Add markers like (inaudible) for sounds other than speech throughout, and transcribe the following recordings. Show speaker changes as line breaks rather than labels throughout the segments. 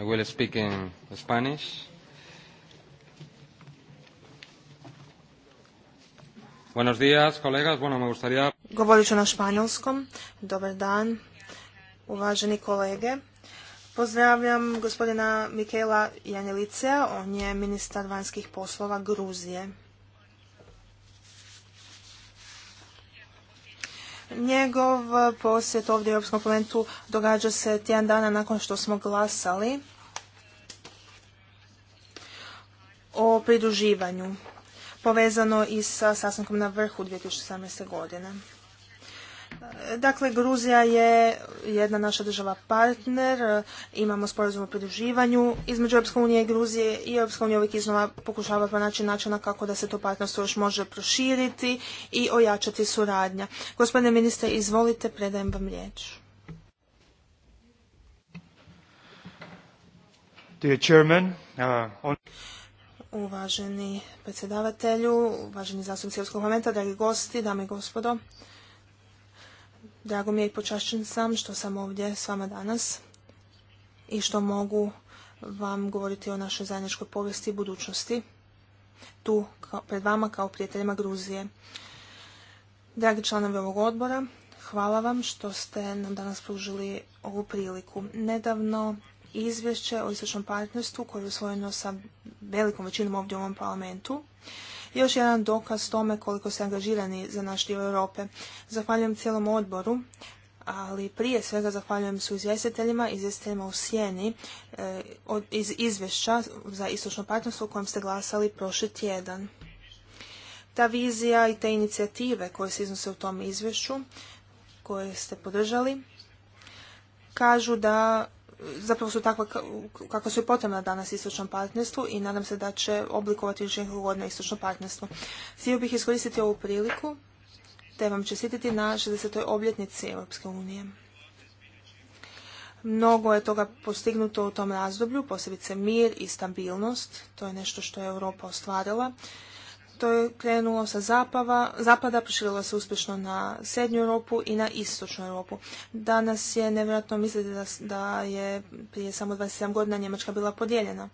I will speak in Spanish. Buenos días, colegas. Bueno, me gustaría...
Govorit ću na španjolskom. Dobar dan, uvaženi kolege. Pozdravljam gospodina Mikela Janjelicea, on je ministar vanjskih poslova Gruzije. Njegov posjet ovdje u Europskom parlamentu događa se tjedan dana nakon što smo glasali o pridruživanju, povezano i sa sastankom na vrhu 2017. godine. Dakle, Gruzija je jedna naša država partner, imamo sporazum o pridruživanju između Europske unije i Gruzije i Europska unija uvijek iznova pokušava pronaći načina kako da se to partnerstvo još može proširiti i ojačati suradnja. Gospodine ministre, izvolite, predajem vam riječ.
Uh,
uvaženi predsjedavatelju, uvaženi zastupnici Europskog parlamenta, dragi gosti, dame i gospodo. Drago mi je i počašćen sam što sam ovdje s vama danas i što mogu vam govoriti o našoj zajedničkoj povijesti i budućnosti tu pred vama kao prijateljima Gruzije. Dragi članovi ovog odbora, hvala vam što ste nam danas pružili ovu priliku. Nedavno izvješće o istočnom partnerstvu koje je usvojeno sa velikom većinom ovdje u ovom parlamentu još jedan dokaz tome koliko ste angažirani za naš dio Europe. Zahvaljujem cijelom odboru, ali prije svega zahvaljujem su izvjestiteljima, izvjestiteljima u sjeni eh, iz izvješća za istočno partnerstvo u kojem ste glasali prošli tjedan. Ta vizija i te inicijative koje se iznose u tom izvješću, koje ste podržali, kažu da zapravo su takva kako su i potrebna danas istočnom partnerstvu i nadam se da će oblikovati još godine istočno partnerstvo. Htio bih iskoristiti ovu priliku te vam čestititi na 60. obljetnici Europske unije. Mnogo je toga postignuto u tom razdoblju, posebice mir i stabilnost. To je nešto što je Europa ostvarila. To je krenulo sa zapava, zapada, proširilo se uspješno na srednju Europu i na istočnu Europu. Danas je nevjerojatno misliti da, da je prije samo 27 godina Njemačka bila podijeljena.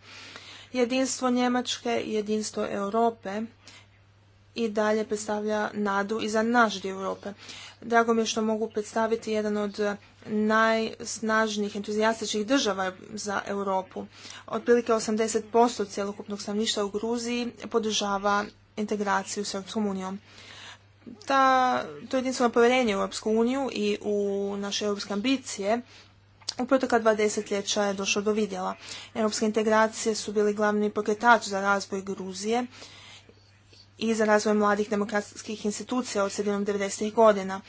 Jedinstvo Njemačke i jedinstvo Europe i dalje predstavlja nadu i za naš dio Europe. Drago mi je što mogu predstaviti jedan od najsnažnijih entuzijastičnih država za Europu. Otprilike 80% cjelokupnog stanovništva u Gruziji podržava integraciju s Europskom unijom. Ta, to jedinstveno povjerenje u Europsku uniju i u naše europske ambicije u protoka dva desetljeća je došlo do vidjela. Europske integracije su bili glavni pokretač za razvoj Gruzije i za razvoj mladih demokratskih institucija od sredinom 90. godina.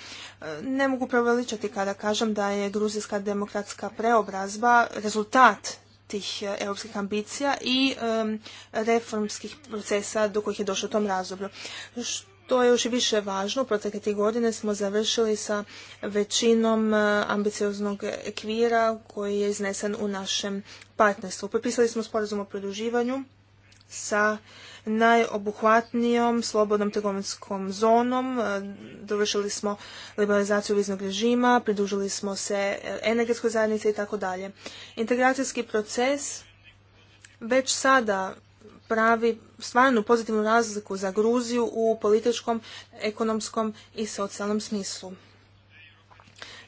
Ne mogu preveličati kada kažem da je gruzijska demokratska preobrazba rezultat tih e, europskih ambicija i reformskih procesa do kojih je došlo u tom razdoblju. To je još i više važno. U protekle tri godine smo završili sa većinom e, ambicioznog ekvira koji je iznesen u našem partnerstvu. Prepisali smo sporazum o produživanju sa najobuhvatnijom slobodnom trgovinskom zonom. E, dovršili smo liberalizaciju viznog režima, pridružili smo se energetskoj zajednici i tako dalje. Integracijski proces već sada pravi stvarnu pozitivnu razliku za Gruziju u političkom, ekonomskom i socijalnom smislu.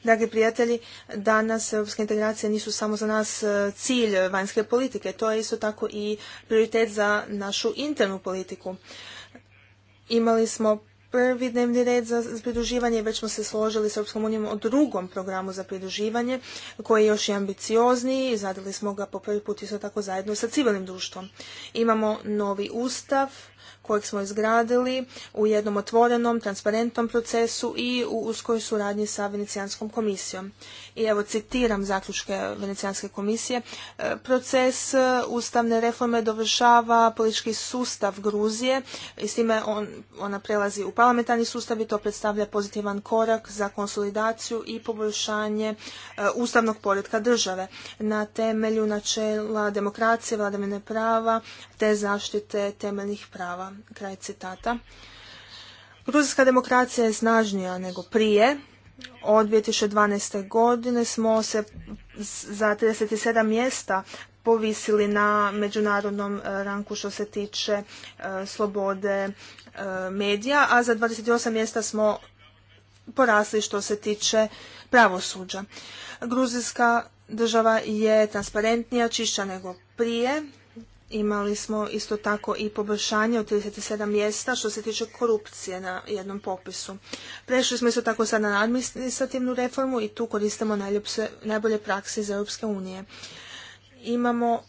Dragi prijatelji, danas europske integracije nisu samo za nas e, cilj vanjske politike, to je isto tako i prioritet za našu internu politiku. Imali smo prvi dnevni red za pridruživanje, već smo se složili s Europskom unijom o drugom programu za pridruživanje, koji je još i ambiciozniji, zadali smo ga po prvi put isto tako zajedno sa civilnim društvom. Imamo novi ustav, kojeg smo izgradili u jednom otvorenom, transparentnom procesu i u uskoj suradnji sa Venecijanskom komisijom. I evo citiram zaključke Venecijanske komisije. E, proces e, ustavne reforme dovršava politički sustav Gruzije i s time ona prelazi u parlamentarni sustav i to predstavlja pozitivan korak za konsolidaciju i poboljšanje e, ustavnog poredka države na temelju načela demokracije, vladavine prava te zaštite temeljnih prava prava. Kraj citata. Gruzijska demokracija je snažnija nego prije. Od 2012. godine smo se za 37 mjesta povisili na međunarodnom e, ranku što se tiče e, slobode e, medija, a za 28 mjesta smo porasli što se tiče pravosuđa. Gruzijska država je transparentnija, čišća nego prije Imali smo isto tako i poboljšanje od 37 mjesta što se tiče korupcije na jednom popisu. Prešli smo isto tako sada na administrativnu reformu i tu koristimo najbolje prakse iz Europske unije. Imamo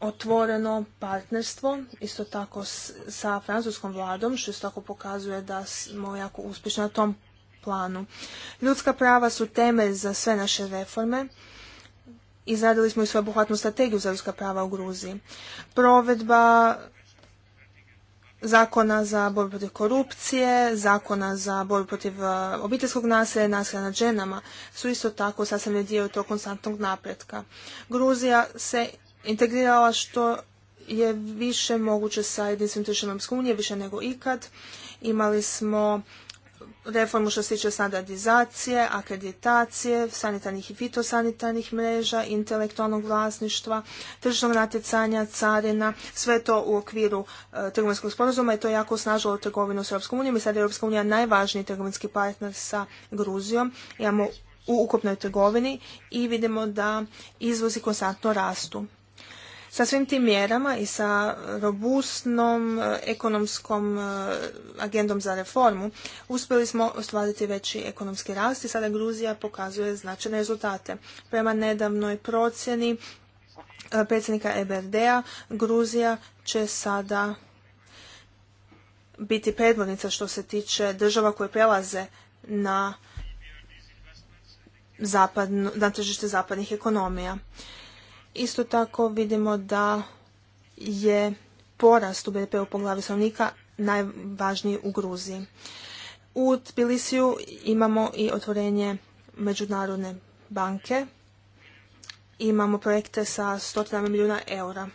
otvoreno partnerstvo isto tako sa francuskom vladom što isto tako pokazuje da smo jako uspješni na tom planu. Ljudska prava su temelj za sve naše reforme izradili smo i sveobuhvatnu strategiju za ljudska prava u Gruziji. Provedba zakona za borbu protiv korupcije, zakona za borbu protiv e, obiteljskog nasilja i nasilja nad ženama su isto tako sasvim dio tog konstantnog napretka. Gruzija se integrirala što je više moguće sa jedinstvenim tržištem Europske unije, više nego ikad. Imali smo reformu što se tiče standardizacije, akreditacije, sanitarnih i fitosanitarnih mreža, intelektualnog vlasništva, tržišnog natjecanja, carina, sve to u okviru e, trgovinskog sporazuma i to je jako osnažilo trgovinu s Europskom unijom i sad je Europska unija najvažniji trgovinski partner sa Gruzijom. Imamo u ukupnoj trgovini i vidimo da izvozi konstantno rastu. Sa svim tim mjerama i sa robustnom e, ekonomskom e, agendom za reformu uspjeli smo ostvariti veći ekonomski rast i sada Gruzija pokazuje značajne rezultate. Prema nedavnoj procjeni e, predsjednika EBRD-a Gruzija će sada biti predvodnica što se tiče država koje prelaze na, na tržište zapadnih ekonomija. Isto tako vidimo da je porast u BDP-u po glavi stanovnika najvažniji u Gruziji. U Tbilisiju imamo i otvorenje Međunarodne banke. Imamo projekte sa stotinama milijuna eura.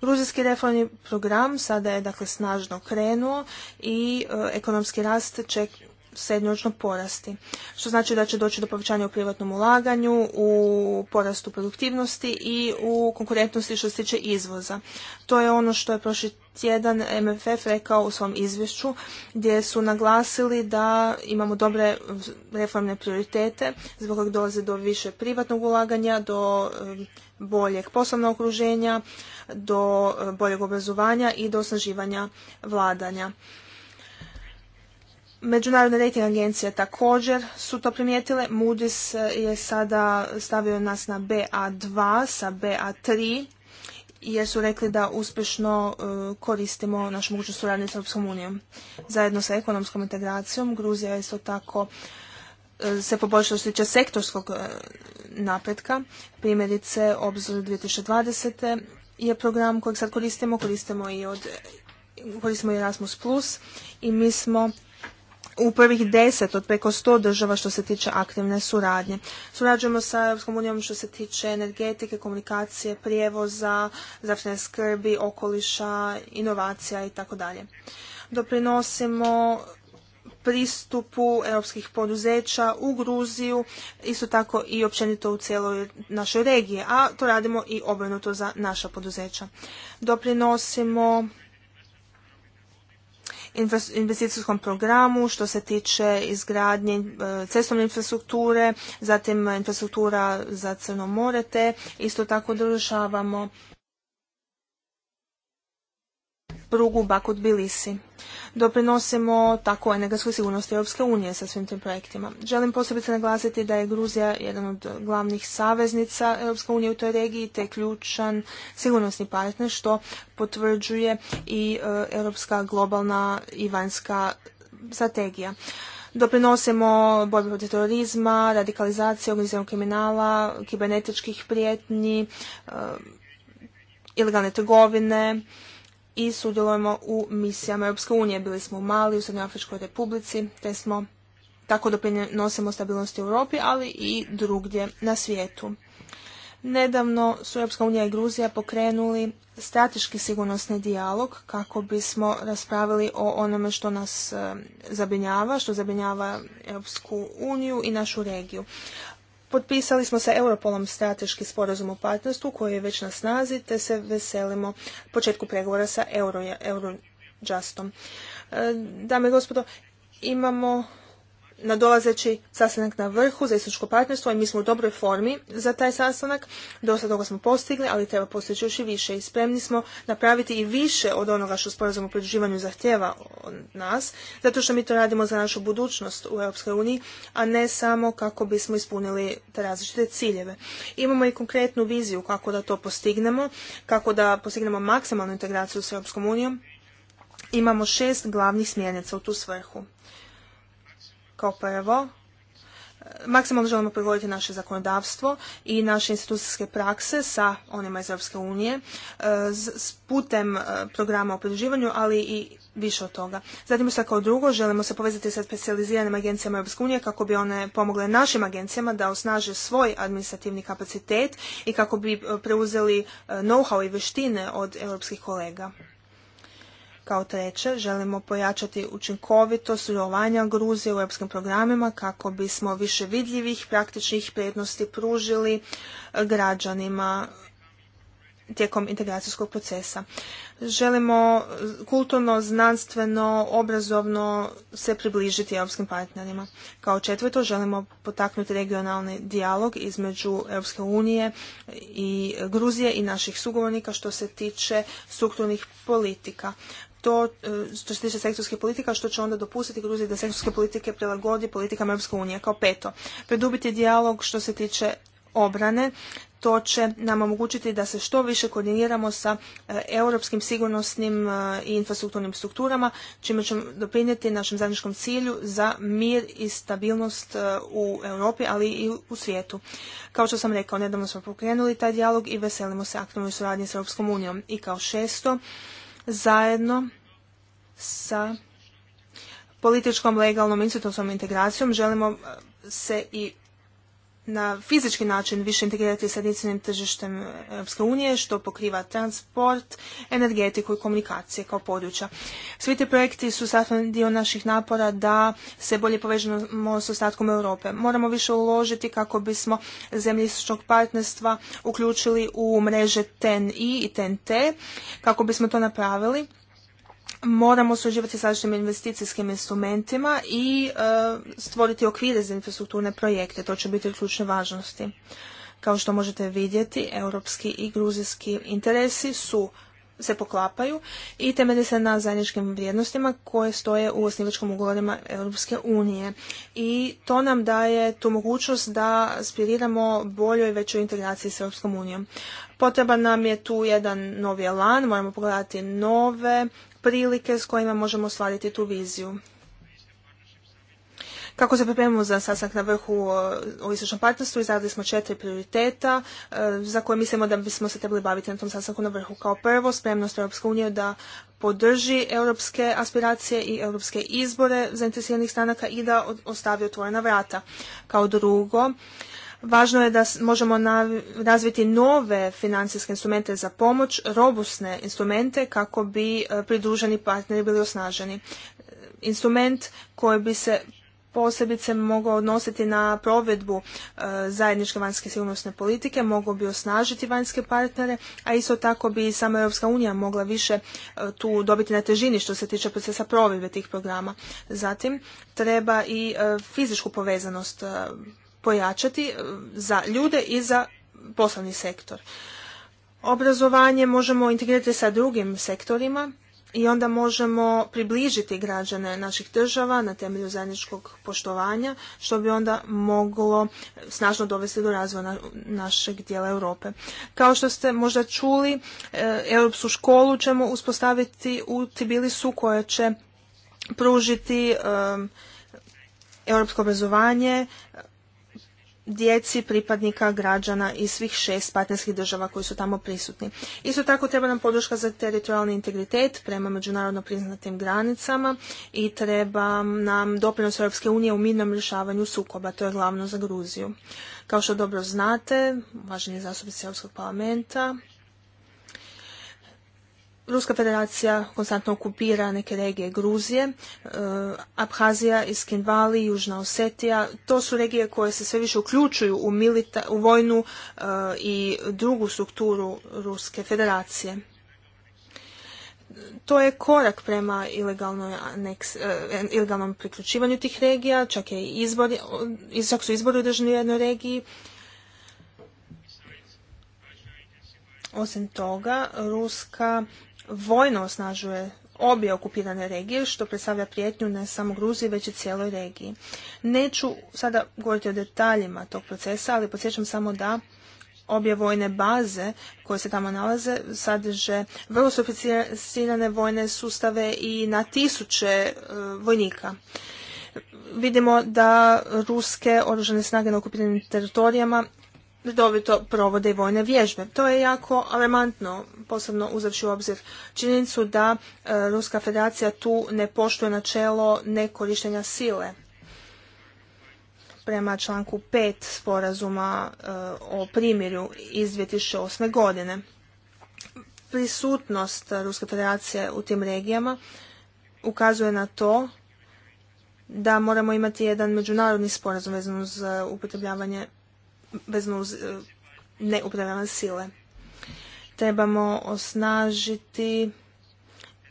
Gruzijski reformni program sada je dakle snažno krenuo i e, ekonomski rast ček, srednjoročno porasti. Što znači da će doći do povećanja u privatnom ulaganju, u porastu produktivnosti i u konkurentnosti što se tiče izvoza. To je ono što je prošli tjedan MFF rekao u svom izvješću gdje su naglasili da imamo dobre reformne prioritete zbog kojeg dolaze do više privatnog ulaganja, do boljeg poslovnog okruženja, do boljeg obrazovanja i do osnaživanja vladanja. Međunarodne rating agencije također su to primijetile. Moody's eh, je sada stavio nas na BA2 sa BA3 jer su rekli da uspješno eh, koristimo našu mogućnost suradnju s Europskom unijom. Zajedno sa ekonomskom integracijom Gruzija je isto tako eh, se poboljšalo što se tiče sektorskog napretka. Primjerice, obzor 2020. je program kojeg sad koristimo, koristimo i od koristimo i Erasmus+, i mi smo u prvih deset od preko sto država što se tiče aktivne suradnje. Surađujemo sa Europskom unijom što se tiče energetike, komunikacije, prijevoza, zdravstvene skrbi, okoliša, inovacija i tako dalje. Doprinosimo pristupu europskih poduzeća u Gruziju, isto tako i općenito u cijeloj našoj regiji, a to radimo i obrnuto za naša poduzeća. Doprinosimo investicijskom programu što se tiče izgradnje e, cestovne infrastrukture, zatim infrastruktura za Crno more, te isto tako dovršavamo prugu Bakut Bilisi. Doprinosimo tako energetskoj sigurnosti Europske unije sa svim tim projektima. Želim posebice naglasiti da je Gruzija jedan od glavnih saveznica Europske unije u toj regiji te ključan sigurnosni partner što potvrđuje i e, europska globalna i vanjska strategija. Doprinosimo borbi protiv terorizma, radikalizacije, organiziranog kriminala, kibernetičkih prijetnji, e, ilegalne trgovine, i sudjelujemo u misijama Europske unije. Bili smo u Mali, u Srednjoafričkoj republici, te smo tako doprinosimo stabilnosti u Europi, ali i drugdje na svijetu. Nedavno su Europska unija i Gruzija pokrenuli strateški sigurnosni dijalog kako bismo raspravili o onome što nas eh, zabrinjava, što zabrinjava Europsku uniju i našu regiju. Potpisali smo sa Europolom strateški sporazum o partnerstvu koji je već na snazi te se veselimo početku pregovora sa Eurojustom. E, dame i gospodo, imamo nadolazeći sastanak na vrhu za istočko partnerstvo i mi smo u dobroj formi za taj sastanak. Dosta toga smo postigli, ali treba postići još i više i spremni smo napraviti i više od onoga što sporazum o pridruživanju zahtjeva od nas, zato što mi to radimo za našu budućnost u Europskoj uniji, a ne samo kako bismo ispunili te različite ciljeve. Imamo i konkretnu viziju kako da to postignemo, kako da postignemo maksimalnu integraciju s Europskom unijom. Imamo šest glavnih smjernica u tu svrhu. Kao prvo, e, maksimalno želimo privoditi naše zakonodavstvo i naše institucijske prakse sa onima iz Europske unije e, s putem e, programa o pridruživanju, ali i više od toga. Zatim što kao drugo želimo se povezati sa specijaliziranim agencijama Europske unije kako bi one pomogle našim agencijama da osnaže svoj administrativni kapacitet i kako bi preuzeli know-how i vještine od europskih kolega. Kao treće, želimo pojačati učinkovito sudjelovanja Gruzije u europskim programima kako bismo više vidljivih praktičnih prednosti pružili e, građanima tijekom integracijskog procesa. Želimo kulturno, znanstveno, obrazovno se približiti europskim partnerima. Kao četvrto, želimo potaknuti regionalni dijalog između Europske unije i Gruzije i naših sugovornika što se tiče strukturnih politika to e, što se tiče sektorskih politika, što će onda dopustiti Gruziji da sektorske politike prilagodi politikama Europske unije. Kao peto, predubiti dijalog što se tiče obrane, to će nam omogućiti da se što više koordiniramo sa e, europskim sigurnosnim e, i infrastrukturnim strukturama, čime ćemo doprinijeti našem zajedničkom cilju za mir i stabilnost u Europi, ali i u svijetu. Kao što sam rekao, nedavno smo pokrenuli taj dijalog i veselimo se aktivnoj suradnji s Europskom unijom. I kao šesto, zajedno sa političkom, legalnom, institucionalnom integracijom želimo eh, se i na fizički način više integrirati sa jedinstvenim tržištem Europske unije, što pokriva transport, energetiku i komunikacije kao područja. Svi ti projekti su sastavni dio naših napora da se bolje povežemo s ostatkom Europe. Moramo više uložiti kako bismo zemlje partnerstva uključili u mreže TEN-I i TEN-T, kako bismo to napravili moramo surađivati sa različitim investicijskim instrumentima i e, stvoriti okvire za infrastrukturne projekte. To će biti od ključne važnosti. Kao što možete vidjeti, europski i gruzijski interesi su se poklapaju i temelje se na zajedničkim vrijednostima koje stoje u osnivačkom ugovorima Europske unije. I to nam daje tu mogućnost da aspiriramo boljoj i većoj integraciji s Europskom unijom. Potreban nam je tu jedan novi elan, moramo pogledati nove prilike s kojima možemo ostvariti tu viziju. Kako se pripremimo za sastanak na vrhu o istočnom partnerstvu, izradili smo četiri prioriteta e, za koje mislimo da bismo se trebali baviti na tom sastanku na vrhu. Kao prvo, spremnost Europske unije da podrži europske aspiracije i europske izbore zainteresiranih stranaka i da ostavi otvorena vrata. Kao drugo, Važno je da možemo razviti nove financijske instrumente za pomoć, robustne instrumente kako bi e, pridruženi partneri bili osnaženi. E, instrument koji bi se posebice mogao odnositi na provedbu e, zajedničke vanjske sigurnosne politike, mogao bi osnažiti vanjske partnere, a isto tako bi i sama Europska unija mogla više tu dobiti na težini što se tiče procesa provedbe tih programa. Zatim, treba i fizičku povezanost pojačati e, za ljude i za poslovni sektor. Obrazovanje možemo integrirati sa drugim sektorima i onda možemo približiti građane naših država na temelju zajedničkog poštovanja, što bi onda moglo snažno dovesti do razvoja našeg dijela Europe. Kao što ste možda čuli, e, Europsku školu ćemo uspostaviti u Tbilisu koja će pružiti e, europsko obrazovanje djeci pripadnika građana i svih šest partnerskih država koji su tamo prisutni. Isto tako treba nam podrška za teritorijalni integritet prema međunarodno priznatim granicama i treba nam doprinos Europske unije u mirnom rješavanju sukoba, to je glavno za Gruziju. Kao što dobro znate, uvaženi zastupnici Europskog parlamenta, Ruska federacija konstantno okupira neke regije Gruzije, e, Abhazija, Iskinvali, Južna Osetija. To su regije koje se sve više uključuju u, u vojnu e, i drugu strukturu Ruske federacije. To je korak prema e, ilegalnom priključivanju tih regija, čak, je izbor, čak su izbori održani u jednoj regiji. Osim toga, Ruska vojno osnažuje obje okupirane regije, što predstavlja prijetnju ne samo Gruziji, već i cijeloj regiji. Neću sada govoriti o detaljima tog procesa, ali podsjećam samo da obje vojne baze koje se tamo nalaze sadrže vrlo sofisticirane vojne sustave i na tisuće e, vojnika. Vidimo da ruske oružane snage na okupiranim teritorijama redovito provode i vojne vježbe. To je jako alarmantno, posebno uzavši u obzir činjenicu da e, Ruska federacija tu ne poštuje načelo nekorištenja sile. Prema članku 5 sporazuma e, o primjerju iz 2008. godine. Prisutnost Ruske federacije u tim regijama ukazuje na to da moramo imati jedan međunarodni sporazum vezan uz e, upotrebljavanje vezano e, neupravljene sile. Trebamo osnažiti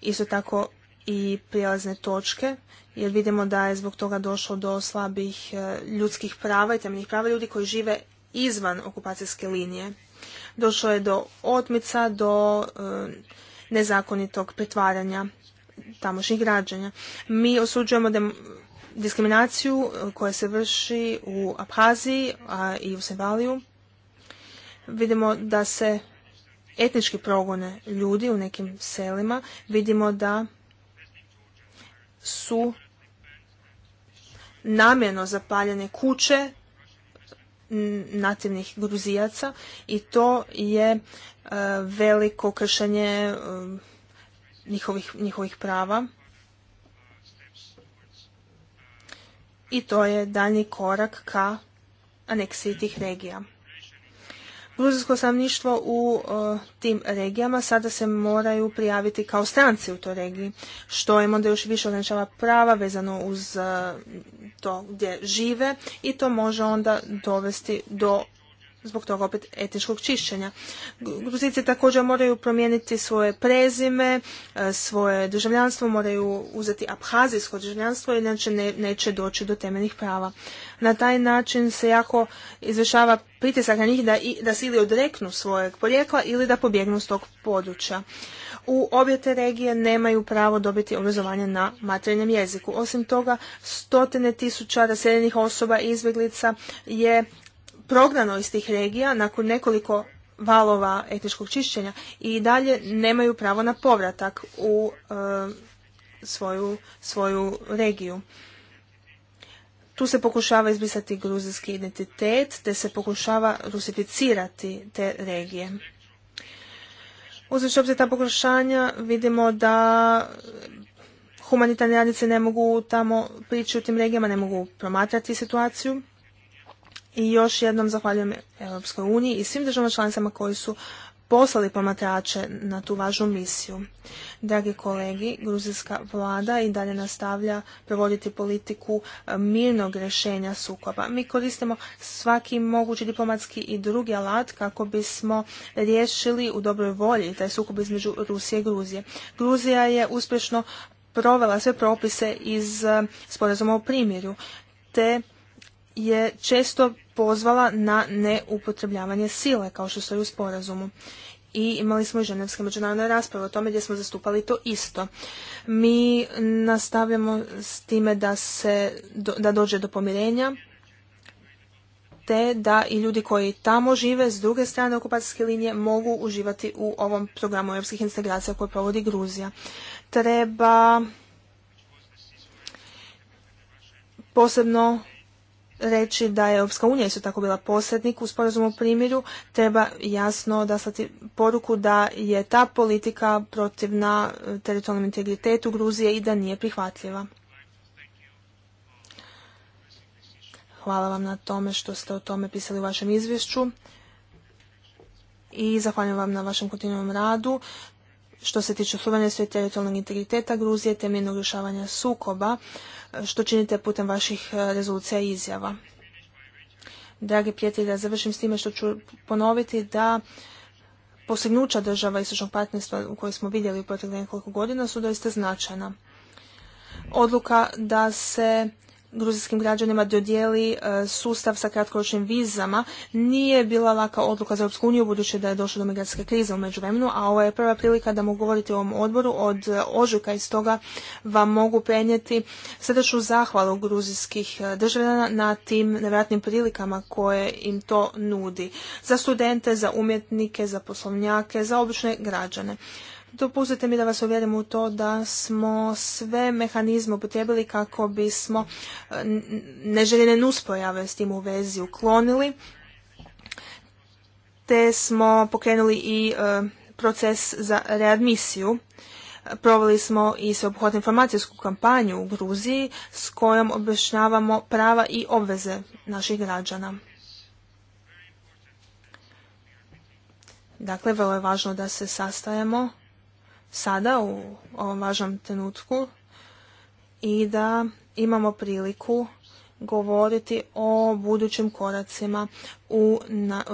isto tako i prijelazne točke, jer vidimo da je zbog toga došlo do slabih e, ljudskih prava i temeljnih prava ljudi koji žive izvan okupacijske linije. Došlo je do otmica, do e, nezakonitog pretvaranja tamošnjih građanja. Mi osuđujemo da diskriminaciju eh, koja se vrši u Abhaziji i u Sebaliju, Vidimo da se etnički progone ljudi u nekim selima. Vidimo da su namjerno zapaljene kuće nativnih gruzijaca i to je eh, veliko kršenje eh, njihovih prava i to je daljnji korak ka aneksiji tih regija. Gruzijsko samništvo u e, tim regijama sada se moraju prijaviti kao stranci u toj regiji, što im onda još više ograničava prava vezano uz e, to gdje žive i to može onda dovesti do zbog toga opet etničkog čišćenja. Gruzici također moraju promijeniti svoje prezime, e, svoje državljanstvo, moraju uzeti abhazijsko državljanstvo, inače ne, neće doći do temeljnih prava. Na taj način se jako izvršava pritisak na njih da, i, da se ili odreknu svojeg porijekla ili da pobjegnu s tog područja. U obje te regije nemaju pravo dobiti obrazovanje na materinjem jeziku. Osim toga, stotine tisuća raseljenih osoba i izbjeglica je prognano iz tih regija nakon nekoliko valova etničkog čišćenja i dalje nemaju pravo na povratak u e, svoju, svoju regiju. Tu se pokušava izbrisati gruzijski identitet, te se pokušava rusificirati te regije. Uz obzir ta pokušanja vidimo da humanitarni radnice ne mogu tamo prići u tim regijama, ne mogu promatrati situaciju. I još jednom zahvaljujem Europskoj uniji i svim državama članicama koji su poslali promatrače na tu važnu misiju. Dragi kolegi, gruzijska vlada i dalje nastavlja provoditi politiku e, mirnog rješenja sukoba. Mi koristimo svaki mogući diplomatski i drugi alat kako bismo riješili u dobroj volji taj sukob između Rusije i Gruzije. Gruzija je uspješno provela sve propise iz e, sporazuma o primjeru te je često pozvala na neupotrebljavanje sile, kao što stoji u sporazumu. I imali smo i ženevske međunarodne rasprave o tome gdje smo zastupali to isto. Mi nastavljamo s time da, se, da dođe do pomirenja, te da i ljudi koji tamo žive s druge strane okupacijske linije mogu uživati u ovom programu europskih integracija koje provodi Gruzija. Treba posebno reći da je Europska unija isto tako bila posrednik u sporazumu o primjeru, treba jasno daslati poruku da je ta politika protivna e, teritorijalnom integritetu Gruzije i da nije prihvatljiva. Hvala vam na tome što ste o tome pisali u vašem izvješću i zahvaljujem vam na vašem kontinuom radu što se tiče suverenosti i teritorijalnog integriteta Gruzije, temeljnog rješavanja sukoba, e, što činite putem vaših e, rezolucija i izjava. Dragi prijatelji, da završim s time što ću ponoviti da postignuća država istočnog partnerstva u kojoj smo vidjeli u proteklih nekoliko godina su doista značajna. Odluka da se gruzijskim građanima dodijeli e, sustav sa kratkoročnim vizama nije bila laka odluka za Europsku uniju budući da je došlo do migracijske krize u međuvremenu, a ovo je prva prilika da mogu govoriti o ovom odboru od e, ožujka i stoga vam mogu prenijeti srdečnu zahvalu gruzijskih e, državljana na tim nevratnim prilikama koje im to nudi. Za studente, za umjetnike, za poslovnjake, za obične građane. Dopustite mi da vas uvjerim u to da smo sve mehanizme upotrijebili kako bismo e, neželjene nuspojave s tim u vezi uklonili, te smo pokrenuli i e, proces za readmisiju. Proveli smo i sveobuhvatnu informacijsku kampanju u Gruziji s kojom objašnjavamo prava i obveze naših građana. Dakle, vrlo je važno da se sastajemo sada u ovom važnom trenutku i da imamo priliku govoriti o budućim koracima u,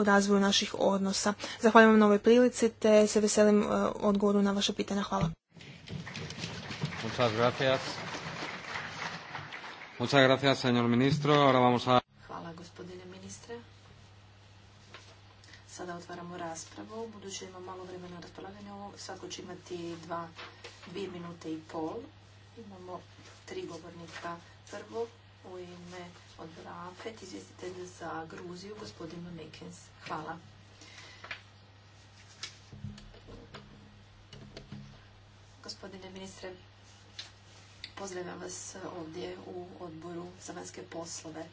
razvoju naših odnosa. Zahvaljujem vam na ovoj prilici te se veselim e, odgovoru na vaše pitanja. Hvala.
Hvala gospodine ministre. Sada otvaramo raspravu. Budući imamo malo vremena na raspolaganju, svako će imati dva, dvije minute i pol. Imamo tri govornika. Prvo u ime odbora AFET, izvjestitelj za Gruziju, gospodin Mekins. Hvala. Gospodine ministre, pozdravljam vas ovdje u odboru za vanjske poslove.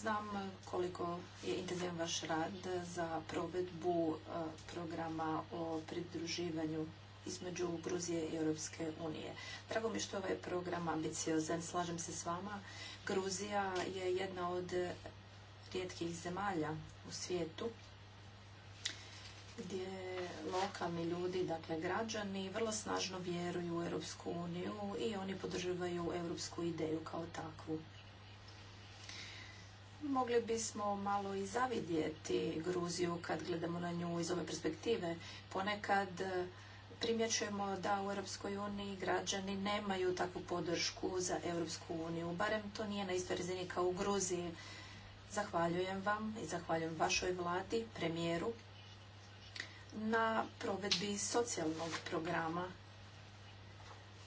Znam eh, koliko je intenzivan vaš rad za provedbu eh, programa o pridruživanju između Gruzije i Europske unije. Drago mi što je ovaj program ambiciozan, slažem se s vama. Gruzija je jedna od rijetkih zemalja u svijetu gdje lokalni ljudi, dakle građani, vrlo snažno vjeruju u Europsku uniju i oni podržavaju europsku ideju kao takvu. Mogli bismo malo i zavidjeti Gruziju kad gledamo na nju iz ove perspektive. Ponekad e, primjećujemo da u Europskoj uniji građani nemaju takvu podršku za Europsku uniju. Barem to nije na istoj razini kao u Gruziji. Zahvaljujem vam i zahvaljujem vašoj vladi, premijeru, na provedbi socijalnog programa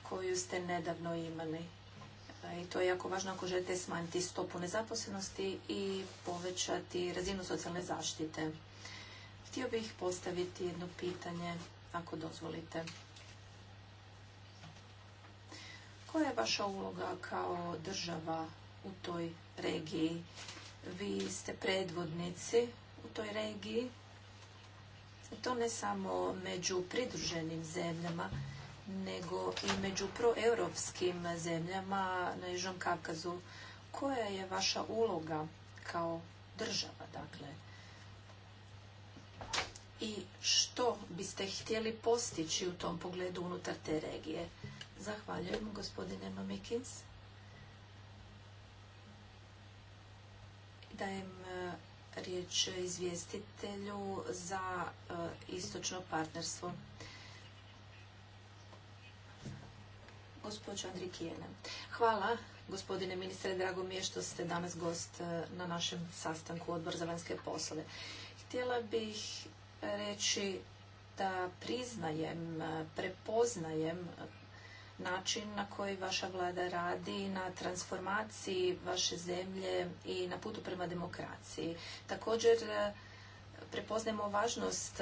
koju ste nedavno imali. Dakle, I to je jako važno ako želite smanjiti stopu nezaposlenosti i povećati razinu socijalne zaštite. Htio bih postaviti jedno pitanje, ako dozvolite. Koja je vaša uloga kao država u toj regiji? Vi ste predvodnici u toj regiji, to ne samo među pridruženim zemljama, nego i među proeuropskim zemljama na Južnom Kavkazu. Koja je vaša uloga kao država, dakle? I što biste htjeli postići u tom pogledu unutar te regije? Zahvaljujem, gospodine Mamikins. Dajem e, riječ izvjestitelju za e, istočno partnerstvo. gospođa Kijene. Hvala, gospodine ministre, drago mi je što ste danas gost e, na našem sastanku Odbor za vanjske poslove. Htjela bih reći da priznajem, e, prepoznajem način na koji vaša vlada radi na transformaciji vaše zemlje i na putu prema demokraciji. Također e, prepoznajemo važnost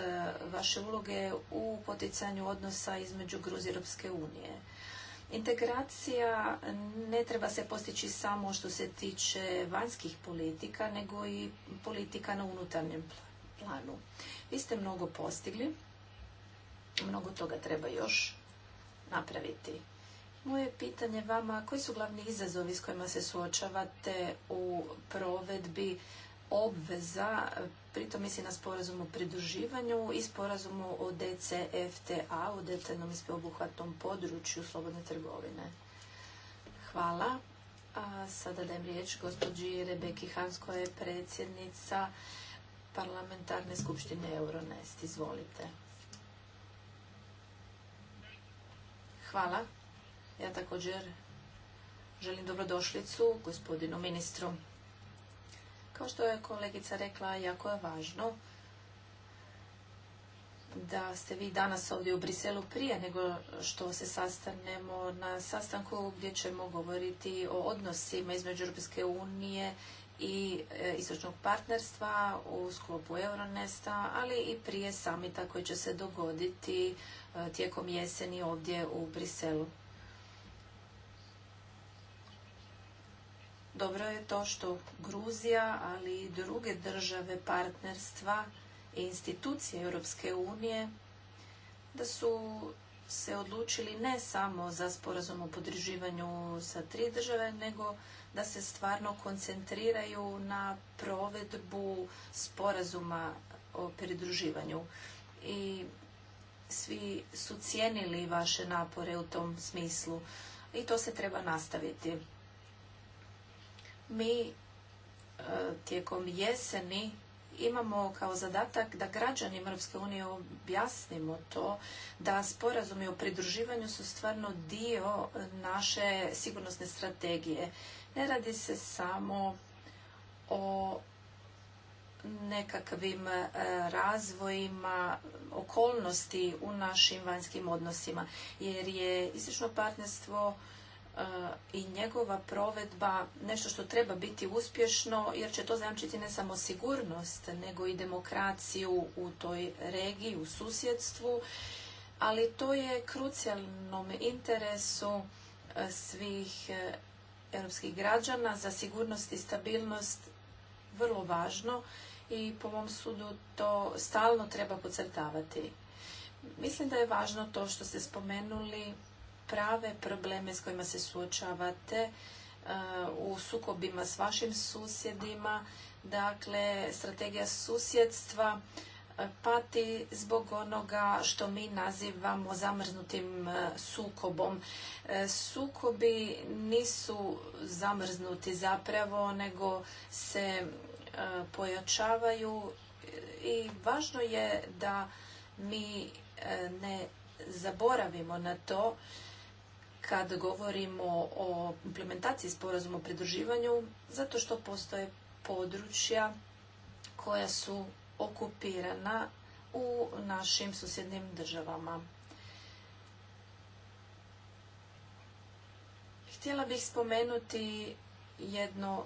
vaše uloge u poticanju odnosa između Gruzije i Europske unije. Integracija ne treba se postići samo što se tiče vanjskih politika, nego i politika na unutarnjem planu. Vi ste mnogo postigli, mnogo toga treba još napraviti. Moje pitanje vama, koji su glavni izazovi s kojima se suočavate u provedbi obveza Pritom misli na sporazum o pridruživanju i sporazumu o DCFTA, o detaljnom i sveobuhvatnom području slobodne trgovine. Hvala. A sada dajem riječ gospođi Rebeki Hans, koja je predsjednica parlamentarne skupštine Euronest. Izvolite. Hvala. Ja također želim dobrodošlicu gospodinu ministru. Kao što je kolegica rekla, jako je važno da ste vi danas ovdje u Briselu prije nego što se sastanemo na sastanku gdje ćemo govoriti o odnosima između Europske unije i e, istočnog partnerstva u sklopu Euronesta, ali i prije samita koji će se dogoditi e, tijekom jeseni ovdje u Briselu. Dobro je to što Gruzija, ali i druge države partnerstva i institucije Europske unije da su se odlučili ne samo za sporazum o podruživanju sa tri države, nego da se stvarno koncentriraju na provedbu sporazuma o pridruživanju. I svi su cijenili vaše napore u tom smislu i to se treba nastaviti. Mi e, tijekom jeseni imamo kao zadatak da građanima Europske unije objasnimo to da sporazumi o pridruživanju su stvarno dio naše sigurnosne strategije. Ne radi se samo o nekakvim e, razvojima okolnosti u našim vanjskim odnosima, jer je istično partnerstvo i njegova provedba nešto što treba biti uspješno jer će to zajamčiti ne samo sigurnost nego i demokraciju u toj regiji, u susjedstvu, ali to je krucijalnom interesu e, svih e, europskih građana za sigurnost i stabilnost vrlo važno i po mom sudu to stalno treba pocrtavati. Mislim da je važno to što ste spomenuli prave probleme s kojima se suočavate e, u sukobima s vašim susjedima. Dakle, strategija susjedstva e, pati zbog onoga što mi nazivamo zamrznutim e, sukobom. Sukobi nisu zamrznuti zapravo, nego se pojačavaju i važno je da mi ne zaboravimo na to kad govorimo o implementaciji sporazuma o pridruživanju, zato što postoje područja koja su okupirana u našim susjednim državama. Htjela bih spomenuti jedno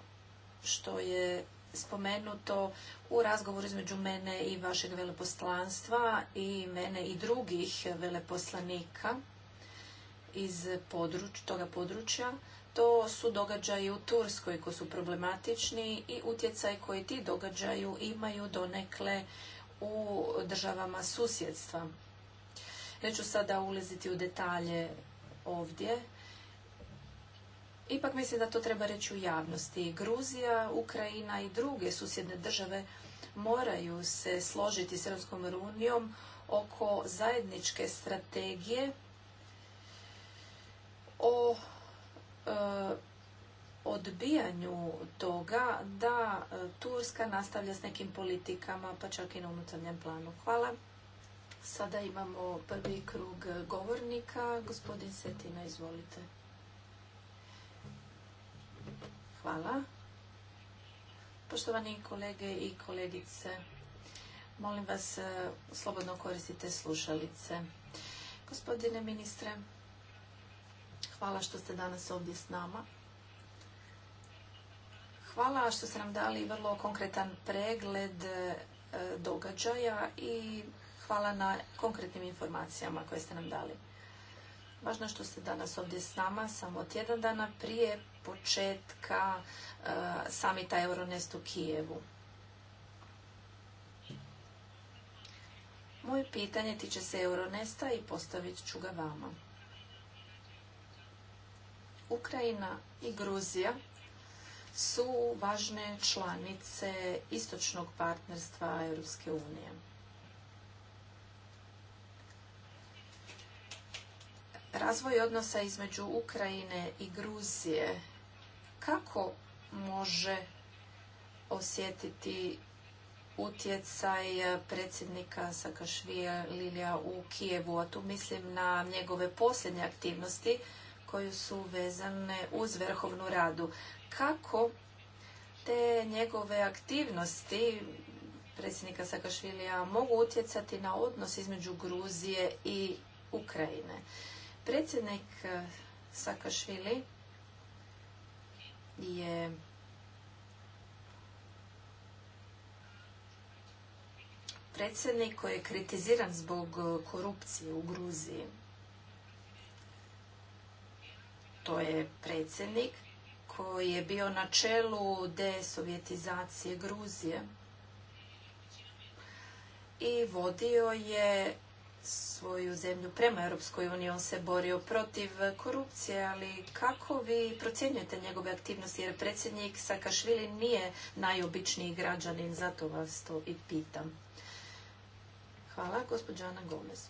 što je spomenuto u razgovoru između mene i vašeg veleposlanstva i mene i drugih veleposlanika iz područ, toga područja. To su događaji u Turskoj koji su problematični i utjecaj koji ti događaju imaju donekle u državama susjedstva. Neću sada ulaziti u detalje ovdje. Ipak mislim da to treba reći u javnosti. Gruzija, Ukrajina i druge susjedne države moraju se složiti s Europskom unijom oko zajedničke strategije o e, odbijanju toga da e, Turska nastavlja s nekim politikama, pa čak i na unutarnjem planu. Hvala. Sada imamo prvi krug govornika. Gospodin Setina, izvolite. Hvala. Poštovani kolege i kolegice, molim vas, e, slobodno koristite slušalice. Gospodine ministre, Hvala što ste danas ovdje s nama. Hvala što ste nam dali vrlo konkretan pregled e, događaja i hvala na konkretnim informacijama koje ste nam dali. Važno što ste danas ovdje s nama, samo tjedan dana prije početka e, samita Euronest u Kijevu. Moje pitanje tiče se Euronesta i postavit ću ga vama. Ukrajina i Gruzija su važne članice istočnog partnerstva Europske unije. Razvoj odnosa između Ukrajine i Gruzije kako može osjetiti utjecaj predsjednika Sakašvija Lilija u Kijevu, a tu mislim na njegove posljednje aktivnosti koje su vezane uz vrhovnu radu. Kako te njegove aktivnosti predsjednika Sakašvilija mogu utjecati na odnos između Gruzije i Ukrajine. Predsjednik eh, Sakašvili je predsjednik koji je kritiziran zbog eh, korupcije u Gruziji to je predsjednik koji je bio na čelu desovjetizacije Gruzije i vodio je svoju zemlju prema Europskoj uniji. On se borio protiv korupcije, ali kako vi procjenjujete njegove aktivnosti? Jer predsjednik Sakašvili nije najobičniji građanin, zato vas to i pitam. Hvala, gospođa Ana Gomez.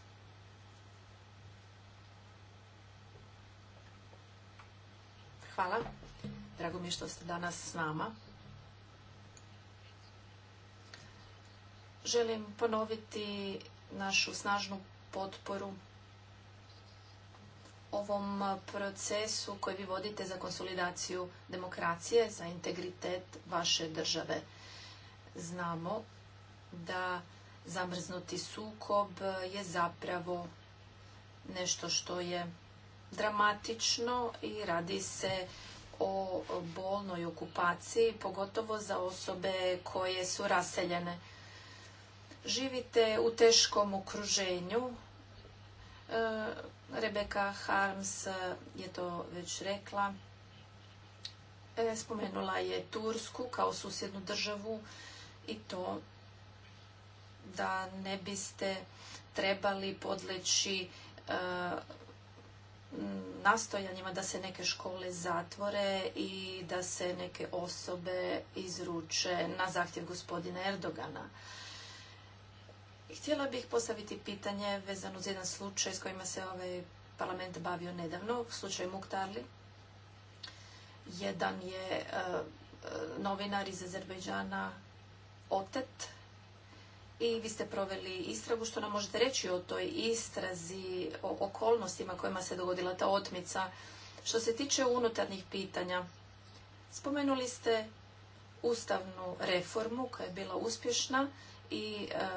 Hvala. Drago mi je što ste danas s nama. Želim ponoviti našu snažnu potporu ovom procesu koji vi vodite za konsolidaciju demokracije, za integritet vaše države. Znamo da zamrznuti sukob je zapravo nešto što je dramatično i radi se o bolnoj okupaciji, pogotovo za osobe koje su raseljene. Živite u teškom okruženju. E, Rebeka Harms je to već rekla. E, spomenula je Tursku kao susjednu državu i to da ne biste trebali podleći e, nastojanjima da se neke škole zatvore i da se neke osobe izruče na zahtjev gospodina Erdogana. Htjela bih postaviti pitanje vezano uz jedan slučaj s kojima se ovaj parlament bavio nedavno, slučaj Muktarli. Jedan je eh, eh, novinar iz Azerbejdžana otet i vi ste proveli istragu. Što nam možete reći o toj istrazi, o okolnostima kojima se dogodila ta otmica? Što se tiče unutarnjih pitanja, spomenuli ste ustavnu reformu koja je bila uspješna i e,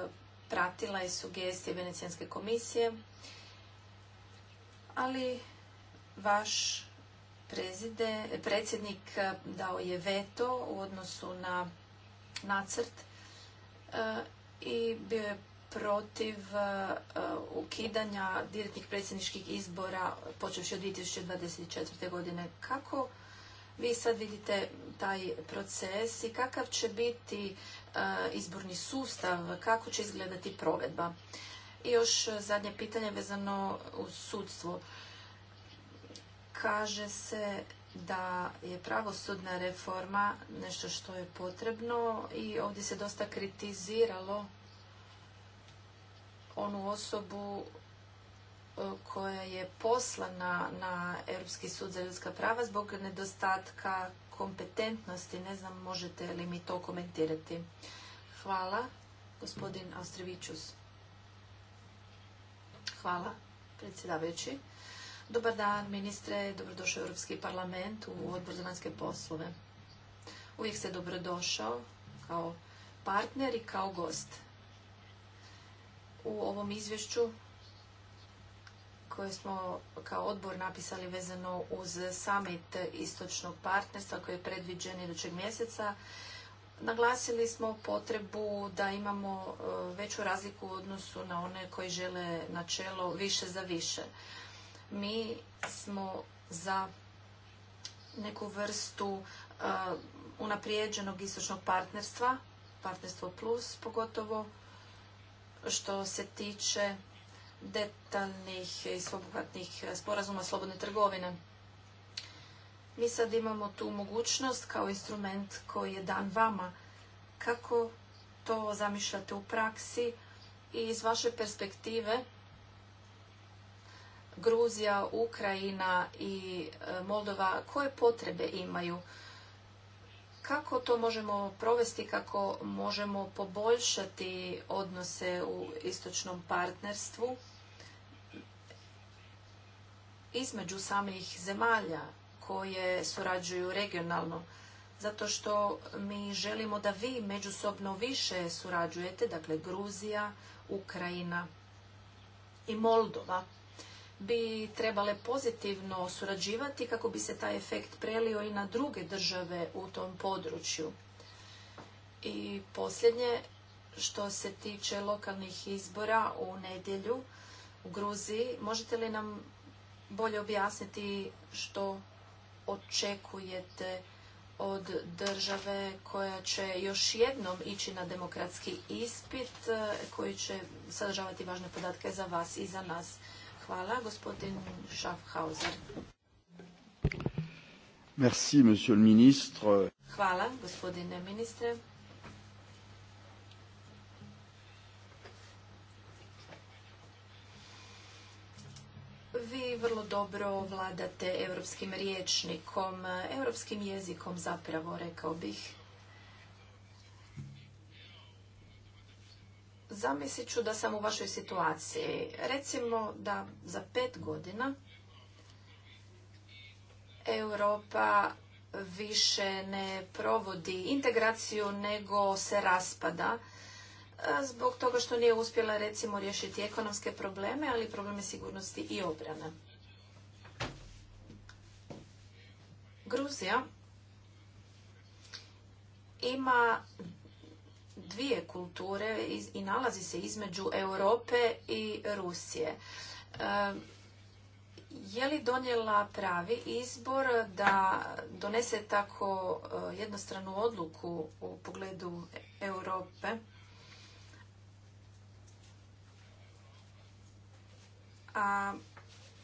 pratila je sugestije Venecijanske komisije, ali vaš predsjednik e, dao je veto u odnosu na nacrt e, i bio je protiv e, e, ukidanja direktnih predsjedničkih izbora počevši od 2024. godine. Kako vi sad vidite taj proces i kakav će biti e, izborni sustav, kako će izgledati provedba? I još zadnje pitanje vezano uz sudstvo. Kaže se da je pravosudna reforma nešto što je potrebno i ovdje se dosta kritiziralo onu osobu e, koja je poslana na Europski sud za ljudska prava zbog nedostatka kompetentnosti. Ne znam, možete li mi to komentirati. Hvala, gospodin Austrivičus. Hvala, predsjedavajući. Dobar dan, ministre. Dobrodošao u Europski parlament u odbor za vanjske poslove. Uvijek se dobrodošao kao partner i kao gost. U ovom izvješću koje smo kao odbor napisali vezano uz summit istočnog partnerstva koji je predviđen idućeg mjeseca, naglasili smo potrebu da imamo e, veću razliku u odnosu na one koji žele načelo više za više. Mi smo za neku vrstu eh, unaprijeđenog istočnog partnerstva, partnerstvo plus pogotovo, što se tiče detaljnih i sveobuhvatnih eh, sporazuma slobodne trgovine. Mi sad imamo tu mogućnost kao instrument koji je dan vama. Kako to zamišljate u praksi i iz vaše perspektive Gruzija, Ukrajina i e, Moldova, koje potrebe imaju? Kako to možemo provesti, kako možemo poboljšati odnose u istočnom partnerstvu između samih zemalja koje surađuju regionalno? zato što mi želimo da vi međusobno više surađujete, dakle Gruzija, Ukrajina i Moldova bi trebale pozitivno surađivati kako bi se taj efekt prelio i na druge države u tom području. I posljednje, što se tiče lokalnih izbora u nedjelju u Gruziji, možete li nam bolje objasniti što očekujete od države koja će još jednom ići na demokratski ispit eh, koji će sadržavati važne podatke za vas i za nas. Hvala, gospodin Schaffhauser.
Merci, monsieur le ministre.
Hvala, gospodine ministre. Vi vrlo dobro vladate europskim riječnikom, europskim jezikom zapravo, rekao bih. zamislit ću da sam u vašoj situaciji. Recimo da za pet godina Europa više ne provodi integraciju nego se raspada e, zbog toga što nije uspjela recimo riješiti ekonomske probleme, ali probleme sigurnosti i obrane. Gruzija ima dvije kulture i nalazi se između Europe i Rusije. E, je li donijela pravi izbor da donese tako e, jednostranu odluku u pogledu Europe? A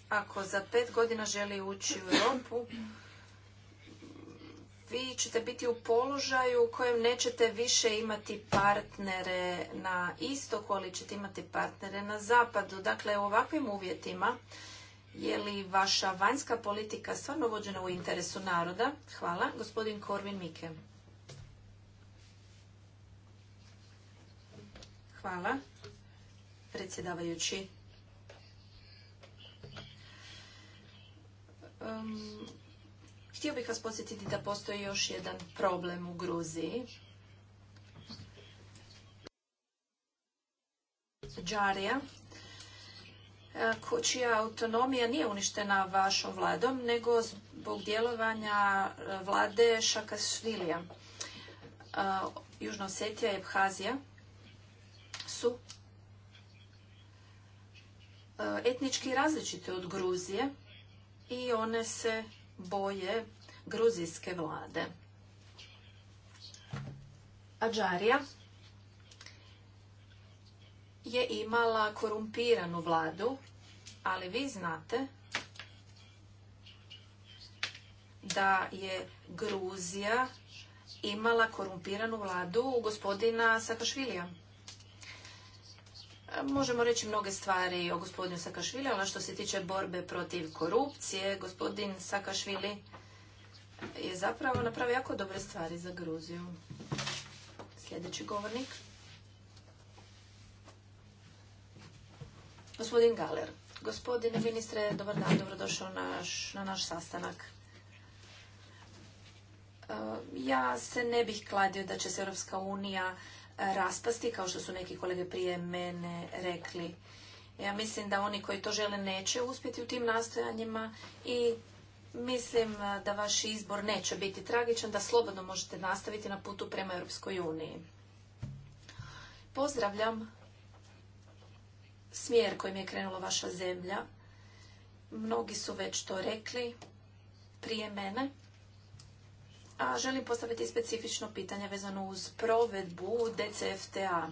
ako za pet godina želi ući u Europu, vi ćete biti u položaju u kojem nećete više imati partnere na istoku, ali ćete imati partnere na zapadu. Dakle, u ovakvim uvjetima je li vaša vanjska politika stvarno vođena u interesu naroda? Hvala. Gospodin Korvin Mike. Hvala. Predsjedavajući. Htio bih vas podsjetiti da postoji još jedan problem u Gruziji. Džarija, e, čija autonomija nije uništena vašom vladom, nego zbog djelovanja e, vlade Šakasvilija. E, Južna Osetija i Abhazija su etnički različite od Gruzije i one se boje gruzijske vlade. Ađarija je imala korumpiranu vladu, ali vi znate da je Gruzija imala korumpiranu vladu gospodina Sakašvilija. Možemo reći mnoge stvari o gospodinu Sakašvili, ali što se tiče borbe protiv korupcije, gospodin Sakašvili je zapravo napravio jako dobre stvari za Gruziju. Sljedeći govornik. Gospodin Galer. Gospodine ministre, dobar dan, dobrodošao na naš sastanak. E, ja se ne bih kladio da će se Europska unija raspasti, kao što su neki kolege prije mene rekli. Ja mislim da oni koji to žele neće uspjeti u tim nastojanjima i mislim eh, da vaš izbor neće biti tragičan, da slobodno možete nastaviti na putu prema Europskoj uniji. Pozdravljam smjer kojim je krenula vaša zemlja. Mnogi su već to rekli prije mene a želim postaviti specifično pitanje vezano uz provedbu DCFTA.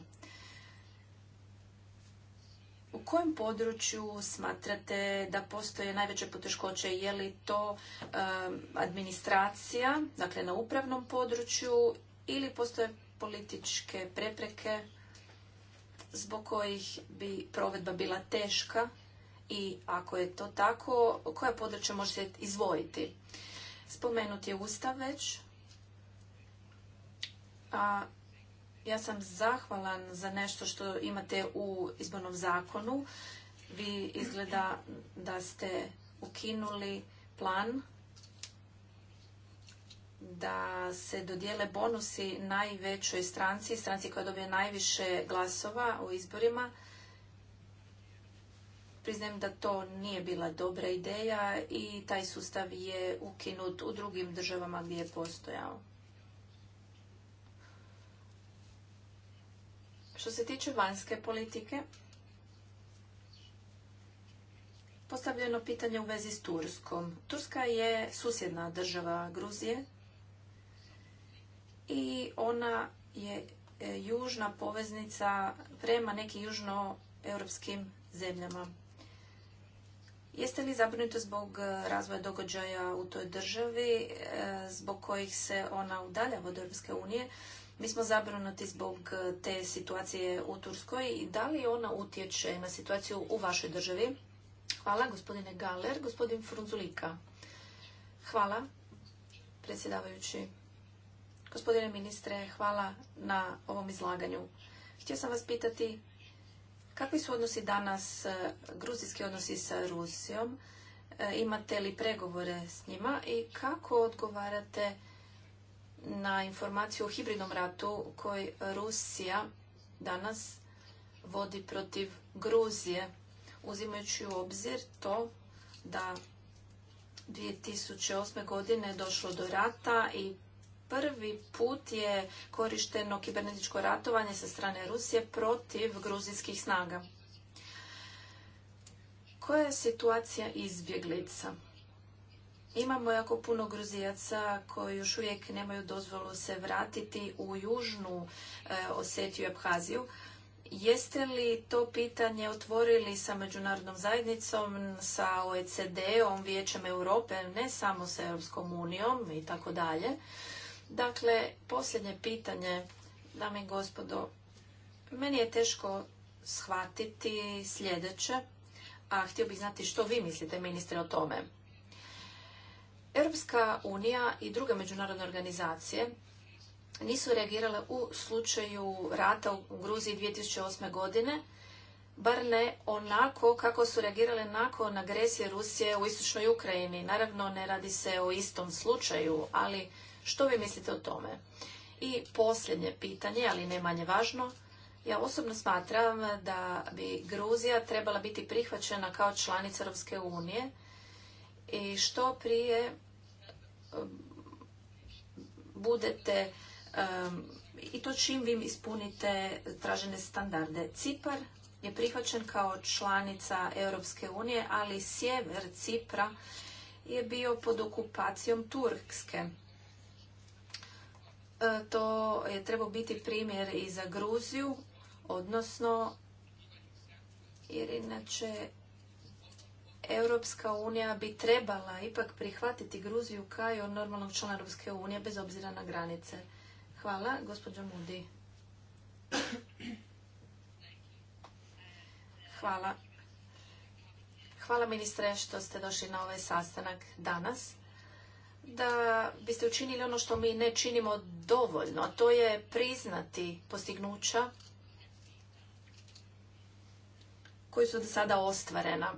U kojem području smatrate da postoje najveće poteškoće? Je li to um, administracija, dakle na upravnom području, ili postoje političke prepreke zbog kojih bi provedba bila teška i ako je to tako, koja područja možete izvojiti? Spomenut je Ustav već, a ja sam zahvalan za nešto što imate u izbornom zakonu. Vi izgleda da ste ukinuli plan da se dodijele bonusi najvećoj stranci, stranci koja dobije najviše glasova u izborima Priznajem da to nije bila dobra ideja i taj sustav je ukinut u drugim državama gdje je postojao. Što se tiče vanjske politike, postavljeno pitanje u vezi s Turskom. Turska je susjedna država Gruzije i ona je e, južna poveznica prema nekim europskim zemljama. Jeste li zabrinuti zbog e, razvoja događaja u toj državi, e, zbog kojih se ona udaljava od Europske unije? Mi smo zabrinuti zbog e, te situacije u Turskoj i da li ona utječe na situaciju u vašoj državi? Hvala, gospodine Galer. Gospodin Frunzulika. Hvala, predsjedavajući. Gospodine ministre, hvala na ovom izlaganju. Htio sam vas pitati Kakvi su odnosi danas, e, gruzijski odnosi sa Rusijom? E, imate li pregovore s njima i kako odgovarate na informaciju o hibridnom ratu koji Rusija danas vodi protiv Gruzije, uzimajući u obzir to da 2008. godine došlo do rata i prvi put je korišteno kibernetičko ratovanje sa strane Rusije protiv gruzijskih snaga. Koja je situacija izbjeglica? Imamo jako puno gruzijaca koji još uvijek nemaju dozvolu se vratiti u južnu e, Osetiju i Abhaziju. Jeste li to pitanje otvorili sa međunarodnom zajednicom, sa OECD-om, Vijećem Europe, ne samo sa Europskom unijom i tako dalje? Dakle, posljednje pitanje, dame i gospodo, meni je teško shvatiti sljedeće, a htio bih znati što vi mislite, ministre, o tome. Europska unija i druge međunarodne organizacije nisu reagirale u slučaju rata u Gruziji 2008. godine, bar ne onako kako su reagirale nakon agresije Rusije u istočnoj Ukrajini. Naravno, ne radi se o istom slučaju, ali što vi mislite o tome? I posljednje pitanje, ali ne manje važno, ja osobno smatram da bi Gruzija trebala biti prihvaćena kao članica Europske unije i što prije um, budete um, i to čim vi ispunite tražene standarde. Cipar je prihvaćen kao članica Europske unije, ali sjever Cipra je bio pod okupacijom Turske. E, to je trebao biti primjer i za Gruziju, odnosno jer inače Europska unija bi trebala ipak prihvatiti Gruziju kao normalnog člana Europske unije bez obzira na granice. Hvala, gospođo Mudi. Hvala. Hvala ministre što ste došli na ovaj sastanak danas da biste učinili ono što mi ne činimo dovoljno, a to je priznati postignuća koji su do sada ostvarena.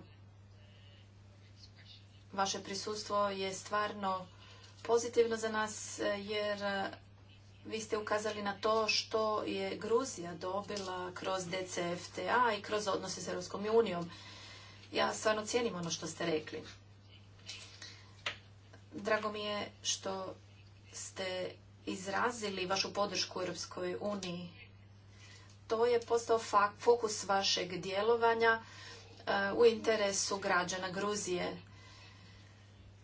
Vaše prisustvo je stvarno pozitivno za nas jer vi ste ukazali na to što je Gruzija dobila kroz DCFTA i kroz odnose s Europskom unijom. Ja stvarno cijenim ono što ste rekli. Drago mi je što ste izrazili vašu podršku Europskoj uniji. To je postao fokus vašeg djelovanja eh, u interesu građana Gruzije.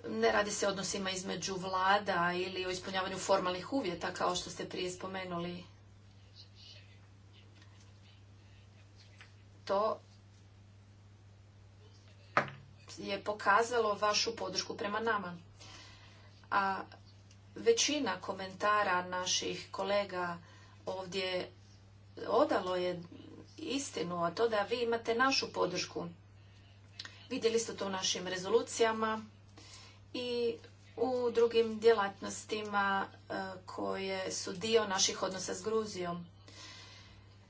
Ne radi se o odnosima između vlada ili o ispunjavanju formalnih uvjeta, kao što ste prije spomenuli. To je pokazalo vašu podršku prema nama a većina komentara naših kolega ovdje odalo je istinu, a to da vi imate našu podršku. Vidjeli ste to u našim rezolucijama i u drugim djelatnostima e, koje su dio naših odnosa s Gruzijom.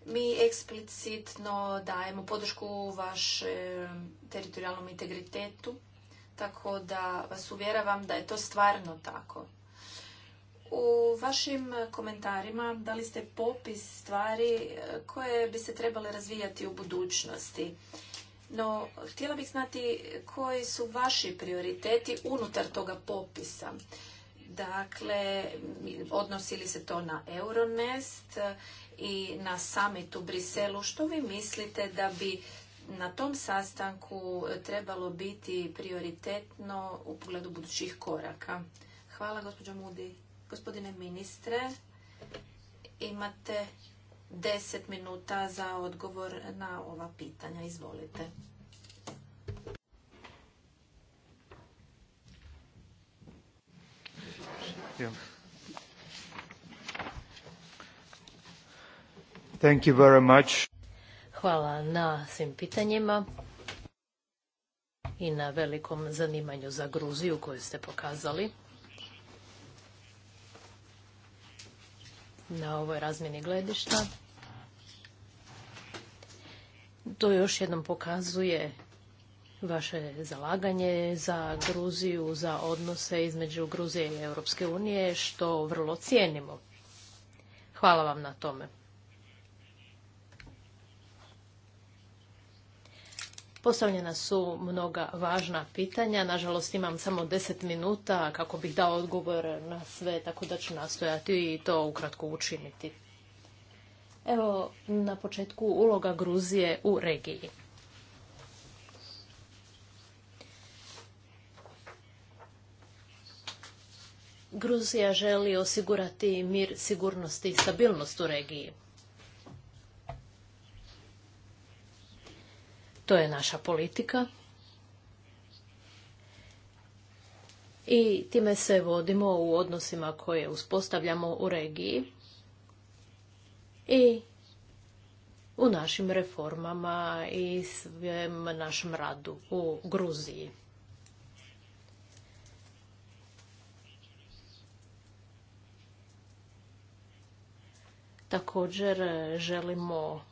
Mi eksplicitno dajemo podršku vašem teritorijalnom integritetu tako da vas uvjeravam da je to stvarno tako. U vašim komentarima dali ste popis stvari e, koje bi se trebale razvijati u budućnosti. No, htjela bih znati koji su vaši prioriteti unutar toga popisa. Dakle, odnosi li se to na Euronest i na summit u Briselu? Što vi mislite da bi na tom sastanku trebalo biti prioritetno u pogledu budućih koraka. Hvala gospođo Mudi. Gospodine ministre, imate deset minuta za odgovor na ova pitanja. Izvolite.
Thank you very much.
Hvala na svim pitanjima i na velikom zanimanju za Gruziju koju ste pokazali. Na ovoj razmjeni gledišta. To još jednom pokazuje vaše zalaganje za Gruziju, za odnose između Gruzije i Europske unije, što vrlo cijenimo. Hvala vam na tome. Postavljena su mnoga važna pitanja. Nažalost, imam samo deset minuta kako bih dao odgovor na sve, tako da ću nastojati i to ukratko učiniti. Evo, na početku uloga Gruzije u regiji. Gruzija želi osigurati mir, sigurnost i stabilnost u regiji. To je naša politika. I time se vodimo u odnosima koje uspostavljamo u regiji i u našim reformama i svem našem radu u Gruziji. Također želimo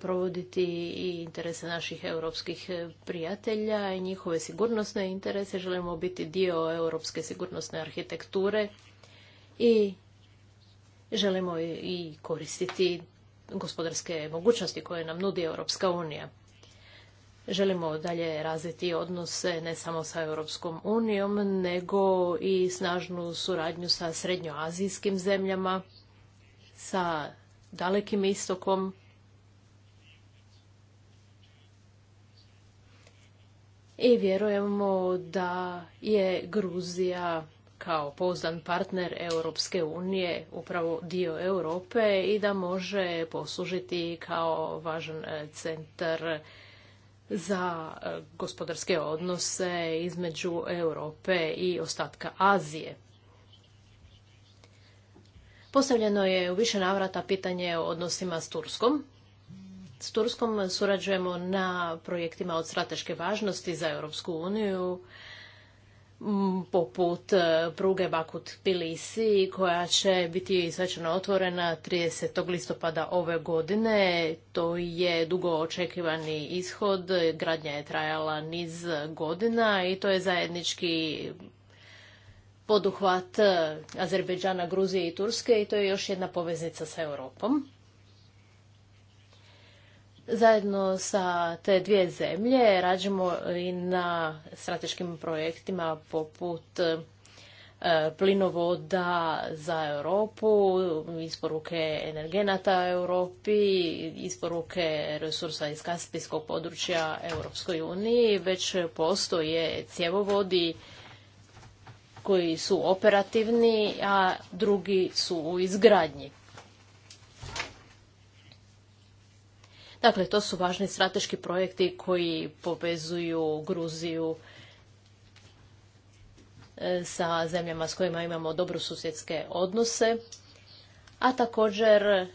provoditi i interese naših europskih prijatelja i njihove sigurnosne interese. Želimo biti dio europske sigurnosne arhitekture i želimo i koristiti gospodarske mogućnosti koje nam nudi Europska unija. Želimo dalje razviti odnose ne samo sa Europskom unijom, nego i snažnu suradnju sa srednjoazijskim zemljama, sa dalekim istokom, i vjerujemo da je Gruzija kao pozdan partner Europske unije, upravo dio Europe i da može poslužiti kao važan e, centar za e, gospodarske odnose između Europe i ostatka Azije. Postavljeno je u više navrata pitanje o odnosima s Turskom. S Turskom surađujemo na projektima od strateške važnosti za Europsku uniju, poput e, pruge Bakut Pilisi, koja će biti svečano otvorena 30. listopada ove godine. To je dugo očekivani ishod, gradnja je trajala niz godina i to je zajednički poduhvat e, Azerbejdžana, Gruzije i Turske i to je još jedna poveznica sa Europom. Zajedno sa te dvije zemlje rađemo i na strateškim projektima poput e, plinovoda za Europu, isporuke energenata Europi, isporuke resursa iz Kaspijskog područja Europskoj uniji, već postoje cjevovodi koji su operativni, a drugi su u izgradnji. Dakle, to su važni strateški projekti koji povezuju Gruziju e, sa zemljama s kojima imamo dobro susjedske odnose, a također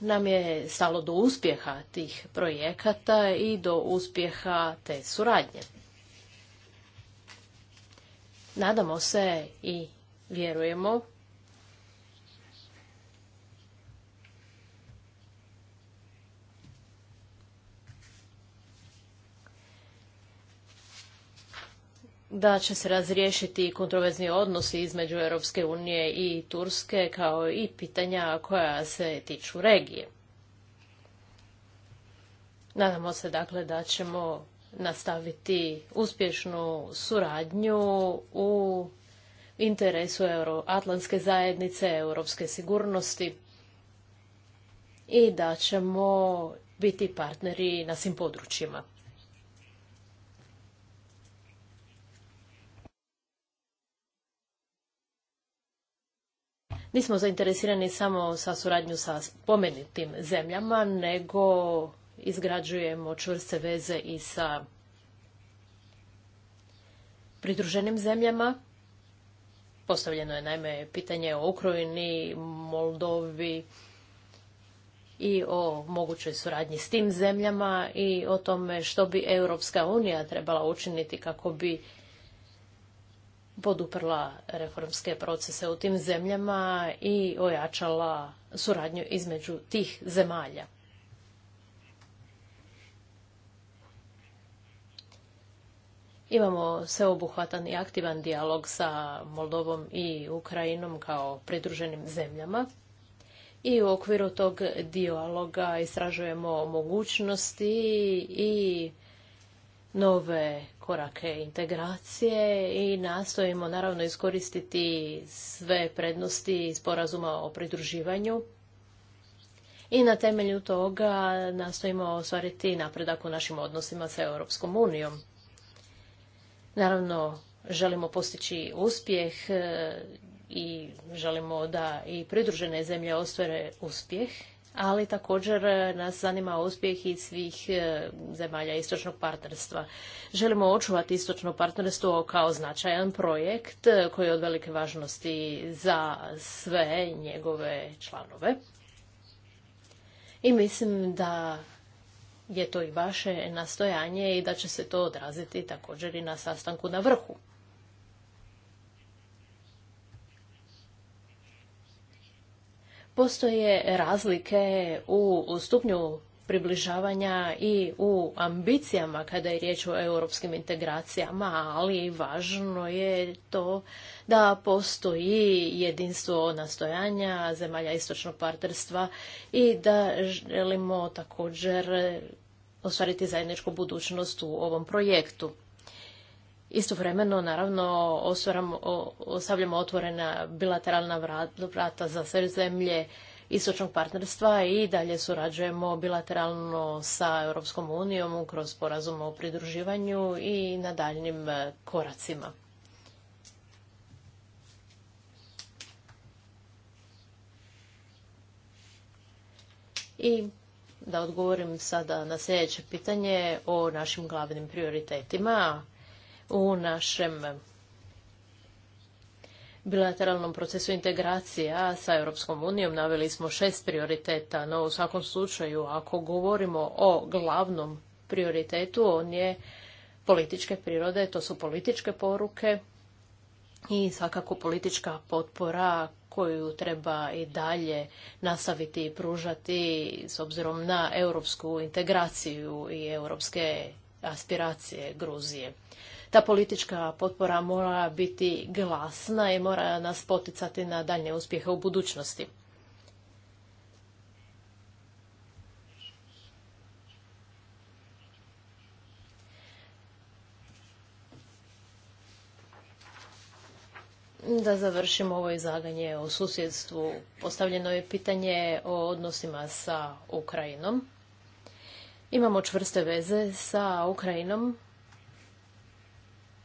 nam je stalo do uspjeha tih projekata i do uspjeha te suradnje. Nadamo se i vjerujemo da će se razriješiti kontroverzni odnosi između Europske unije i Turske kao i pitanja koja se tiču regije. Nadamo se dakle da ćemo nastaviti uspješnu suradnju u interesu Euroatlantske zajednice, europske sigurnosti i da ćemo biti partneri na svim područjima. nismo zainteresirani samo sa suradnju sa spomenutim zemljama, nego izgrađujemo čvrste veze i sa pridruženim zemljama. Postavljeno je naime pitanje o Ukrajini, Moldovi i o mogućoj suradnji s tim zemljama i o tome što bi Europska unija trebala učiniti kako bi poduprla reformske procese u tim zemljama i ojačala suradnju između tih zemalja. Imamo sveobuhvatan i aktivan dijalog sa Moldovom i Ukrajinom kao pridruženim zemljama. I u okviru tog dijaloga istražujemo mogućnosti i nove korake integracije i nastojimo naravno iskoristiti sve prednosti sporazuma o pridruživanju i na temelju toga nastojimo ostvariti napredak u našim odnosima sa Europskom unijom. Naravno, želimo postići uspjeh e, i želimo da i pridružene zemlje ostvare uspjeh ali također e, nas zanima uspjeh i svih e, zemalja istočnog partnerstva. Želimo očuvati istočno partnerstvo kao značajan projekt e, koji je od velike važnosti za sve njegove članove. I mislim da je to i vaše nastojanje i da će se to odraziti također i na sastanku na vrhu. postoje razlike u stupnju približavanja i u ambicijama kada je riječ o europskim integracijama, ali važno je to da postoji jedinstvo nastojanja zemalja istočnog partnerstva i da želimo također ostvariti zajedničku budućnost u ovom projektu. Istovremeno, naravno, ostavljamo otvorena bilateralna vrata za sve zemlje istočnog partnerstva i dalje surađujemo bilateralno sa Europskom unijom kroz sporazum o pridruživanju i na daljnim e, koracima. I da odgovorim sada na sljedeće pitanje o našim glavnim prioritetima u našem bilateralnom procesu integracija sa Europskom unijom naveli smo šest prioriteta, no u svakom slučaju ako govorimo o glavnom prioritetu, on je političke prirode, to su političke poruke i svakako politička potpora koju treba i dalje nastaviti i pružati s obzirom na europsku integraciju i europske aspiracije Gruzije ta politička potpora mora biti glasna i mora nas poticati na daljnje uspjehe u budućnosti. da završimo ovo izlaganje o susjedstvu. Postavljeno je pitanje o odnosima sa Ukrajinom. Imamo čvrste veze sa Ukrajinom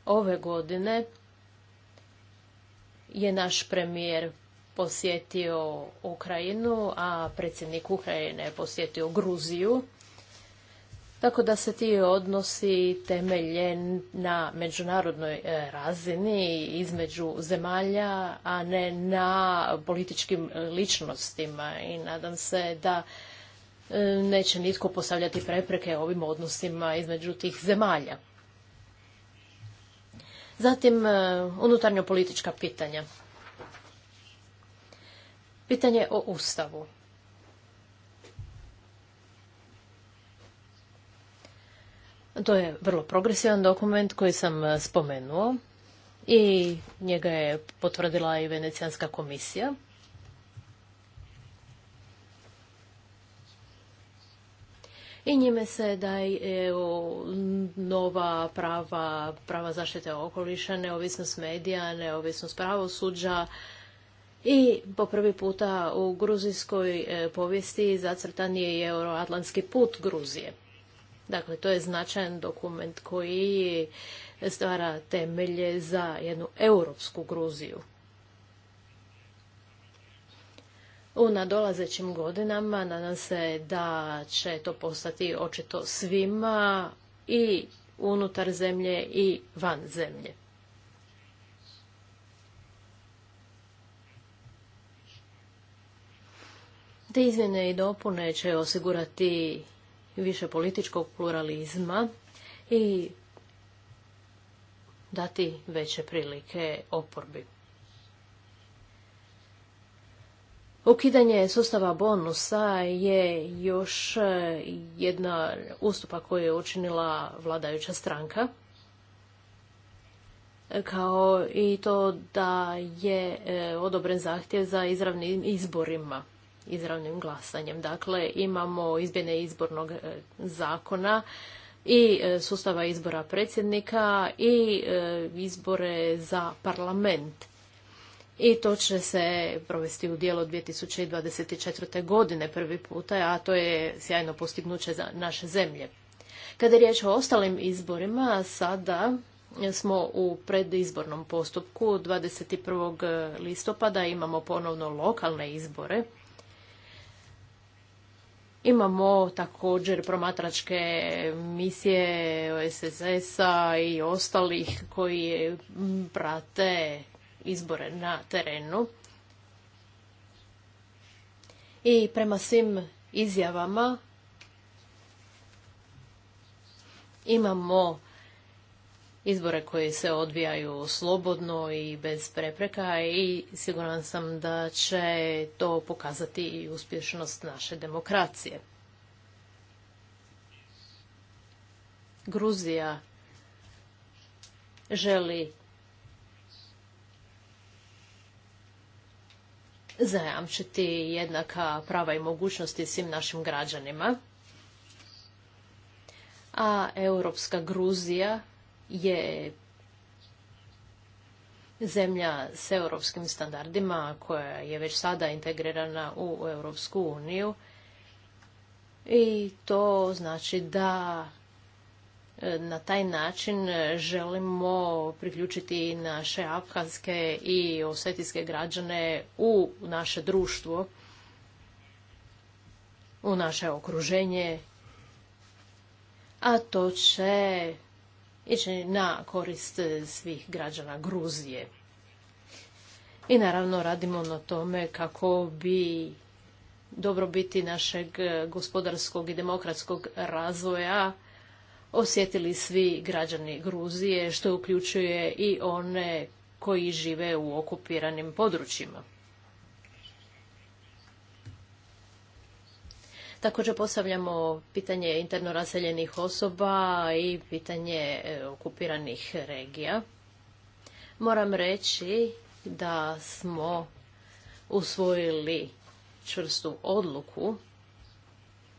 ove godine je naš premijer posjetio Ukrajinu, a predsjednik Ukrajine je posjetio Gruziju. Tako da se ti odnosi temelje na međunarodnoj e, razini između zemalja, a ne na političkim e, ličnostima. I nadam se da e, neće nitko postavljati prepreke ovim odnosima između tih zemalja. Zatim e, unutarnjo politička pitanja. Pitanje o Ustavu. To je vrlo progresivan dokument koji sam e, spomenuo i njega je potvrdila i Venecijanska komisija. i njime se daje nova prava, prava zaštite okoliša, neovisnost medija, neovisnost pravosuđa i po prvi puta u gruzijskoj e, povijesti zacrtan je euroatlantski put Gruzije. Dakle, to je značajan dokument koji stvara temelje za jednu europsku Gruziju. U nadolazećim godinama nadam se da će to postati očito svima i unutar zemlje i van zemlje. Te izmjene i dopune će osigurati više političkog pluralizma i dati veće prilike oporbi. Ukidanje sustava bonusa je još e, jedna ustupa koju je učinila vladajuća stranka. Kao i to da je e, odobren zahtjev za izravnim izborima, izravnim glasanjem. Dakle, imamo izmjene izbornog e, zakona i sustava izbora predsjednika i izbore za parlament i to će se provesti u dijelo 2024. godine prvi puta, a to je sjajno postignuće za naše zemlje. Kada je riječ o ostalim izborima, sada smo u predizbornom postupku. 21. listopada imamo ponovno lokalne izbore. Imamo također promatračke misije OSSS-a i ostalih koji prate izbore na terenu. I prema svim izjavama imamo izbore koji se odvijaju slobodno i bez prepreka i siguran sam da će to pokazati i uspješnost naše demokracije. Gruzija želi zajamčiti jednaka prava i mogućnosti svim našim građanima. A Europska Gruzija je zemlja s europskim standardima koja je već sada integrirana u Europsku uniju i to znači da E, na taj način e, želimo priključiti naše abhanske i osetijske građane u naše društvo, u naše okruženje, a to će ići na korist svih građana Gruzije. I naravno radimo na tome kako bi dobrobiti našeg gospodarskog i demokratskog razvoja osjetili svi građani Gruzije, što uključuje i one koji žive u okupiranim područjima. Također postavljamo pitanje interno raseljenih osoba i pitanje e, okupiranih regija. Moram reći da smo usvojili čvrstu odluku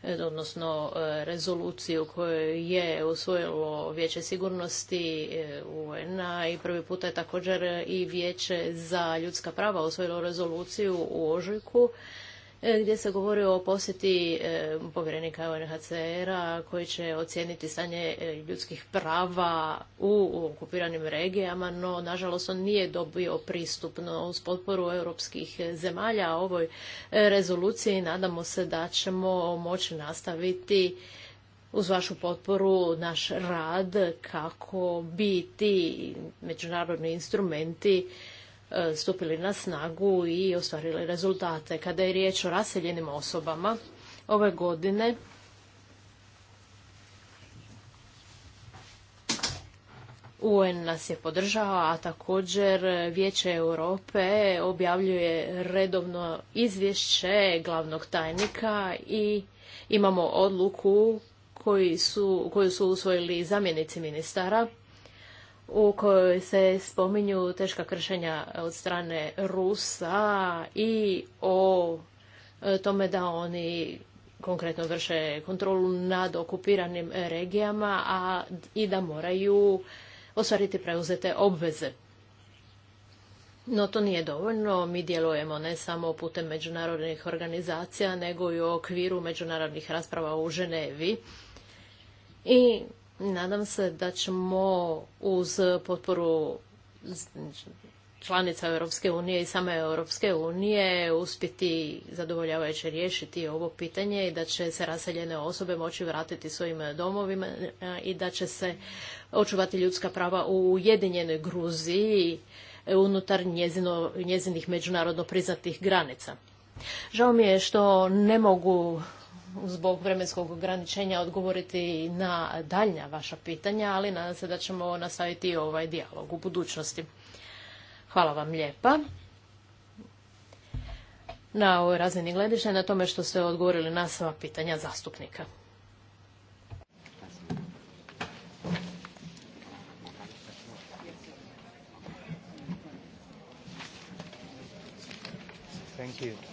E, odnosno e, rezoluciju koju je usvojilo Vijeće sigurnosti e, UN-a i prvi puta je također i Vijeće za ljudska prava usvojilo rezoluciju u ožujku E, gdje se govori o posjeti e, povjerenika UNHCR-a koji će ocijeniti stanje e, ljudskih prava u okupiranim regijama, no nažalost on nije dobio pristup uz potporu europskih zemalja ovoj rezoluciji. Nadamo se da ćemo moći nastaviti uz vašu potporu naš rad kako bi ti međunarodni instrumenti E, stupili na snagu i ostvarili rezultate. Kada je riječ o raseljenim osobama, ove godine UN nas je podržao, a također Vijeće Europe objavljuje redovno izvješće glavnog tajnika i imamo odluku koju su, koju su usvojili zamjenici ministara u kojoj se spominju teška kršenja od strane Rusa i o e, tome da oni konkretno vrše kontrolu nad okupiranim regijama a i da moraju ostvariti preuzete obveze. No to nije dovoljno, mi djelujemo ne samo putem međunarodnih organizacija, nego i u okviru međunarodnih rasprava u Ženevi. I Nadam se da ćemo uz potporu članica Europske unije i same Europske unije uspjeti zadovoljavajuće riješiti ovo pitanje i da će se raseljene osobe moći vratiti svojim domovima i da će se očuvati ljudska prava u Ujedinjenoj Gruziji unutar njezino, njezinih međunarodno priznatih granica. Žao mi je što ne mogu zbog vremenskog ograničenja odgovoriti na daljnja vaša pitanja, ali nadam se da ćemo nastaviti ovaj dijalog u budućnosti. Hvala vam lijepa na ovoj razini gledišta na tome što ste odgovorili na sva pitanja zastupnika.
Thank you.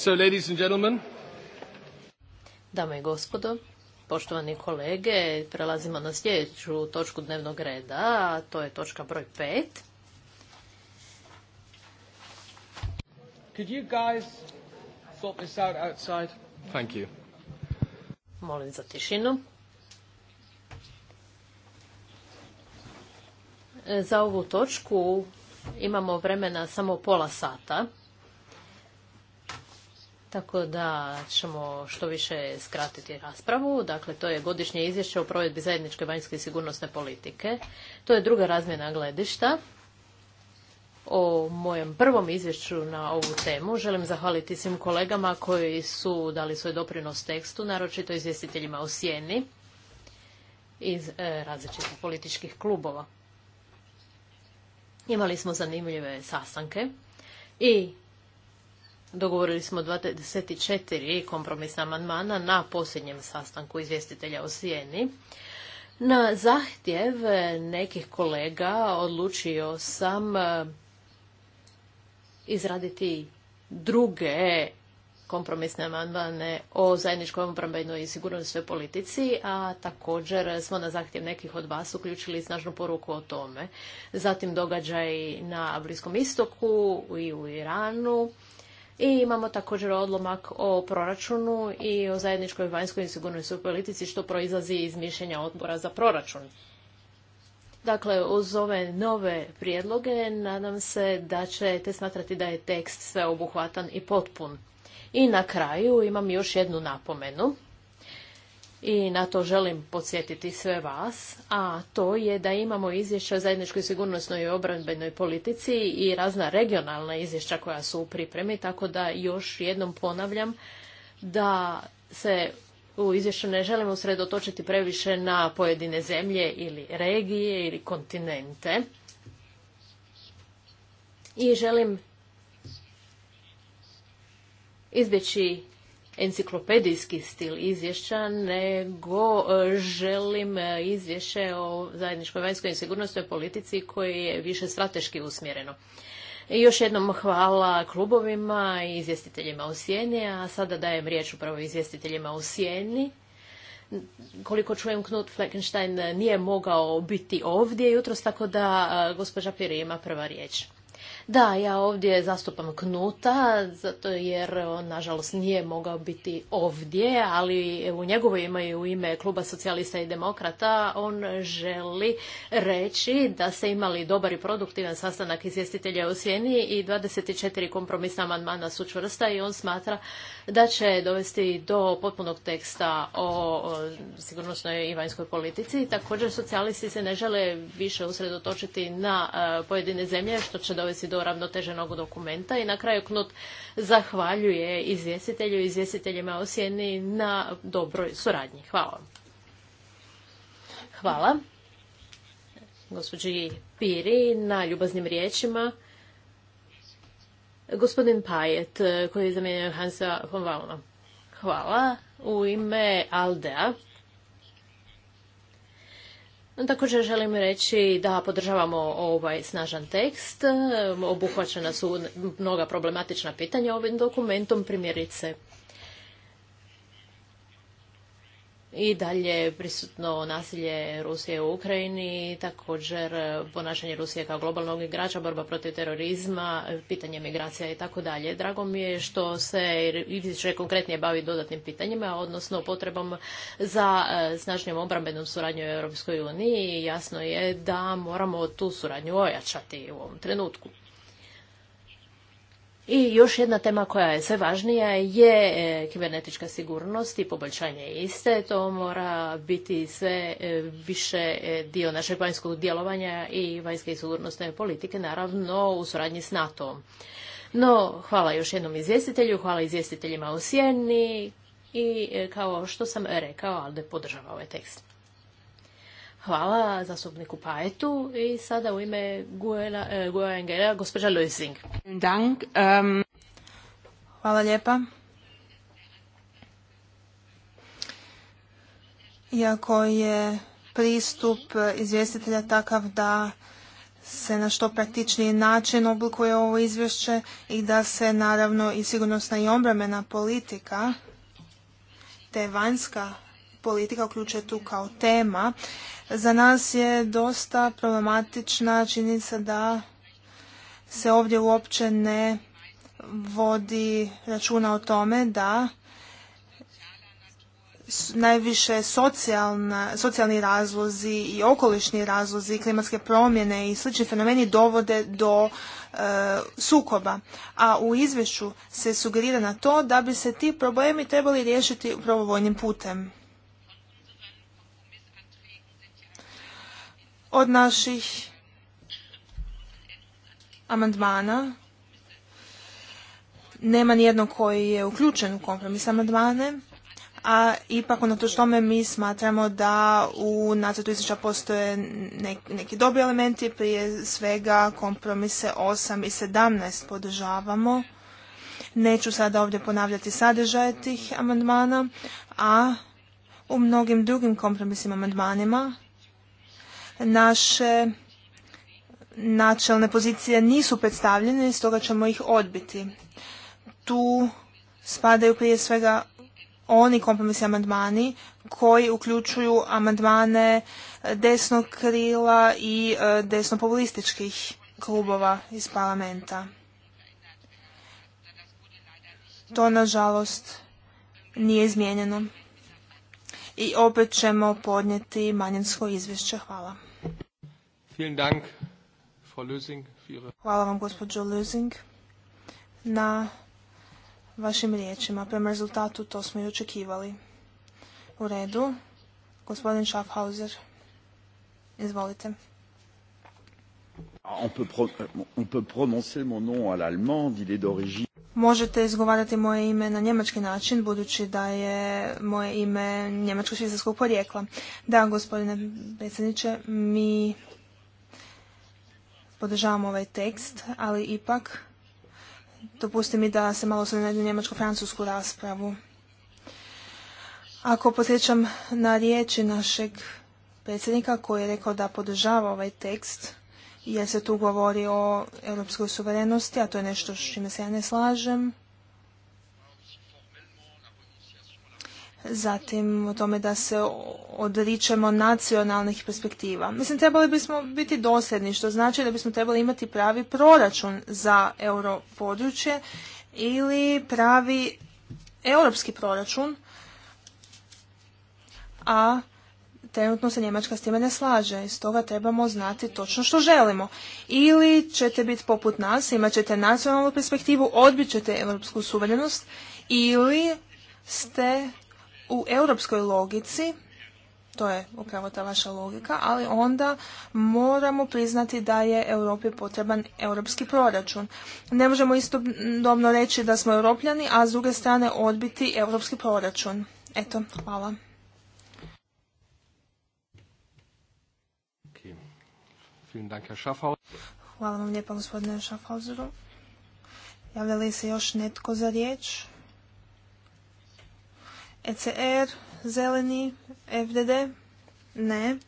So, ladies and gentlemen.
Dame i gospodo, poštovani kolege, prelazimo na sljedeću točku dnevnog reda, a to je točka broj 5. Could you guys sort this out outside? Thank you. Molim za tišinu. Za ovu točku imamo vremena samo pola sata. Tako da ćemo što više skratiti raspravu. Dakle, to je godišnje izvješće o provedbi zajedničke vanjske sigurnosne politike. To je druga razmjena gledišta o mojem prvom izvješću na ovu temu. Želim zahvaliti svim kolegama koji su dali svoj doprinos tekstu, naročito izvjestiteljima o sjeni iz e, različitih političkih klubova. Imali smo zanimljive sastanke i dogovorili smo 24 kompromisna amandmana na posljednjem sastanku izvjestitelja o sjeni. Na zahtjev nekih kolega odlučio sam e, izraditi druge kompromisne amandmane o zajedničkoj obrambenoj i sigurnosnoj politici, a također smo na zahtjev nekih od vas uključili snažnu poruku o tome. Zatim događaj na Bliskom istoku i u Iranu. I imamo također odlomak o proračunu i o zajedničkoj vanjskoj i sigurnosnoj politici što proizlazi iz mišljenja odbora za proračun. Dakle, uz ove nove prijedloge nadam se da ćete smatrati da je tekst sveobuhvatan i potpun. I na kraju imam još jednu napomenu i na to želim podsjetiti sve vas, a to je da imamo izvješća o zajedničkoj sigurnosnoj i obrambenoj politici i razna regionalna izvješća koja su u pripremi, tako da još jednom ponavljam da se u izvješću ne želimo usredotočiti previše na pojedine zemlje ili regije ili kontinente. I želim izbjeći enciklopedijski stil izvješća, nego e, želim e, izvješće o zajedničkoj vanjskoj sigurnosnoj politici koje je više strateški usmjereno. I još jednom hvala klubovima i izvjestiteljima u sjeni, a sada dajem riječ upravo izvjestiteljima u sjeni. Koliko čujem, Knut Fleckenstein nije mogao biti ovdje jutros, tako da gospođa Piri ima prva riječ. Da, ja ovdje zastupam Knuta, zato jer on nažalost nije mogao biti ovdje, ali u njegovo ime i u ime Kluba socijalista i demokrata on želi reći da se imali dobar i produktivan sastanak izvjestitelja u Sjeni i 24 kompromisna amandmana su čvrsta i on smatra da će dovesti do potpunog teksta o sigurnosnoj i vanjskoj politici. Također socijalisti se ne žele više usredotočiti na e, pojedine zemlje što će dovesti do uravnoteženog dokumenta. I na kraju Knut zahvaljuje izvjestitelju i izvjestiteljima Osijeni na dobroj suradnji. Hvala. Hvala gospođi Piri na ljubaznim riječima. Gospodin Pajet, koji je zamijenio Hansa von Hvala. U ime Aldea Također želim reći da podržavamo ovaj snažan tekst. Obuhvaćena su mnoga problematična pitanja ovim dokumentom, primjerice i dalje prisutno nasilje Rusije u Ukrajini, također e, ponašanje Rusije kao globalnog igrača, borba protiv terorizma, e, pitanje migracija i tako dalje. Drago mi je što se izvješće konkretnije bavi dodatnim pitanjima, odnosno potrebom za e, snažnijom obrambenom suradnju u EU i Jasno je da moramo tu suradnju ojačati u ovom trenutku. I još jedna tema koja je sve važnija je e, kibernetička sigurnost i poboljšanje iste. To mora biti sve e, više e, dio našeg vanjskog djelovanja i vanjske i sigurnosne politike, naravno u suradnji s nato No, hvala još jednom izvjestitelju, hvala izvjestiteljima u Sjeni i kao što sam rekao, Alde podržava ovaj tekst. Hvala zastupniku Pajetu i sada u ime Guja
e, Engela, gospođa Luising. Um, Hvala lijepa. Iako je pristup izvjestitelja takav da se na što praktičniji način oblikuje ovo izvješće i da se naravno i sigurnosna i obrambena politika te vanjska politika uključuje tu kao tema. Za nas je dosta problematična činjenica da se ovdje uopće ne vodi računa o tome da najviše socijalna, socijalni razlozi i okolišni razlozi, klimatske promjene i slični fenomeni dovode do e, sukoba. A u izvješću se sugerira na to da bi se ti problemi trebali riješiti upravo vojnim putem. od naših amandmana nema nijednog koji je uključen u kompromis amandmane, a ipak unatoč tome mi smatramo da u nacrtu izvješća postoje neki dobri elementi, prije svega kompromise 8 i 17 podržavamo. Neću sada ovdje ponavljati sadržaje tih amandmana, a u mnogim drugim kompromisnim amandmanima naše načelne pozicije nisu predstavljene i stoga ćemo ih odbiti. Tu spadaju prije svega oni kompromisni amandmani koji uključuju amandmane desnog krila i e, desnopopulističkih klubova iz parlamenta. To nažalost nije izmijenjeno. I opet ćemo podnijeti manjinsko izvješće. Hvala. Hvala vam gospođo Lösing na vašim riječima. Prema rezultatu to smo i očekivali. U redu. Gospodin Schaffhauser, izvolite. Možete izgovarati moje ime na njemački način, budući da je moje ime njemačko švizarskog porijekla. Da, gospodine predsjedniče, mi podržavam ovaj tekst, ali ipak dopusti mi da se malo osvrnem na njemačko-francusku raspravu. Ako posjećam na riječi našeg predsjednika koji je rekao da podržava ovaj tekst, jer se tu govori o europskoj suverenosti, a to je nešto s čime se ja ne slažem, zatim o tome da se odričemo nacionalnih perspektiva. Mislim, trebali bismo biti dosljedni, što znači da bismo trebali imati pravi proračun za europodručje ili pravi europski proračun, a trenutno se Njemačka s time ne slaže i stoga trebamo znati točno što želimo. Ili ćete biti poput nas, imat ćete nacionalnu perspektivu, odbit ćete europsku suverenost ili ste u europskoj logici, to je upravo ta vaša logika, ali onda moramo priznati da je Europi potreban europski proračun. Ne možemo istodobno reći da smo europljani, a s druge strane odbiti europski proračun. Eto, hvala. Hvala vam lijepa gospodine Javlja li se još netko za riječ? ECR, zeleni, FDD, ne,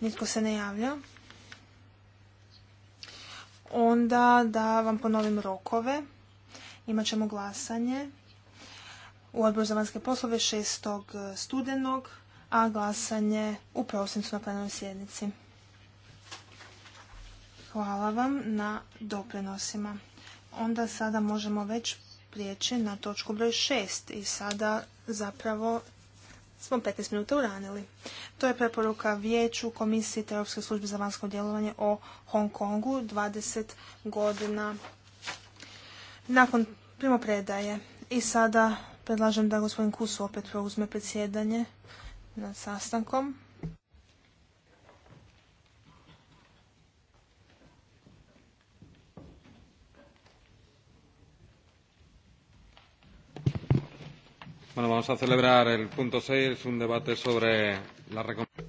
nitko se ne javlja. Onda da vam ponovim rokove. Imat ćemo glasanje u odboru za vanjske poslove 6. E, studenog, a glasanje u prosincu na plenarnoj sjednici. Hvala vam na doprinosima. Onda sada možemo već prijeći na točku broj 6 i sada zapravo smo 15 minuta uranili. To je preporuka Vijeću Komisije te Europske službe za vanjsko djelovanje o Hong Kongu 20 godina nakon primopredaje. I sada predlažem da gospodin Kusu opet preuzme predsjedanje nad sastankom.
Bueno, vamos a el punto 6, un debate sobre la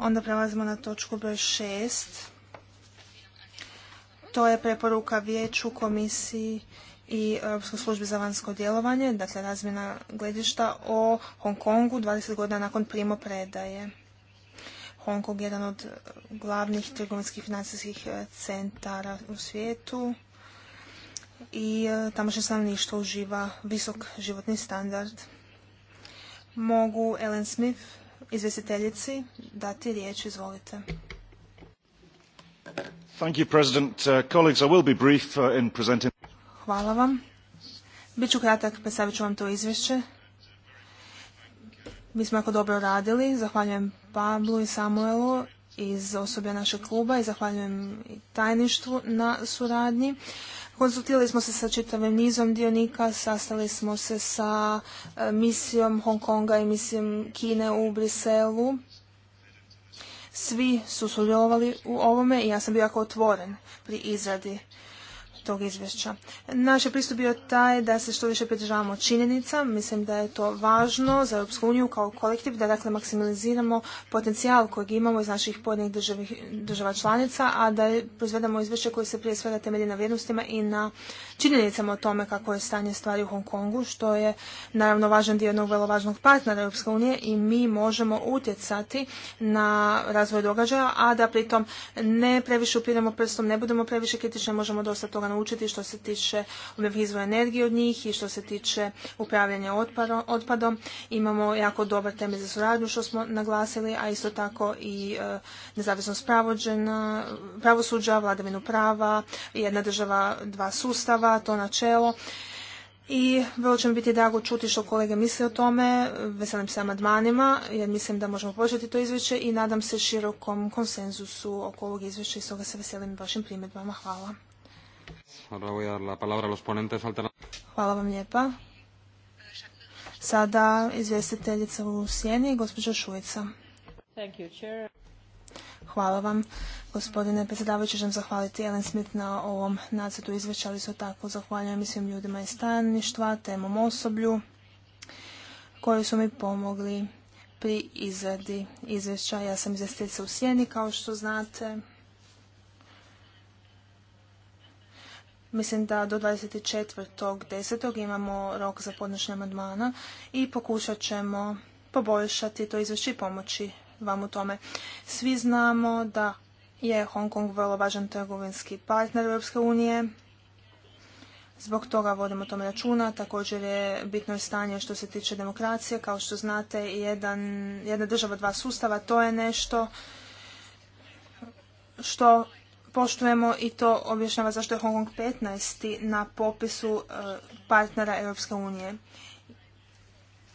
Onda prelazimo na točku broj šest. To je preporuka vijeću, komisiji i Europskoj službi za vanjsko djelovanje, dakle razmjena gledišta o Hongkongu Kongu 20 godina nakon primopredaje. Hong je jedan od glavnih trgovinskih financijskih e, centara u svijetu i e, tamošnje stanovništvo uživa visok životni standard mogu Ellen Smith, izvjestiteljici, dati riječ. Izvolite. Hvala vam. Biću kratak, predstavit ću vam to izvješće. Mi smo jako dobro radili. Zahvaljujem Pablu i Samuelu iz osobe našeg kluba i zahvaljujem tajništvu na suradnji. Konzultirali smo se sa čitavim nizom dionika, sastali smo se sa e, misijom Hong Konga i misijom Kine u Briselu. Svi su sudjelovali u ovome i ja sam bio jako otvoren pri izradi tog izvješća. Naš je pristup bio taj da se što više pridržavamo činjenica. Mislim da je to važno za Europsku uniju kao kolektiv, da dakle maksimaliziramo potencijal kojeg imamo iz naših pojedinih država članica, a da proizvedemo izvješće koje se prije svega temelji na vrijednostima i na činjenicama o tome kako je stanje stvari u Hong Kongu, što je naravno važan dio jednog vrlo važnog partnera Europske unije i mi možemo utjecati na razvoj događaja, a da pritom ne previše upiramo prstom, ne budemo previše kritični, možemo dosta toga naučiti što se tiče obnovljivih energije od njih i što se tiče upravljanja otpadom. Imamo jako dobar temelj za suradnju što smo naglasili, a isto tako i e, nezavisnost pravosuđa, vladavinu prava, jedna država, dva sustava, to načelo. I vrlo će mi biti drago čuti što kolege misle o tome, veselim se amandmanima, jer mislim da možemo početi to izvješće i nadam se širokom konsenzusu oko ovog izvješća i stoga se veselim vašim primjedbama. Hvala. Hvala vam lijepa. Sada izvjestiteljica u sjeni, gospođa Šujica. Hvala vam. Gospodine predsjedavajući, želim zahvaliti Ellen Smith na ovom nacetu izvješća, ali isto tako zahvaljujem i svim ljudima iz stajaništva, temom osoblju, koji su mi pomogli pri izradi izvješća. Ja sam izvjestiteljica u sjeni, kao što znate. Mislim da do 24.10. imamo rok za podnošenje amandmana i pokušat ćemo poboljšati to izvješće i pomoći vam u tome. Svi znamo da je Hong Kong vrlo važan trgovinski partner Europske unije. Zbog toga vodimo tome računa. Također je bitno stanje što se tiče demokracije. Kao što znate, jedan, jedna država dva sustava, to je nešto što poštujemo i to objašnjava zašto je Hong Kong 15. na popisu e, partnera Europske unije.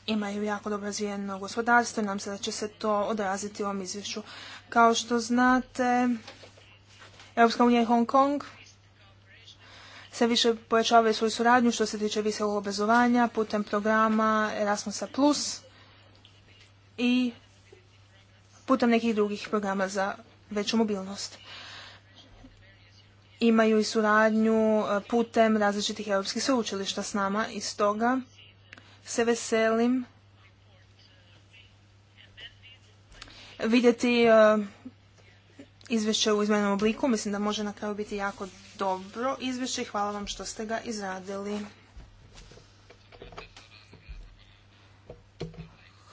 Imaju jako dobro razvijeno gospodarstvo i nam se da će se to odraziti u ovom izvješću. Kao što znate, Europska unija i Hong Kong se više pojačavaju svoju suradnju što se tiče visokog obrazovanja putem programa Erasmusa Plus i putem nekih drugih programa za veću mobilnost imaju i suradnju e, putem različitih europskih sveučilišta s nama i stoga se veselim vidjeti e, izvješće u izmenom obliku. Mislim da može na kraju biti jako dobro izvješće i hvala vam što ste ga izradili.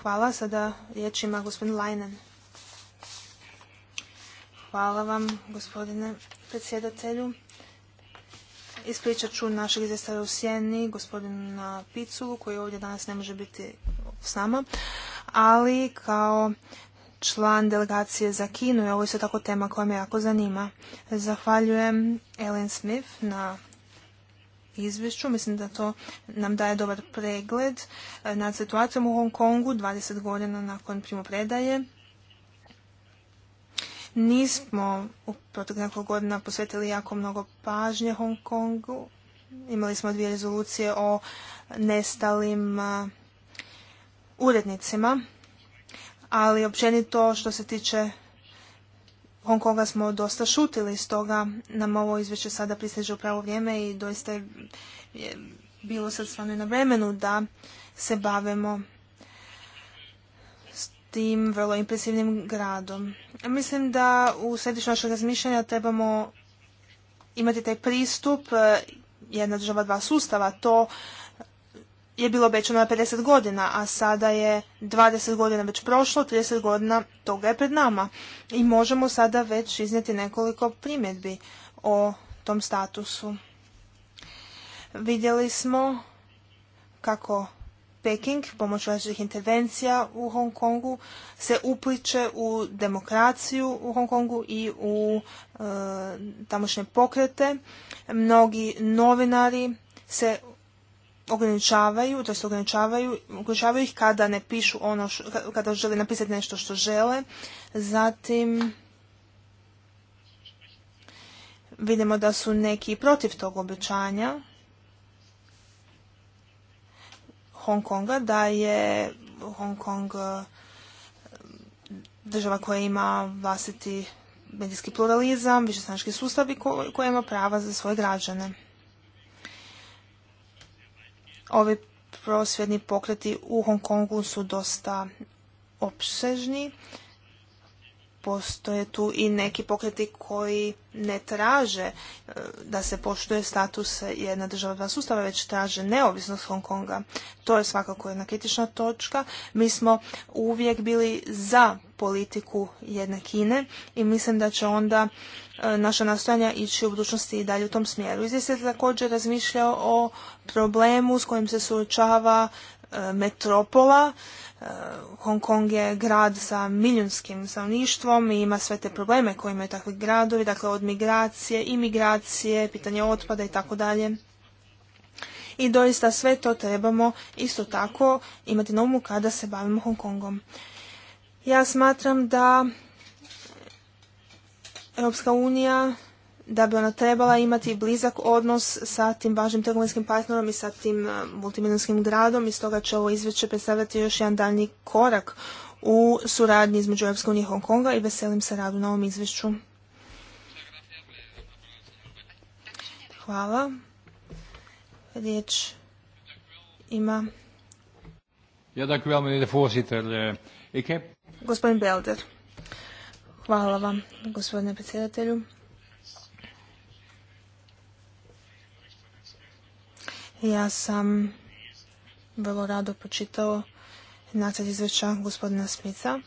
Hvala. Sada riječ ima gospodin Lajnen. Hvala vam, gospodine predsjedatelju. Ispričat ću našeg izvjestaja u Sjeni, gospodina Piculu, koji ovdje danas ne može biti s nama, ali kao član delegacije za Kinu i ovo je isto tako tema koja me jako zanima. Zahvaljujem Ellen Smith na izvješću. Mislim da to nam daje dobar pregled nad situacijom u Hong Kongu 20 godina nakon primopredaje Nismo u proteklih nekoliko godina posvetili jako mnogo pažnje Hong Kongu. Imali smo dvije rezolucije o nestalim urednicima, ali općenito što se tiče Hong Konga smo dosta šutili, stoga nam ovo izvješće sada pristiže u pravo vrijeme i doista je bilo sad stvarno na vremenu da se bavimo tim vrlo impresivnim gradom. Mislim da u središnju našeg razmišljanja trebamo imati taj pristup e, jedna država dva sustava. To je bilo obećano na 50 godina, a sada je 20 godina već prošlo, 30 godina toga je pred nama. I možemo sada već iznijeti nekoliko primjedbi o tom statusu. Vidjeli smo kako Peking pomoću različitih intervencija u Hong Kongu se upliče u demokraciju u Hong Kongu i u e, tamošnje pokrete. Mnogi novinari se ograničavaju, to se ograničavaju, ograničavaju ih kada ne pišu ono, kada žele napisati nešto što žele. Zatim vidimo da su neki protiv tog obećanja Hong Konga, da je Hong Kong e, država koja ima vlastiti medijski pluralizam, višestranački sustav i koja ima prava za svoje građane. Ovi prosvjedni pokreti u Hong Kongu su dosta opsežni postoje tu i neki pokreti koji ne traže e, da se poštuje status jedna država dva sustava, već traže neovisnost Hong Konga. To je svakako jedna kritična točka. Mi smo uvijek bili za politiku jedne Kine i mislim da će onda e, naša nastojanja ići u budućnosti i dalje u tom smjeru. Izvijest se također razmišljao o problemu s kojim se suočava e, metropola Eh, Hong Kong je grad sa milijunskim stanovništvom i ima sve te probleme koje imaju takvi gradovi, dakle od migracije, imigracije, pitanje otpada i tako dalje. I doista sve to trebamo isto tako imati na umu kada se bavimo Hong Kongom. Ja smatram da Europska unija da bi ona trebala imati blizak odnos sa tim važnim trgovinskim partnerom i sa tim e, multimilionskim gradom i stoga će ovo izvješće predstavljati još jedan daljnji korak u suradnji između Europske unije i Hong Konga i veselim se radu na ovom izvješću. Hvala. Riječ ima...
Ja, eh,
Gospodin Belder. Hvala vam, gospodine predsjedatelju. Ja sam vrlo rado počitao nacrt izvješća gospodina Smica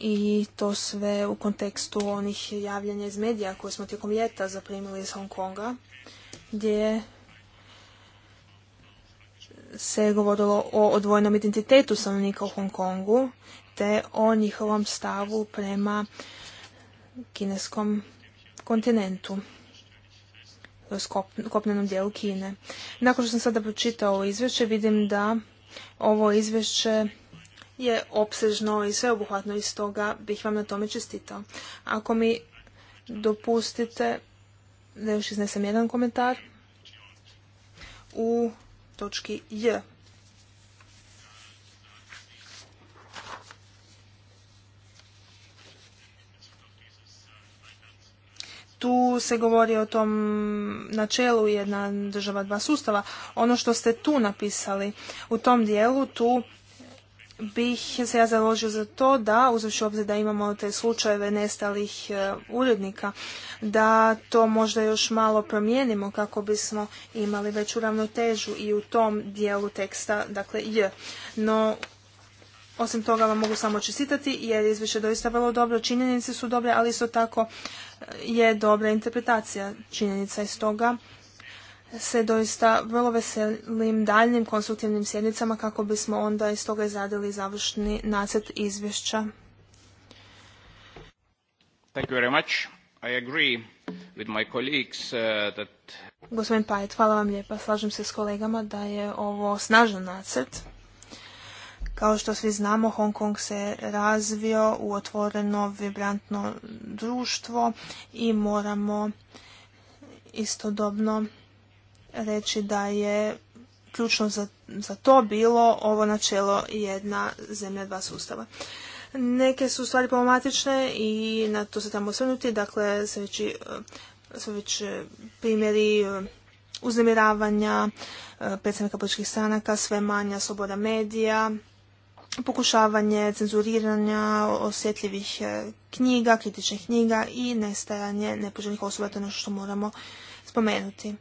i to sve u kontekstu onih javljanja iz medija koje smo tijekom ljeta zaprimili iz Hong Konga, gdje se govorilo o odvojnom identitetu stanovnika u Hong Kongu, te o njihovom stavu prema kineskom kontinentu kopnenom dijelu Kine. Nakon što sam sada pročitao ovo izvješće, vidim da ovo izvješće je opsežno i sveobuhvatno i stoga bih vam na tome čestitao. Ako mi dopustite da još iznesem jedan komentar u točki J tu se govori o tom načelu jedna država dva sustava. Ono što ste tu napisali u tom dijelu, tu bih se ja založio za to da, uzavši obzir da imamo te slučajeve nestalih e, urednika, da to možda još malo promijenimo kako bismo imali veću ravnotežu i u tom dijelu teksta, dakle J. No osim toga vam mogu samo čestitati jer izvješće doista vrlo dobro, činjenice su dobre, ali isto tako e, je dobra interpretacija činjenica iz stoga se doista vrlo veselim daljnim konstruktivnim sjednicama kako bismo onda iz toga izradili završni nacrt izvješća.
Thank you very I agree with my colleagues uh,
Gospodin Pajet, hvala vam lijepa. Slažem se s kolegama da je ovo snažan nacrt kao što svi znamo, Hong Kong se razvio u otvoreno, vibrantno društvo i moramo istodobno reći da je ključno za, za to bilo ovo načelo jedna zemlja, dva sustava. Neke su stvari problematične i na to se tamo osvrnuti, dakle sve već, već primjeri e, uznemiravanja e, predstavnika političkih stranaka, sve manja sloboda medija, pokušavanje cenzuriranja osjetljivih e, knjiga, kritičnih knjiga i nestajanje nepoželjnih osoba, to je nešto što moramo spomenuti.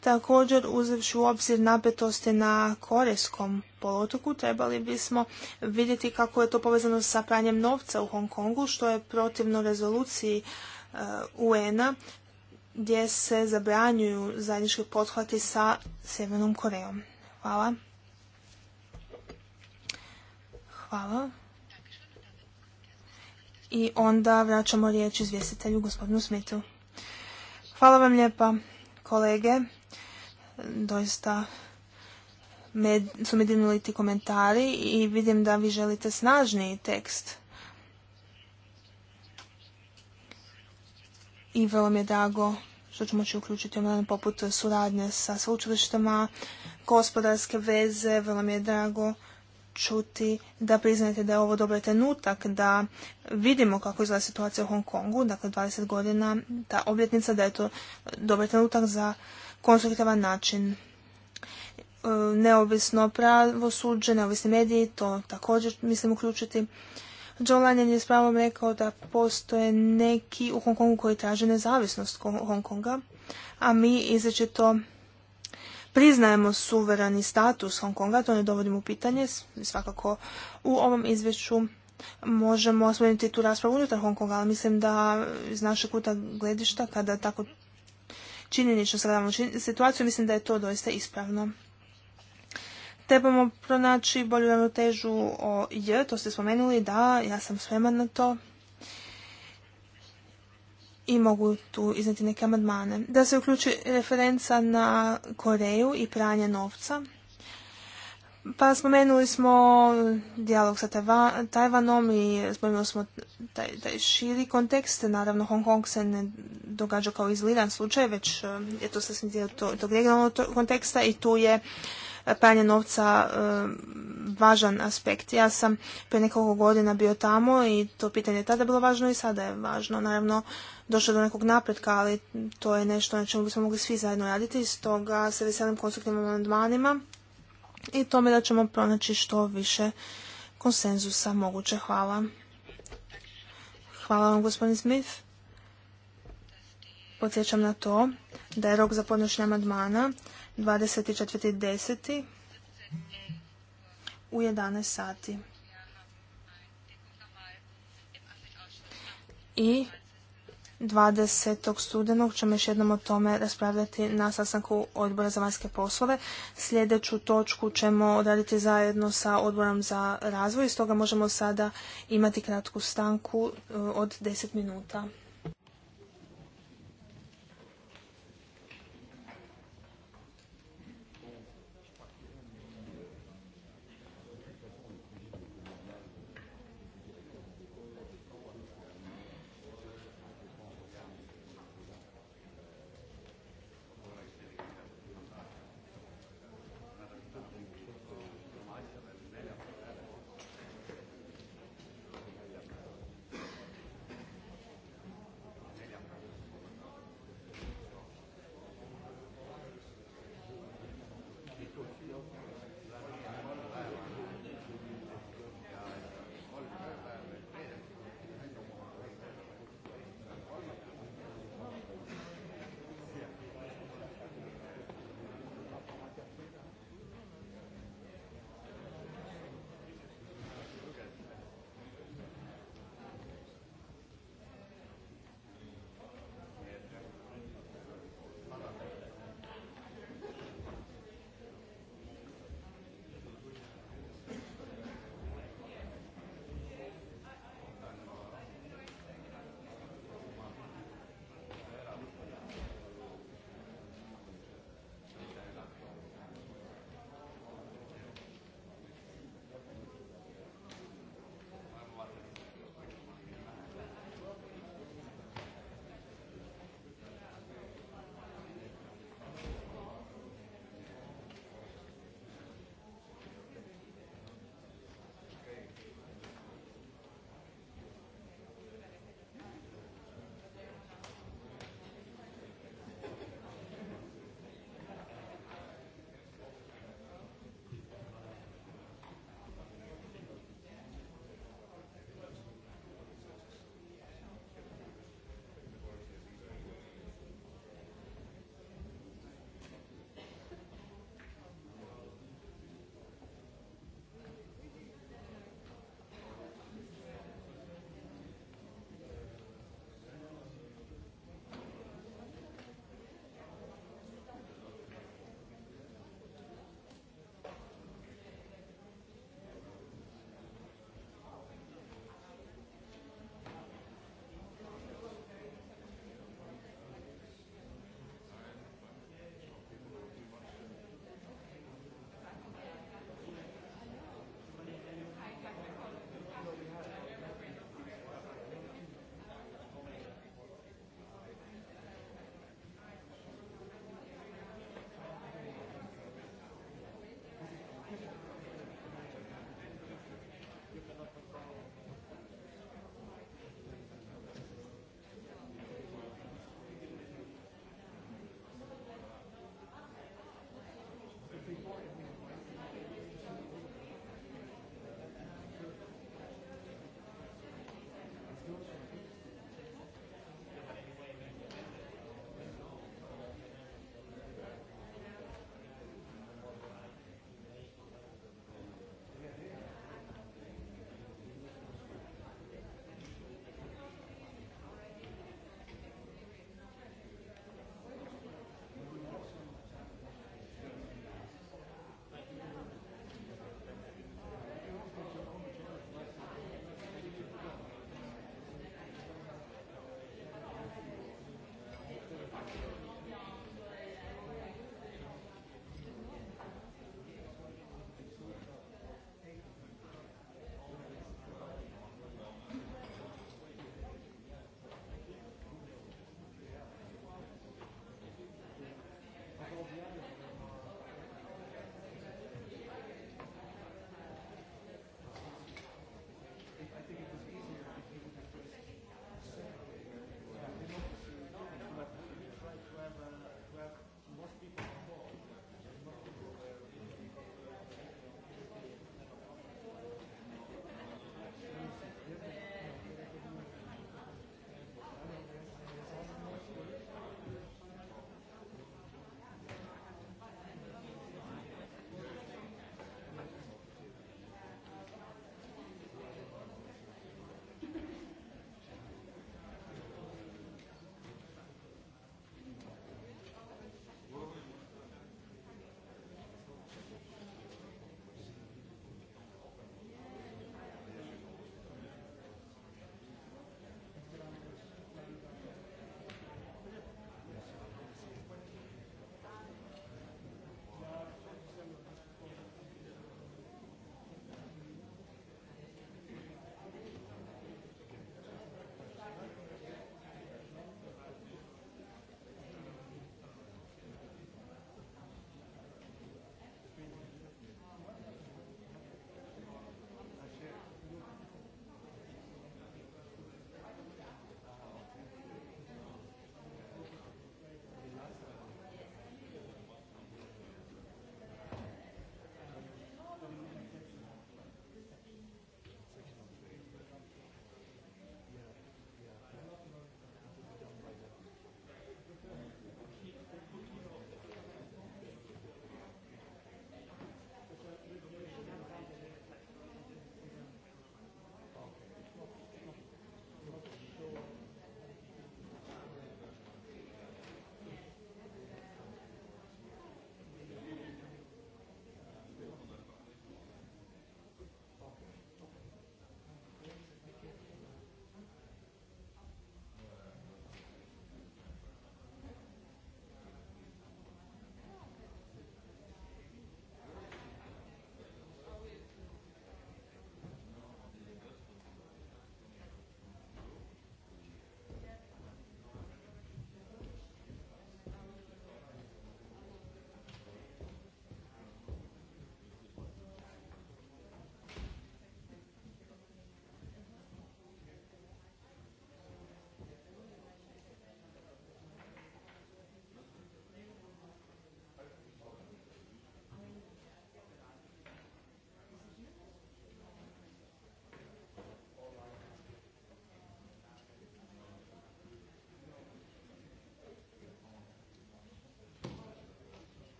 Također, uzevši u obzir napetosti na Korejskom polotoku, trebali bismo vidjeti kako je to povezano sa pranjem novca u Hong Kongu, što je protivno rezoluciji e, UN-a gdje se zabranjuju zajednički pothvati sa Sjevernom Korejom. Hvala. Hvala. I onda vraćamo riječ izvjestitelju gospodinu Smitu. Hvala vam lijepa kolege. Doista su me dimnuli ti komentari i vidim da vi želite snažniji tekst. I vrlo mi je drago što ćemo moći uključiti omljene poput suradnje sa sveučilištama, gospodarske veze, vrlo mi je drago čuti da priznajete da je ovo dobar trenutak, da vidimo kako izgleda situacija u Hongkongu, dakle 20 godina, ta obljetnica, da je to dobar trenutak za konstruktivan način. E, neovisno pravosuđe, neovisni mediji, to također mislim uključiti. John Lanyan je s pravom rekao da postoje neki u Hongkongu koji traže nezavisnost Hong Konga, a mi izrečito to priznajemo suverani status Hong Konga, to ne dovodimo u pitanje, svakako u ovom izvješću možemo osvrnuti tu raspravu unutar Hong ali mislim da iz našeg kuta gledišta, kada tako činjenično sagledamo situaciju, mislim da je to doista ispravno. Trebamo pronaći bolju ravnotežu o J, to ste spomenuli, da, ja sam spreman na to i mogu tu izneti neke amandmane. Da se uključi referenca na Koreju i pranje novca. Pa spomenuli smo dijalog sa Tajvanom i spomenuli smo taj, taj širi kontekst. Naravno, Hong Kong se ne događa kao izliran slučaj, već e, je to sasvim dio tog regionalnog konteksta i tu je e, pranje novca e, važan aspekt. Ja sam prije nekoliko godina bio tamo i to pitanje je tada bilo važno i sada je važno. Naravno, došlo do nekog napretka, ali to je nešto na čemu bismo mogli svi zajedno raditi. Stoga se veselim konstruktivnim amandmanima i tome da ćemo pronaći što više konsenzusa moguće. Hvala. Hvala vam gospodin Smith. Podsjećam na to da je rok za podnošenje amandmana 24.10. u 11 sati. I 20. studenog ćemo još jednom o tome raspravljati na sastanku odbora za vanjske poslove. Sljedeću točku ćemo odraditi zajedno sa odborom za razvoj, stoga možemo sada imati kratku stanku e, od 10 minuta.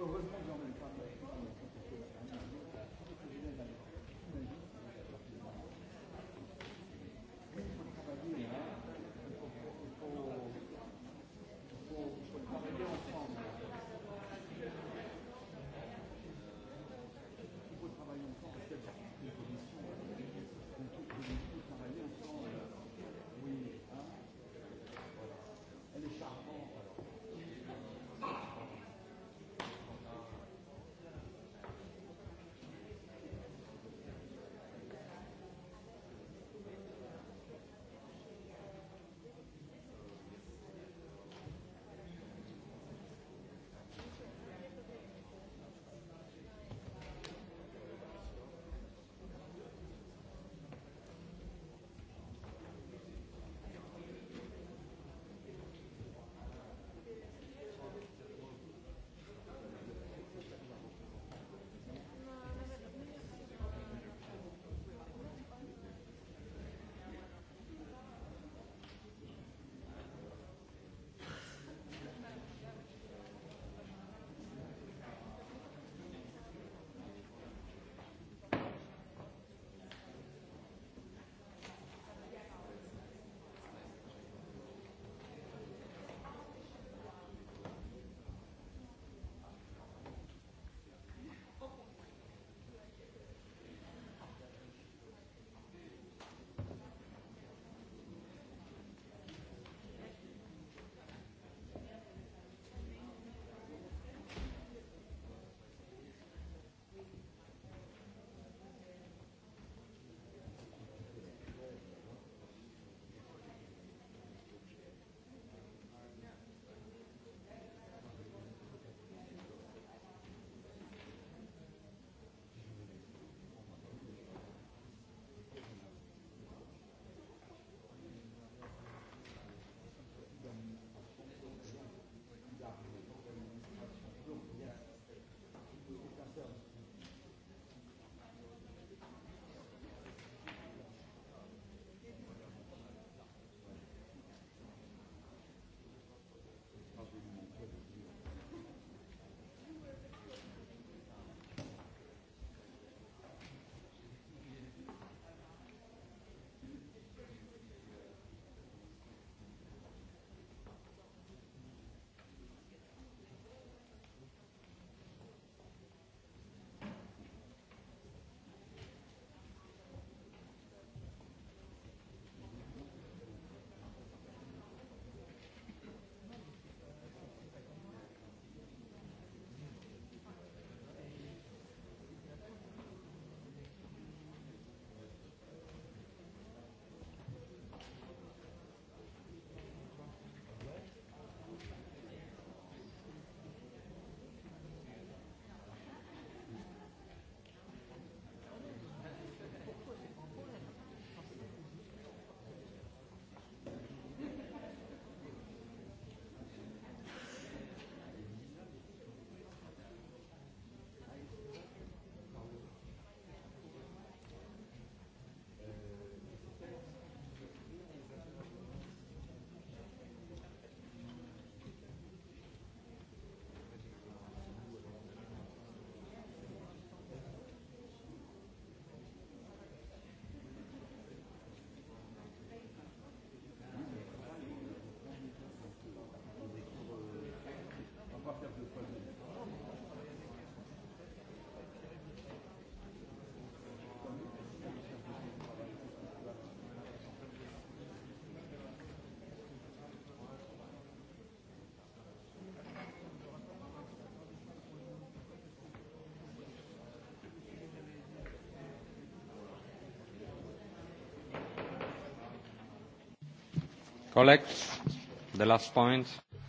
Heureusement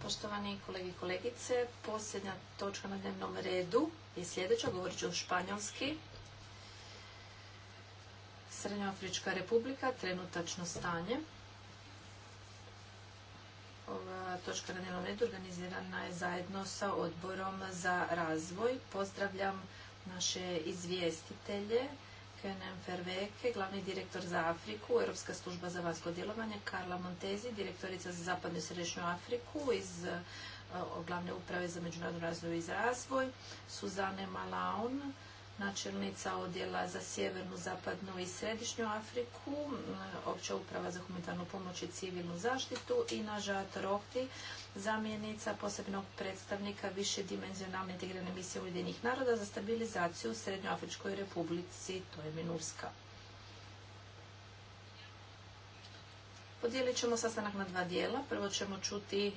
Poštovani kolegi i kolegice, posljednja točka na dnevnom redu je sljedeća, govorit ću španjolski. Srednjoafrička republika, trenutačno stanje. Ova točka na dnevnom redu organizirana je zajedno sa odborom za razvoj. Pozdravljam naše izvjestitelje Kenem glavni direktor za Afriku, Europska služba za vanjsko djelovanje, Karla Montezi, direktorica za zapadnu i središnju Afriku iz e, glavne uprave za međunarodni razvoj i razvoj, Suzane Malaun, načelnica odjela za sjevernu, zapadnu i središnju Afriku, e, opća uprava za humanitarnu pomoć i civilnu zaštitu i Nažat Rohti, zamjenica posebnog predstavnika višedimenzionalne integrane misije Ujedinih naroda za stabilizaciju u Srednjoafričkoj republici, to je Minuska. Podijelit ćemo sastanak na dva dijela. Prvo ćemo čuti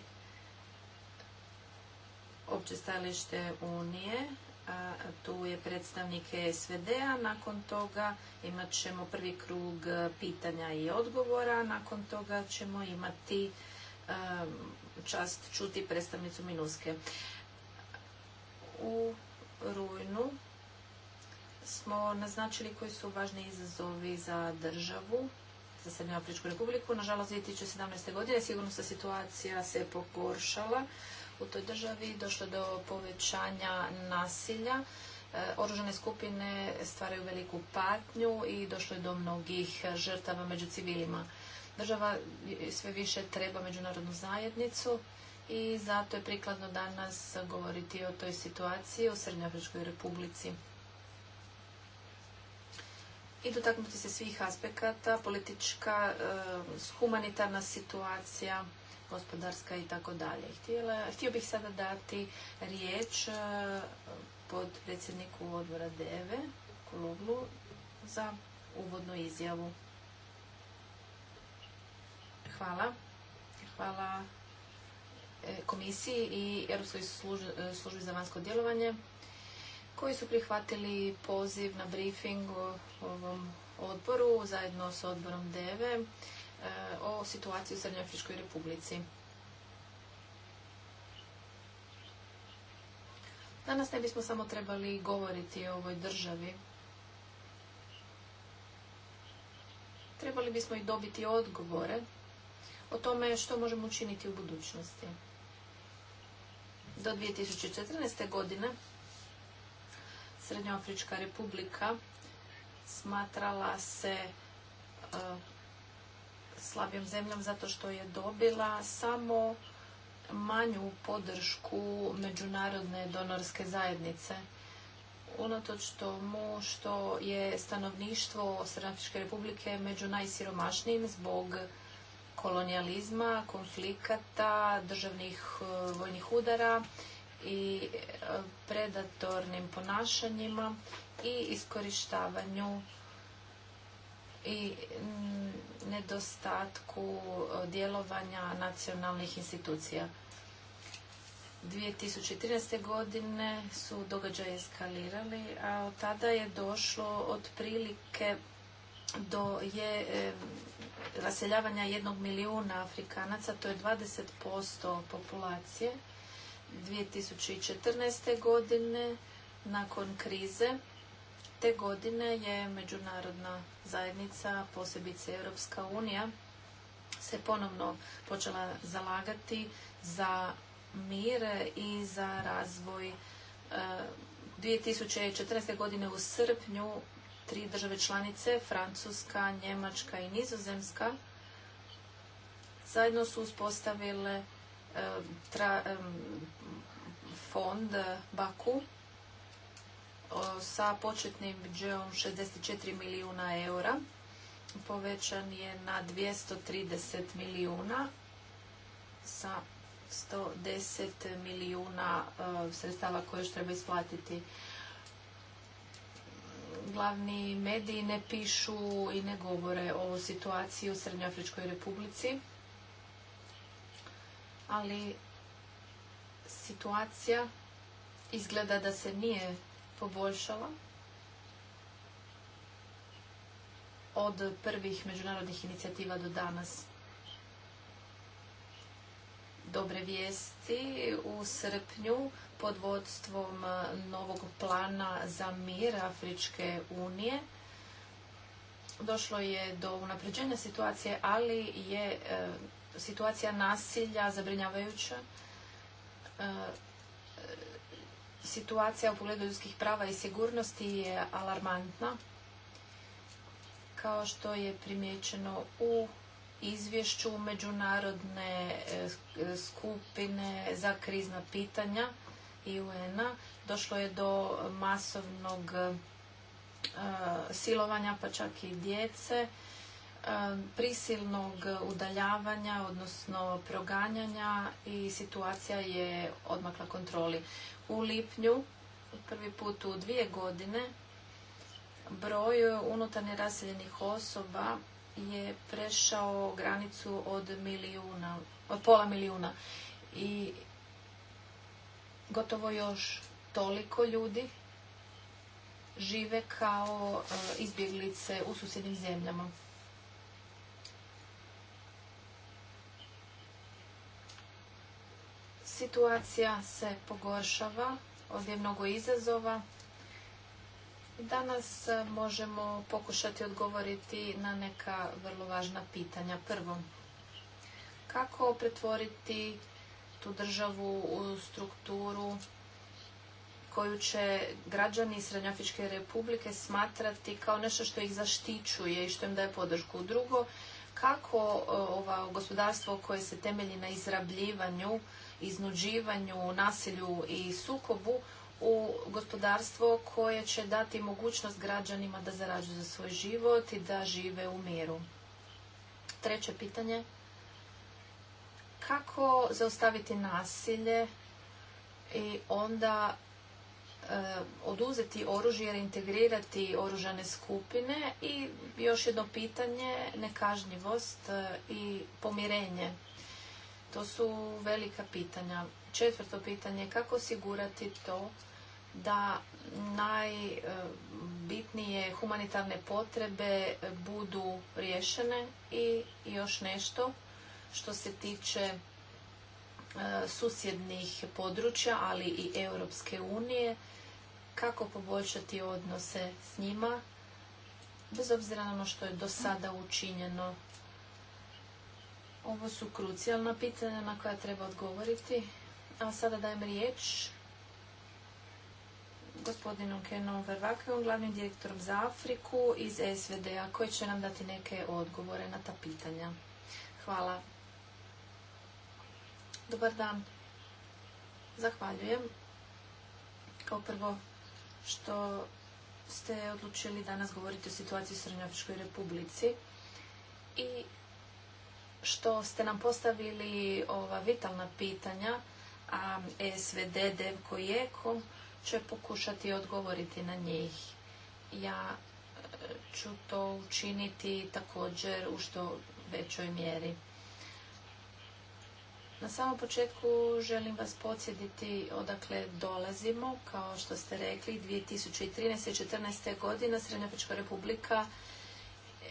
opće stajalište Unije tu je predstavnik SVD-a. Nakon toga imat ćemo prvi krug pitanja i odgovora. Nakon toga ćemo imati čast čuti predstavnicu Minuske. U rujnu smo naznačili koji su važni izazovi za državu, za Srednjoafričku republiku. Nažalost, 2017. godine sigurno se situacija se pogoršala u toj državi, došlo do povećanja nasilja. E, oružane skupine stvaraju veliku patnju i došlo je do mnogih žrtava među civilima. Država sve više treba međunarodnu zajednicu i zato je prikladno danas govoriti o toj situaciji u Srednjoafričkoj republici i dotaknuti se svih aspekata, politička, e, humanitarna situacija gospodarska i tako dalje. Htio bih sada dati riječ e, pod predsjedniku odbora DEVE, Kuluglu, za uvodnu izjavu. Hvala. Hvala e, komisiji i Europskoj e, službi za vanjsko djelovanje koji su prihvatili poziv na briefing u ovom odboru zajedno s odborom DEVE E, o situaciji u Srednjoafričkoj republici. Danas ne bismo samo trebali govoriti o ovoj državi. Trebali bismo i dobiti odgovore o tome što možemo učiniti u budućnosti. Do 2014. godine Srednjoafrička republika smatrala se e, slabijom zemljom zato što je dobila samo manju podršku međunarodne donorske zajednice. Unatoč tomu što je stanovništvo Srednjačke republike među najsiromašnijim zbog kolonijalizma, konflikata, državnih e, vojnih udara i e, predatornim ponašanjima i iskorištavanju i mm, nedostatku e, djelovanja nacionalnih institucija. 2013. godine su događaje eskalirali, a od tada je došlo otprilike do je e, raseljavanja jednog milijuna Afrikanaca, to je 20% populacije. 2014. godine nakon krize te godine je međunarodna zajednica, posebice Europska unija, se ponovno počela zalagati za mir i za razvoj. 2014. E, godine u srpnju tri države članice, Francuska, Njemačka i Nizozemska, zajedno su uspostavile e, fond Baku sa početnim budžetom 64 milijuna eura povećan je na 230 milijuna sa 110 milijuna e, sredstava koje još treba isplatiti. Glavni mediji ne pišu i ne govore o situaciji u Srednjoafričkoj republici, ali situacija izgleda da se nije poboljšala od prvih međunarodnih inicijativa do danas. Dobre vijesti u srpnju pod vodstvom novog plana za mir Afričke unije. Došlo je do unapređenja situacije, ali je e, situacija nasilja zabrinjavajuća. E, situacija u pogledu ljudskih prava i sigurnosti je alarmantna, kao što je primjećeno u izvješću međunarodne e, skupine za krizna pitanja UN-a. Došlo je do masovnog e, silovanja, pa čak i djece prisilnog udaljavanja, odnosno proganjanja i situacija je odmakla kontroli. U lipnju, prvi put u dvije godine, broj unutarnje raseljenih osoba je prešao granicu od milijuna, od pola milijuna i gotovo još toliko ljudi žive kao izbjeglice u susjednim zemljama. Situacija se pogoršava, ovdje je mnogo izazova. Danas e, možemo pokušati odgovoriti na neka vrlo važna pitanja. Prvo, kako pretvoriti tu državu u strukturu koju će građani srednjafičke republike smatrati kao nešto što ih zaštićuje i što im daje podršku. Drugo, kako e, ova gospodarstvo koje se temelji na izrabljivanju iznuđivanju, nasilju i sukobu u gospodarstvo koje će dati mogućnost građanima da zarađuju za svoj život i da žive u miru. Treće pitanje. Kako zaustaviti nasilje i onda e, oduzeti oružje jer integrirati oružane skupine i još jedno pitanje, nekažnjivost e, i pomirenje. To su velika pitanja. Četvrto pitanje, kako osigurati to da najbitnije humanitarne potrebe budu riješene i još nešto što se tiče e, susjednih područja, ali i Europske unije, kako poboljšati odnose s njima, bez obzira na ono što je do sada učinjeno ovo su krucijalna pitanja na koja treba odgovoriti. A sada dajem riječ gospodinu Kenom Vervakevom, glavnim direktorom za Afriku iz SVD-a, koji će nam dati neke odgovore na ta pitanja. Hvala. Dobar dan. Zahvaljujem. Kao prvo što ste odlučili danas govoriti o situaciji u Srednjoafričkoj republici i što ste nam postavili ova vitalna pitanja, a SVD, Devko i Eko će pokušati odgovoriti na njih. Ja e, ću to učiniti također u što većoj mjeri. Na samom početku želim vas podsjetiti odakle dolazimo. Kao što ste rekli, 2013. i 2014. godina Srednjačka republika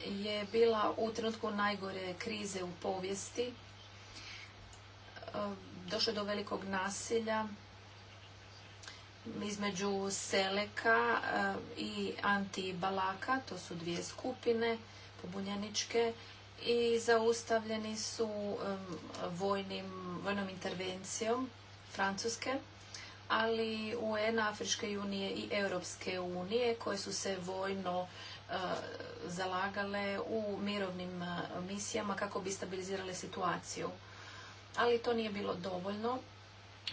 je bila u trenutku najgore krize u povijesti. E, došlo je do velikog nasilja između Seleka e, i Antibalaka, to su dvije skupine pobunjaničke, i zaustavljeni su e, vojnim, vojnom intervencijom Francuske, ali UN, Afričke unije i Europske unije koje su se vojno E, zalagale u mirovnim e, misijama kako bi stabilizirale situaciju. Ali to nije bilo dovoljno.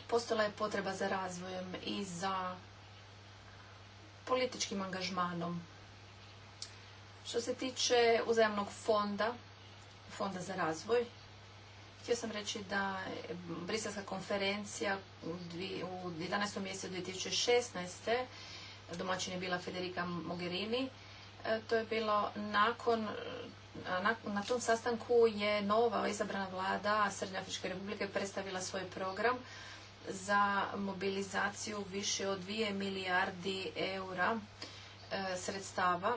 Postala je potreba za razvojem i za političkim angažmanom. Što se tiče uzajamnog fonda, fonda za razvoj, Htio sam reći da Briselska konferencija u 11. mjesecu 2016. domaćin je bila Federica Mogherini E, to je bilo nakon e, na tom sastanku je nova izabrana vlada Srednjoafričke republike predstavila svoj program za mobilizaciju više od 2 milijardi eura e, sredstava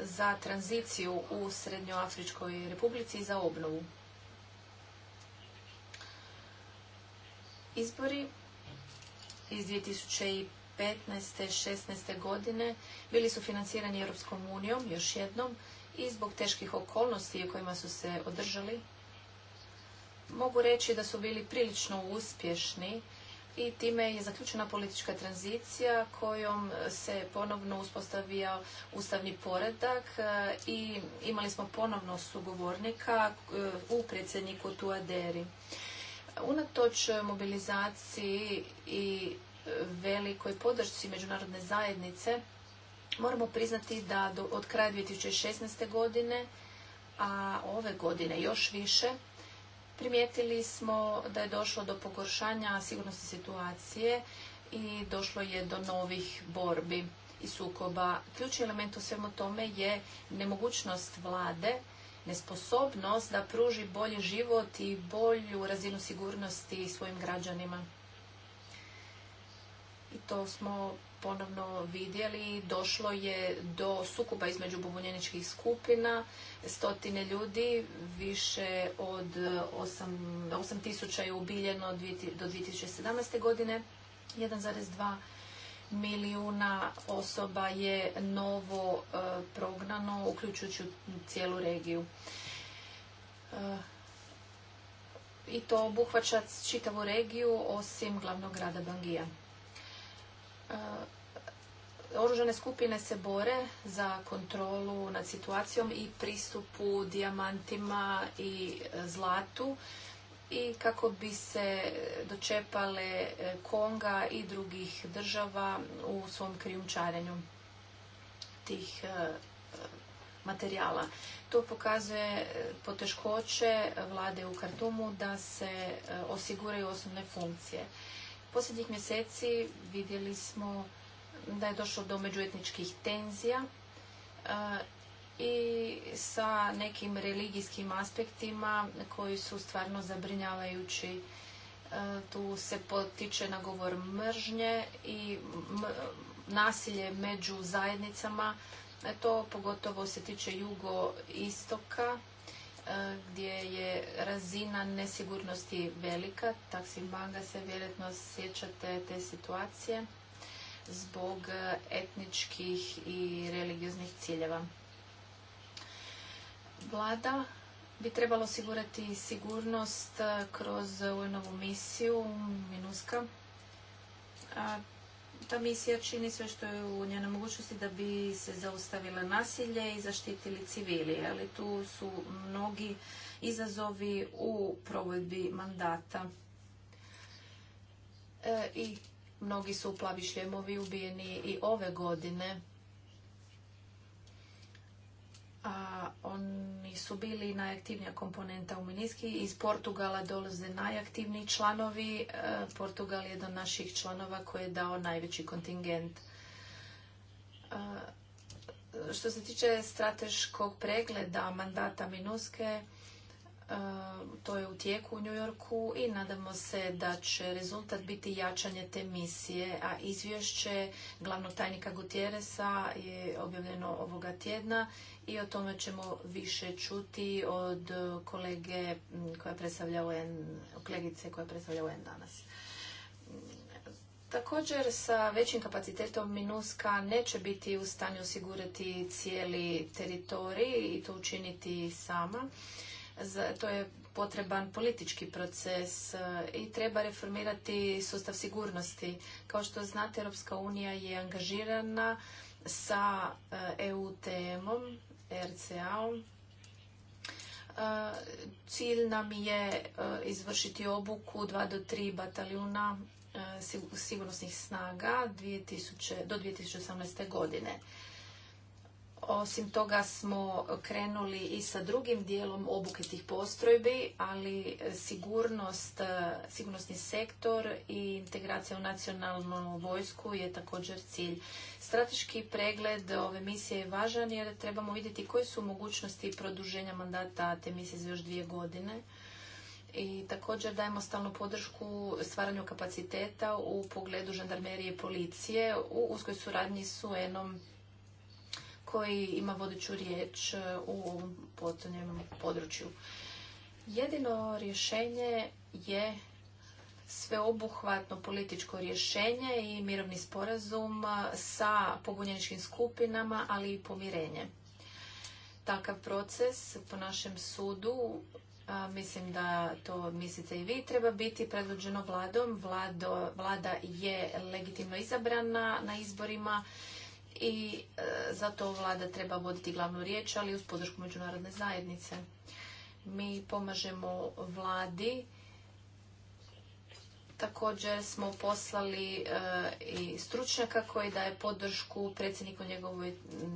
za tranziciju u Srednjoafričkoj republici i za obnovu. Izbori iz 15. i godine bili su financirani Europskom unijom još jednom i zbog teških okolnosti u kojima su se održali mogu reći da su bili prilično uspješni i time je zaključena politička tranzicija kojom se ponovno uspostavio ustavni poredak eh, i imali smo ponovno sugovornika eh, u predsjedniku Tuaderi. Unatoč mobilizaciji i velikoj podršci međunarodne zajednice, moramo priznati da do, od kraja 2016. godine, a ove godine još više, primijetili smo da je došlo do pogoršanja sigurnosti situacije i došlo je do novih borbi i sukoba. Ključni element u svemu tome je nemogućnost vlade, nesposobnost da pruži bolji život i bolju razinu sigurnosti svojim građanima to smo ponovno vidjeli. Došlo je do sukuba između bubunjeničkih skupina. Stotine ljudi, više od 8 tisuća je ubiljeno do 2017. godine. 1,2 milijuna osoba je novo e, prognano, uključujući cijelu regiju. E, I to obuhvaća čitavu regiju osim glavnog grada Bangija. E, oružane skupine se bore za kontrolu nad situacijom i pristupu dijamantima i e, zlatu i kako bi se dočepale e, Konga i drugih država u svom krijumčarenju tih materijala. To pokazuje poteškoće vlade u Kartumu da se osiguraju osnovne funkcije. Posljednjih mjeseci vidjeli smo da je došlo do međuetničkih tenzija e, i sa nekim religijskim aspektima koji su stvarno zabrinjavajući. E, tu se potiče na govor mržnje i nasilje među zajednicama. E, to pogotovo se tiče jugo istoka E, gdje je razina nesigurnosti velika. Taksim Banga se vjerojatno sjećate te situacije zbog etničkih i religioznih ciljeva. Vlada bi trebalo osigurati sigurnost kroz un misiju MINUSKA. Ta misija čini sve što je u njenoj mogućnosti da bi se zaustavila nasilje i zaštitili civili, ali tu su mnogi izazovi u provedbi mandata. E, I mnogi su u plavi šljemovi ubijeni i ove godine a oni su bili najaktivnija komponenta u Miniski. Iz Portugala dolaze najaktivniji članovi. E, Portugal je jedan naših članova koji je dao najveći kontingent. E, što se tiče strateškog pregleda mandata Minuske, E, to je u tijeku u New Yorku i nadamo se da će rezultat biti jačanje te misije, a izvješće glavnog tajnika Gutjeresa je objavljeno ovoga tjedna i o tome ćemo više čuti od kolege koja predstavlja UN, kolegice koja predstavlja UN danas. Također sa većim kapacitetom Minuska neće biti u stanju osigurati cijeli teritorij i to učiniti sama to je potreban politički proces e, i treba reformirati sustav sigurnosti. Kao što znate, Europska unija je angažirana sa EUTM-om, e RCA-om. E, cilj nam je izvršiti obuku 2 do 3 bataljuna sigurnosnih snaga do 2018. godine. Osim toga smo krenuli i sa drugim dijelom obuke tih postrojbi, ali sigurnost, e, sigurnosni sektor i integracija u nacionalnu vojsku je također cilj. Strateški pregled ove misije je važan jer trebamo vidjeti koje su mogućnosti produženja mandata te misije za još dvije godine. I također dajemo stalnu podršku stvaranju kapaciteta u pogledu žandarmerije i policije u uskoj suradnji s un koji ima vodeću riječ e, u ovom području. Jedino rješenje je sveobuhvatno političko rješenje i mirovni sporazum e, sa pobunjeničkim skupinama, ali i pomirenje. Takav proces, po našem sudu, mislim da to mislite i vi, treba biti predvođeno vladom. vlada je legitimno izabrana na izborima i e, zato vlada treba voditi glavnu riječ, ali uz podršku međunarodne zajednice. Mi pomažemo vladi Također smo poslali e, i stručnjaka koji daje podršku predsjedniku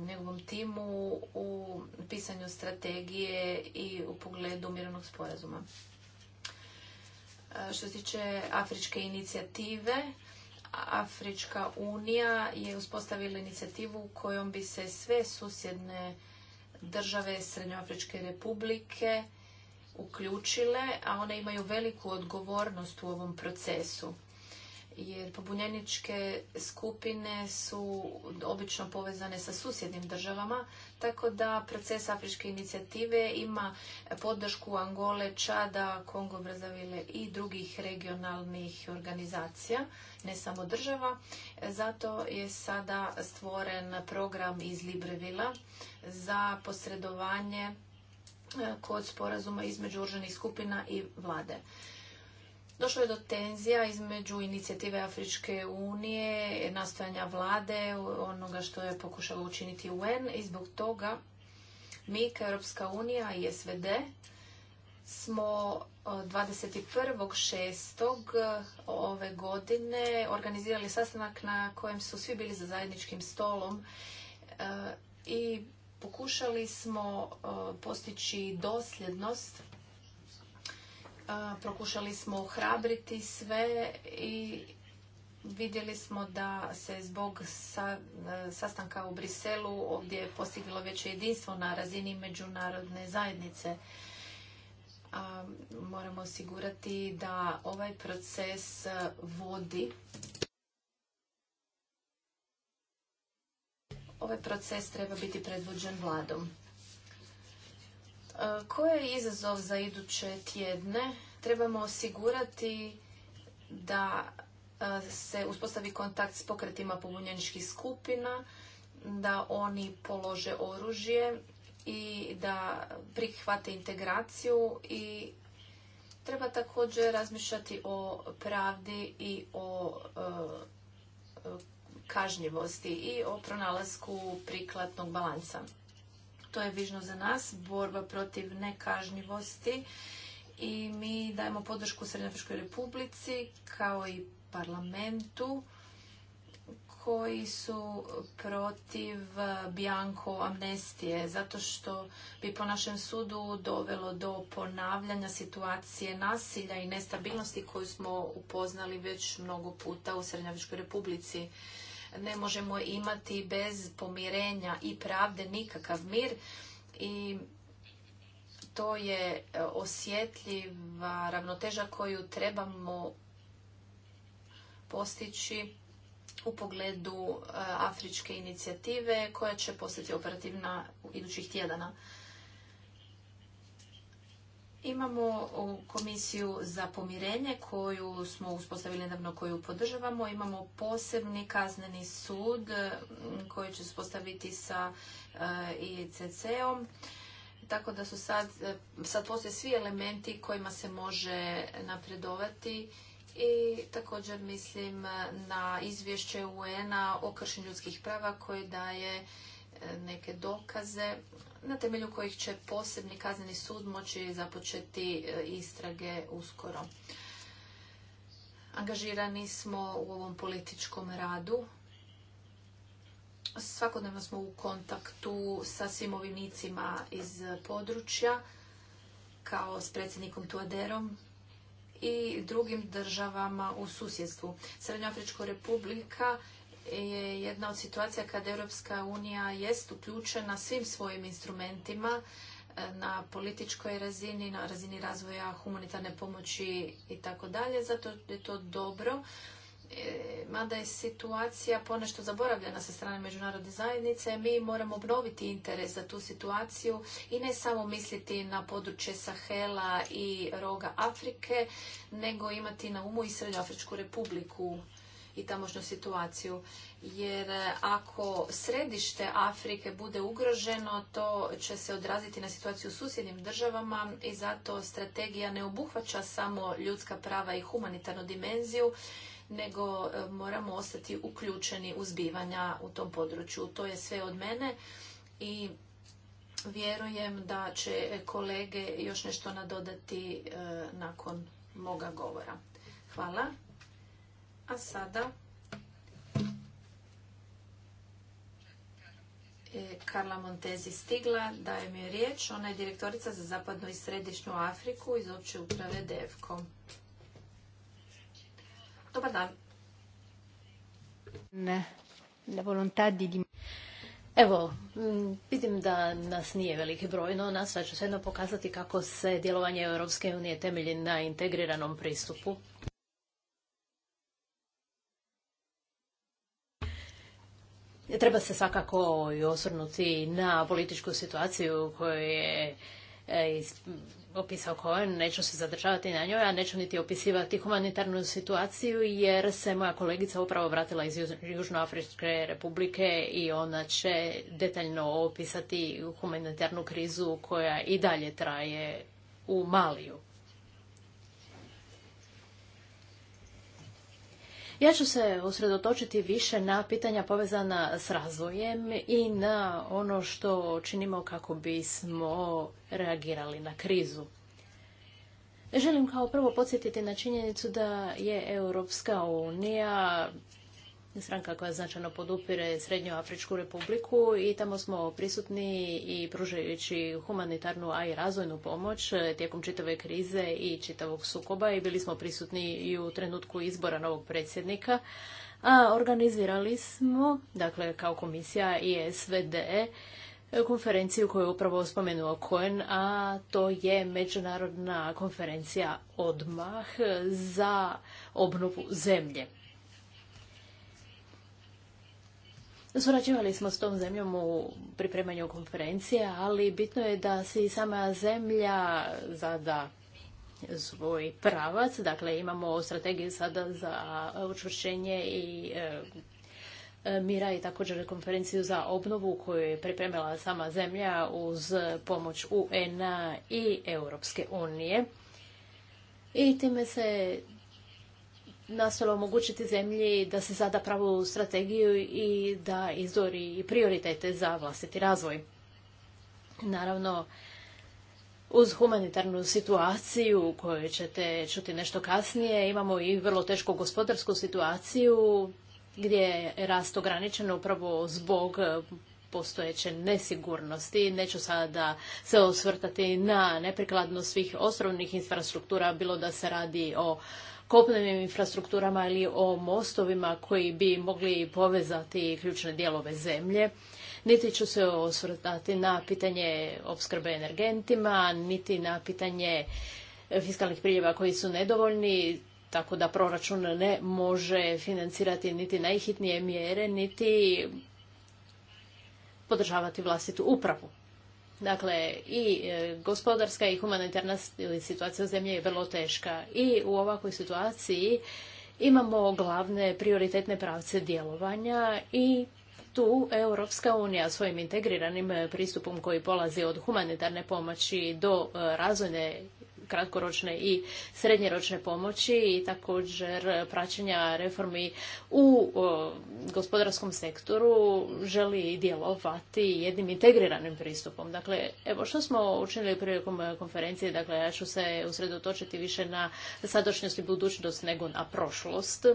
njegovom timu u pisanju strategije i u pogledu mirovnog sporazuma. E, što se tiče afričke inicijative, Afrička unija je uspostavila inicijativu kojom bi se sve susjedne države Srednjoafričke republike uključile, a one imaju veliku odgovornost u ovom procesu jer pobunjeničke skupine su obično povezane sa susjednim državama, tako da proces Afričke inicijative ima podršku Angole, Čada, Kongo, Brazavile i drugih regionalnih organizacija, ne samo država. Zato je sada stvoren program iz Librevila za posredovanje e, kod sporazuma između urženih skupina i vlade. Došlo je do tenzija između inicijative Afričke unije, nastojanja vlade, onoga što je pokušalo učiniti UN i zbog toga mi kao Europska unija i SVD smo 21.6. E, e, ove godine organizirali sastanak na kojem su svi bili za zajedničkim stolom e, i pokušali smo postići dosljednost prokušali smo ohrabriti sve i vidjeli smo da se zbog e, sastanka u Briselu ovdje je postiglo veće jedinstvo na razini međunarodne zajednice. moramo osigurati da ovaj proces vodi ovaj proces treba biti predvođen vladom. E, koji je izazov za iduće tjedne? Trebamo osigurati da e, se uspostavi kontakt s pokretima pobunjeničkih skupina, da oni polože oružje i da prihvate integraciju i treba također razmišljati o pravdi i o e, kažnjivosti i o pronalasku prikladnog balansa. To je vižno za nas, borba protiv nekažnjivosti i mi dajemo podršku Srednjafričkoj republici kao i parlamentu koji su protiv uh, bjanko amnestije zato što bi po našem sudu dovelo do ponavljanja situacije nasilja i nestabilnosti koju smo upoznali već mnogo puta u Srednjavičkoj republici ne možemo imati bez pomirenja i pravde nikakav mir i to je e, osjetljiva ravnoteža koju trebamo postići u pogledu e, afričke inicijative koja će postati operativna u idućih tjedana. Imamo komisiju za pomirenje koju smo uspostavili nedavno, koju podržavamo. Imamo posebni kazneni sud e, koji će uspostaviti sa e, ICC-om. Tako da su sad, e, sad postoje svi elementi kojima se može napredovati i također mislim na izvješće UN-a o kršenju ljudskih prava koje daje neke dokaze na temelju kojih će posebni kazneni sud moći započeti e, istrage uskoro. Angažirani smo u ovom političkom radu. Svakodnevno smo u kontaktu sa svim ovinicima iz područja, kao s predsjednikom Tuaderom i drugim državama u susjedstvu. Srednjoafrička republika je jedna od situacija kada Europska unija jest uključena svim svojim instrumentima e, na političkoj razini, na razini razvoja humanitarne pomoći i tako dalje. Zato je to dobro. E, mada je situacija ponešto zaboravljena sa strane međunarodne zajednice, mi moramo obnoviti interes za tu situaciju i ne samo misliti na područje Sahela i roga Afrike, nego imati na umu i Srednjoafričku republiku i tamošnju situaciju. Jer e, ako središte Afrike bude ugroženo, to će se odraziti na situaciju u susjednim državama i zato strategija ne obuhvaća samo ljudska prava i humanitarnu dimenziju, nego e, moramo ostati uključeni u zbivanja u tom području. To je sve od mene i vjerujem da će kolege još nešto nadodati e, nakon moga govora. Hvala. A sada Karla Montezi stigla, daje mi je riječ. Ona je direktorica za zapadnu i središnju Afriku iz opće uprave DEVKO. Dobar dan.
Ne, volim volontà di Evo, vidim da nas nije veliki broj, no nas ću se jedno pokazati kako se djelovanje Europske unije temelji na integriranom pristupu. Treba se svakako i osvrnuti na političku situaciju koju je e, opisao Cohen, neću se zadržavati na njoj, a neću niti opisivati humanitarnu situaciju, jer se moja kolegica upravo vratila iz Južnoafričke republike i ona će detaljno opisati humanitarnu krizu koja i dalje traje u Maliju. Ja ću se usredotočiti više na pitanja povezana s razvojem i na ono što činimo kako bismo reagirali na krizu. Želim kao prvo podsjetiti na činjenicu da je Europska unija stranka koja značajno podupire Srednjoafričku republiku i tamo smo prisutni i pružajući humanitarnu, a i razvojnu pomoć tijekom čitave krize i čitavog sukoba i bili smo prisutni i u trenutku izbora novog predsjednika. A organizirali smo, dakle kao komisija i SVDE, konferenciju koju je upravo spomenuo Cohen, a to je međunarodna konferencija odmah za obnovu zemlje. Surađivali smo s tom zemljom u pripremanju konferencije, ali bitno je da se i sama zemlja zada svoj pravac. Dakle, imamo strategiju sada za učvršenje i e, e, mira i također konferenciju za obnovu koju je pripremila sama zemlja uz pomoć UN-a i Europske unije. I time se nastojalo omogućiti zemlji da se zada pravu strategiju i da izdori prioritete za vlastiti razvoj. Naravno, uz humanitarnu situaciju koju ćete čuti nešto kasnije, imamo i vrlo tešku gospodarsku situaciju gdje je rast ograničen upravo zbog postojeće nesigurnosti. Neću sada se osvrtati na neprikladnost svih osnovnih infrastruktura, bilo da se radi o kopnenim infrastrukturama ili o mostovima koji bi mogli povezati ključne dijelove zemlje. Niti ću se osvrtati na pitanje opskrbe energentima, niti na pitanje fiskalnih priljeva koji su nedovoljni, tako da proračun ne može financirati niti najhitnije mjere, niti podržavati vlastitu upravu. Dakle, i e, gospodarska i humanitarna situacija u zemlji je vrlo teška. I u ovakvoj situaciji imamo glavne prioritetne pravce djelovanja i tu Europska unija svojim integriranim e, pristupom koji polazi od humanitarne pomoći do e, razvojne kratkoročne i srednjeročne pomoći i također praćenja reformi u gospodarskom sektoru želi djelovati jednim integriranim pristupom. Dakle, evo što smo učinili prilikom konferencije, dakle ja ću se usredotočiti više na sadašnjost i budućnost nego na prošlost.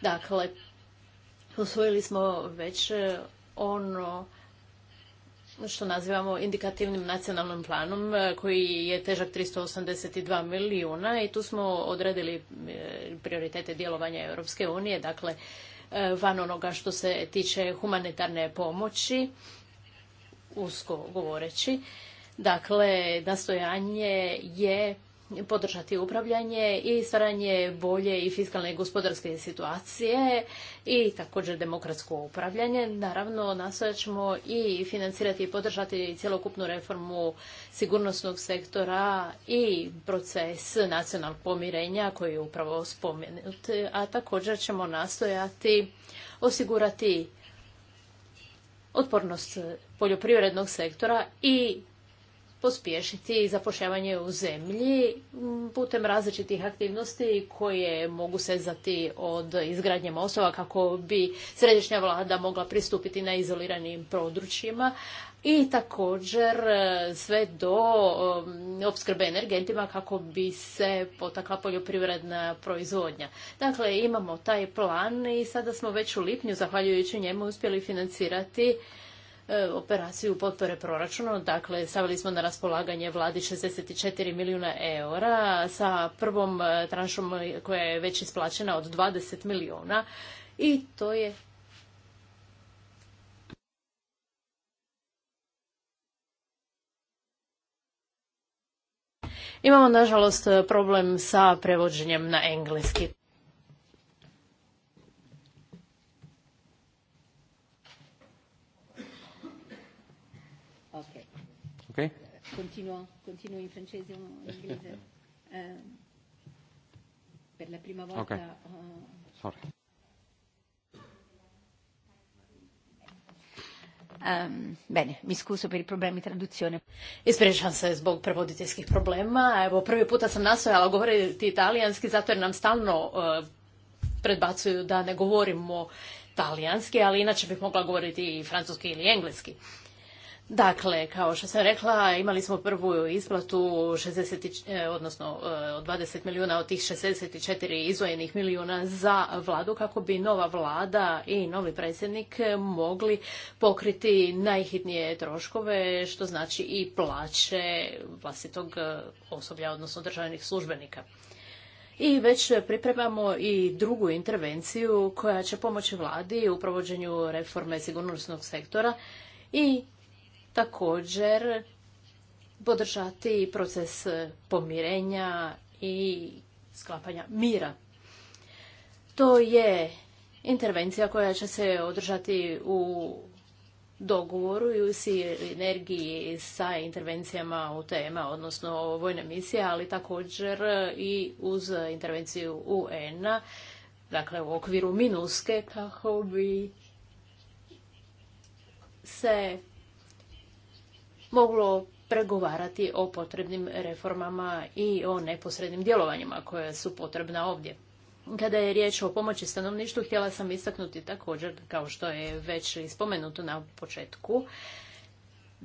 Dakle, usvojili smo već e, ono što nazivamo indikativnim nacionalnim planom e, koji je težak 382 milijuna i tu smo odredili e, prioritete djelovanja Europske unije, dakle e, van onoga što se tiče humanitarne pomoći, usko govoreći. Dakle, nastojanje je podržati upravljanje i stvaranje bolje i fiskalne i gospodarske situacije i također demokratsko upravljanje. Naravno, nastojat ćemo i financirati i podržati cjelokupnu reformu sigurnosnog sektora i proces nacionalnog pomirenja koji je upravo spomenut, a također ćemo nastojati osigurati otpornost poljoprivrednog sektora i pospješiti zapošljavanje u zemlji putem različitih aktivnosti koje mogu sezati od izgradnje mostova kako bi središnja vlada mogla pristupiti na izoliranim područjima i također e, sve do e, opskrbe energentima kako bi se potakla poljoprivredna proizvodnja. Dakle, imamo taj plan i sada smo već u lipnju, zahvaljujući njemu, uspjeli financirati E, operaciju potpore proračuna. Dakle, stavili smo na raspolaganje vladi 64 milijuna eura sa prvom e, tranšom koja je već isplaćena od 20 milijuna i to je Imamo, nažalost, problem sa prevođenjem na engleski. Continuo, continuo in francese o in (laughs) inglese. Ehm,
per la prima volta Sorry.
Ehm, bene, mi scuso per i problemi traduzione. Ispričavam se zbog prevoditeljskih problema. Evo, eh, prvi puta sam nastojala e govoriti italijanski zato jer nam stalno eh, predbacuju da ne govorimo talijanski, ali inače bih mogla govoriti i francuski ili e engleski. Dakle, kao što sam rekla, imali smo prvu isplatu 60, e, odnosno 20 e, milijuna od tih 64 izvojenih milijuna za vladu kako bi nova vlada i novi predsjednik mogli pokriti najhitnije troškove, što znači i plaće vlastitog e, osoblja, odnosno državnih službenika. I već pripremamo i drugu intervenciju koja će pomoći vladi u provođenju reforme sigurnosnog sektora i također podržati proces pomirenja i sklapanja mira. To je intervencija koja će se održati u dogovoru i u sinergiji sa intervencijama u tema, odnosno vojne misije, ali također i uz intervenciju UN-a, dakle u okviru minuske, kako bi se moglo pregovarati o potrebnim reformama i o neposrednim djelovanjima koje su potrebna ovdje. Kada je riječ o pomoći stanovništvu, htjela sam istaknuti također, kao što je već spomenuto na početku,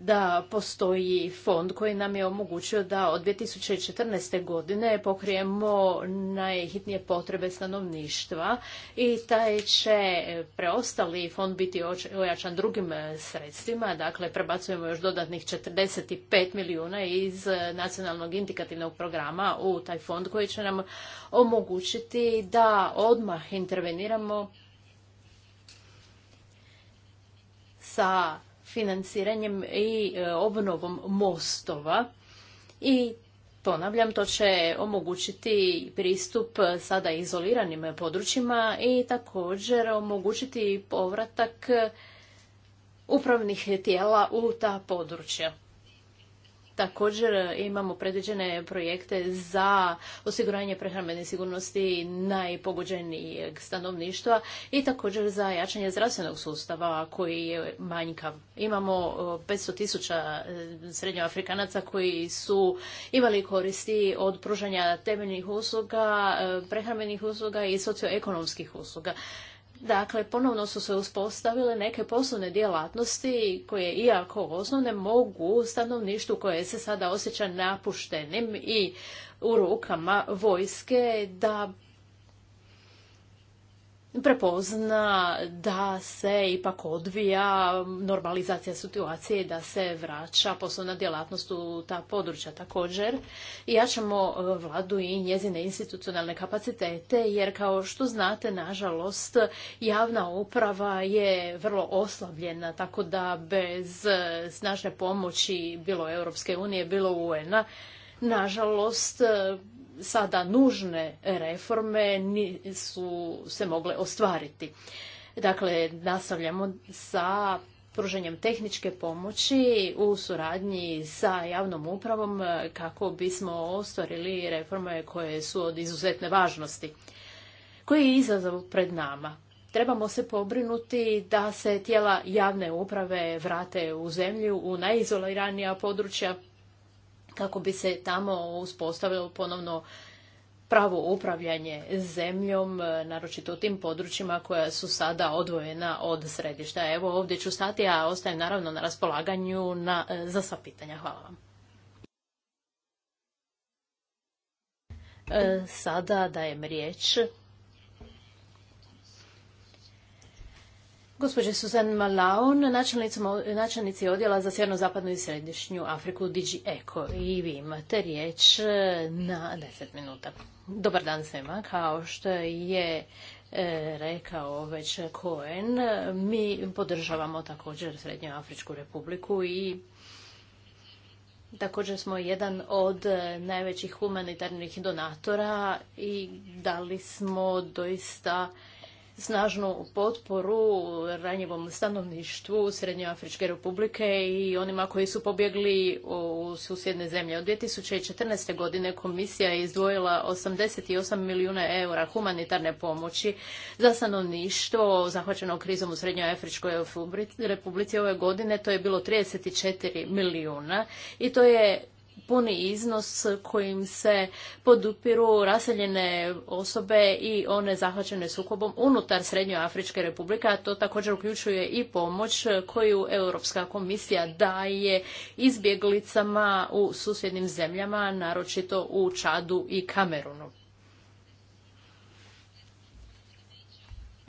da postoji fond koji nam je omogućio da od 2014. godine pokrijemo najhitnije potrebe stanovništva i taj će preostali fond biti ojačan drugim e, sredstvima. Dakle, prebacujemo još dodatnih 45 milijuna iz e, nacionalnog indikativnog programa u taj fond koji će nam omogućiti da odmah interveniramo sa financiranjem i e, obnovom mostova i ponavljam, to će omogućiti pristup sada izoliranim područjima i također omogućiti povratak upravnih tijela u ta područja. Također e, imamo predviđene projekte za osiguranje prehrambene sigurnosti najpogođenijeg stanovništva i također za jačanje zdravstvenog sustava koji je manjkav. Imamo 500 e, tisuća e, srednjoafrikanaca koji su imali koristi od pružanja temeljnih usluga, prehrambenih usluga i socioekonomskih usluga. Dakle, ponovno su se uspostavile neke poslovne djelatnosti koje, iako osnovne, mogu stanovništvu koje se sada osjeća napuštenim i u rukama vojske da prepozna da se ipak odvija normalizacija situacije da se vraća poslovna djelatnost u ta područja također. I ćemo e, vladu i njezine institucionalne kapacitete jer kao što znate, nažalost, javna uprava je vrlo oslabljena tako da bez e, snažne pomoći bilo Europske unije, bilo UN-a, nažalost, e, sada nužne reforme nisu se mogle ostvariti. Dakle, nastavljamo sa pruženjem tehničke pomoći u suradnji sa javnom upravom kako bismo ostvarili reforme koje su od izuzetne važnosti. Koji je izazov pred nama? Trebamo se pobrinuti da se tijela javne uprave vrate u zemlju, u najizoliranija područja kako bi se tamo uspostavilo ponovno pravo upravljanje zemljom, naročito u tim područjima koja su sada odvojena od središta. Evo ovdje ću stati, a ostajem naravno na raspolaganju na, e, za sva pitanja. Hvala vam. E, sada dajem riječ Gospođe Susan Malaun, načelnici odjela za sjerno zapadnu i središnju Afriku Digi Eko i vi imate riječ e, na 10 minuta. Dobar dan svima, kao što je e, rekao već Cohen, mi podržavamo također Srednju Afričku republiku i Također smo jedan od e, najvećih humanitarnih donatora i dali smo doista snažnu potporu ranjivom stanovništvu Srednjoafričke republike i onima koji su pobjegli u susjedne zemlje. Od 2014. godine komisija je izdvojila 88 milijuna eura humanitarne pomoći za stanovništvo zahvaćeno krizom u Srednjoafričkoj republici. Ove godine to je bilo 34 milijuna i to je puni iznos kojim se podupiru raseljene osobe i one zahvaćene sukobom unutar Srednjoafričke republike, a to također uključuje i pomoć koju Europska komisija daje izbjeglicama u susjednim zemljama, naročito u Čadu i Kamerunu.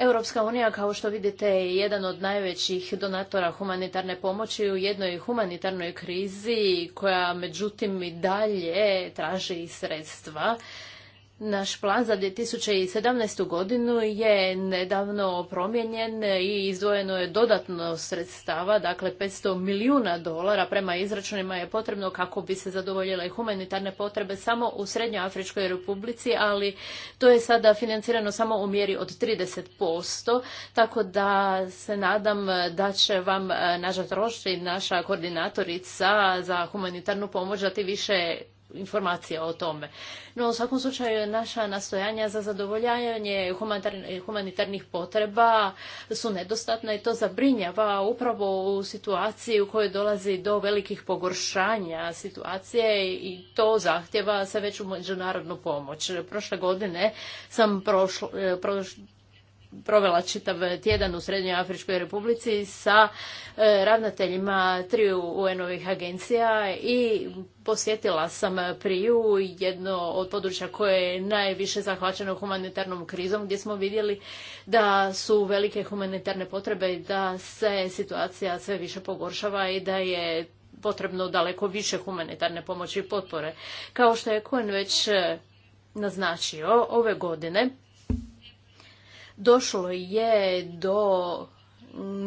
Europska unija, kao što vidite, je jedan od najvećih donatora humanitarne pomoći u jednoj humanitarnoj krizi koja međutim i dalje traži sredstva naš plan za 2017. godinu je nedavno promijenjen i izdvojeno je dodatno sredstava, dakle 500 milijuna dolara prema izračunima je potrebno kako bi se zadovoljile humanitarne potrebe samo u Srednjoafričkoj republici, ali to je sada financirano samo u mjeri od 30%, tako da se nadam da će vam naša trošti, naša koordinatorica za humanitarnu pomoć dati više informacija o tome. No, u svakom slučaju, naša nastojanja za zadovoljavanje humanitarnih potreba su nedostatna i to zabrinjava upravo u situaciji u kojoj dolazi do velikih pogoršanja situacije i to zahtjeva sve veću međunarodnu pomoć. Prošle godine sam prošla provela čitav tjedan u Srednjoj Afričkoj Republici sa e, ravnateljima triju UN-ovih agencija i posjetila sam Priju, jedno od područja koje je najviše zahvaćeno humanitarnom krizom, gdje smo vidjeli da su velike humanitarne potrebe, da se situacija sve više pogoršava i da je potrebno daleko više humanitarne pomoći i potpore. Kao što je Kuen već e, naznačio, ove godine došlo je do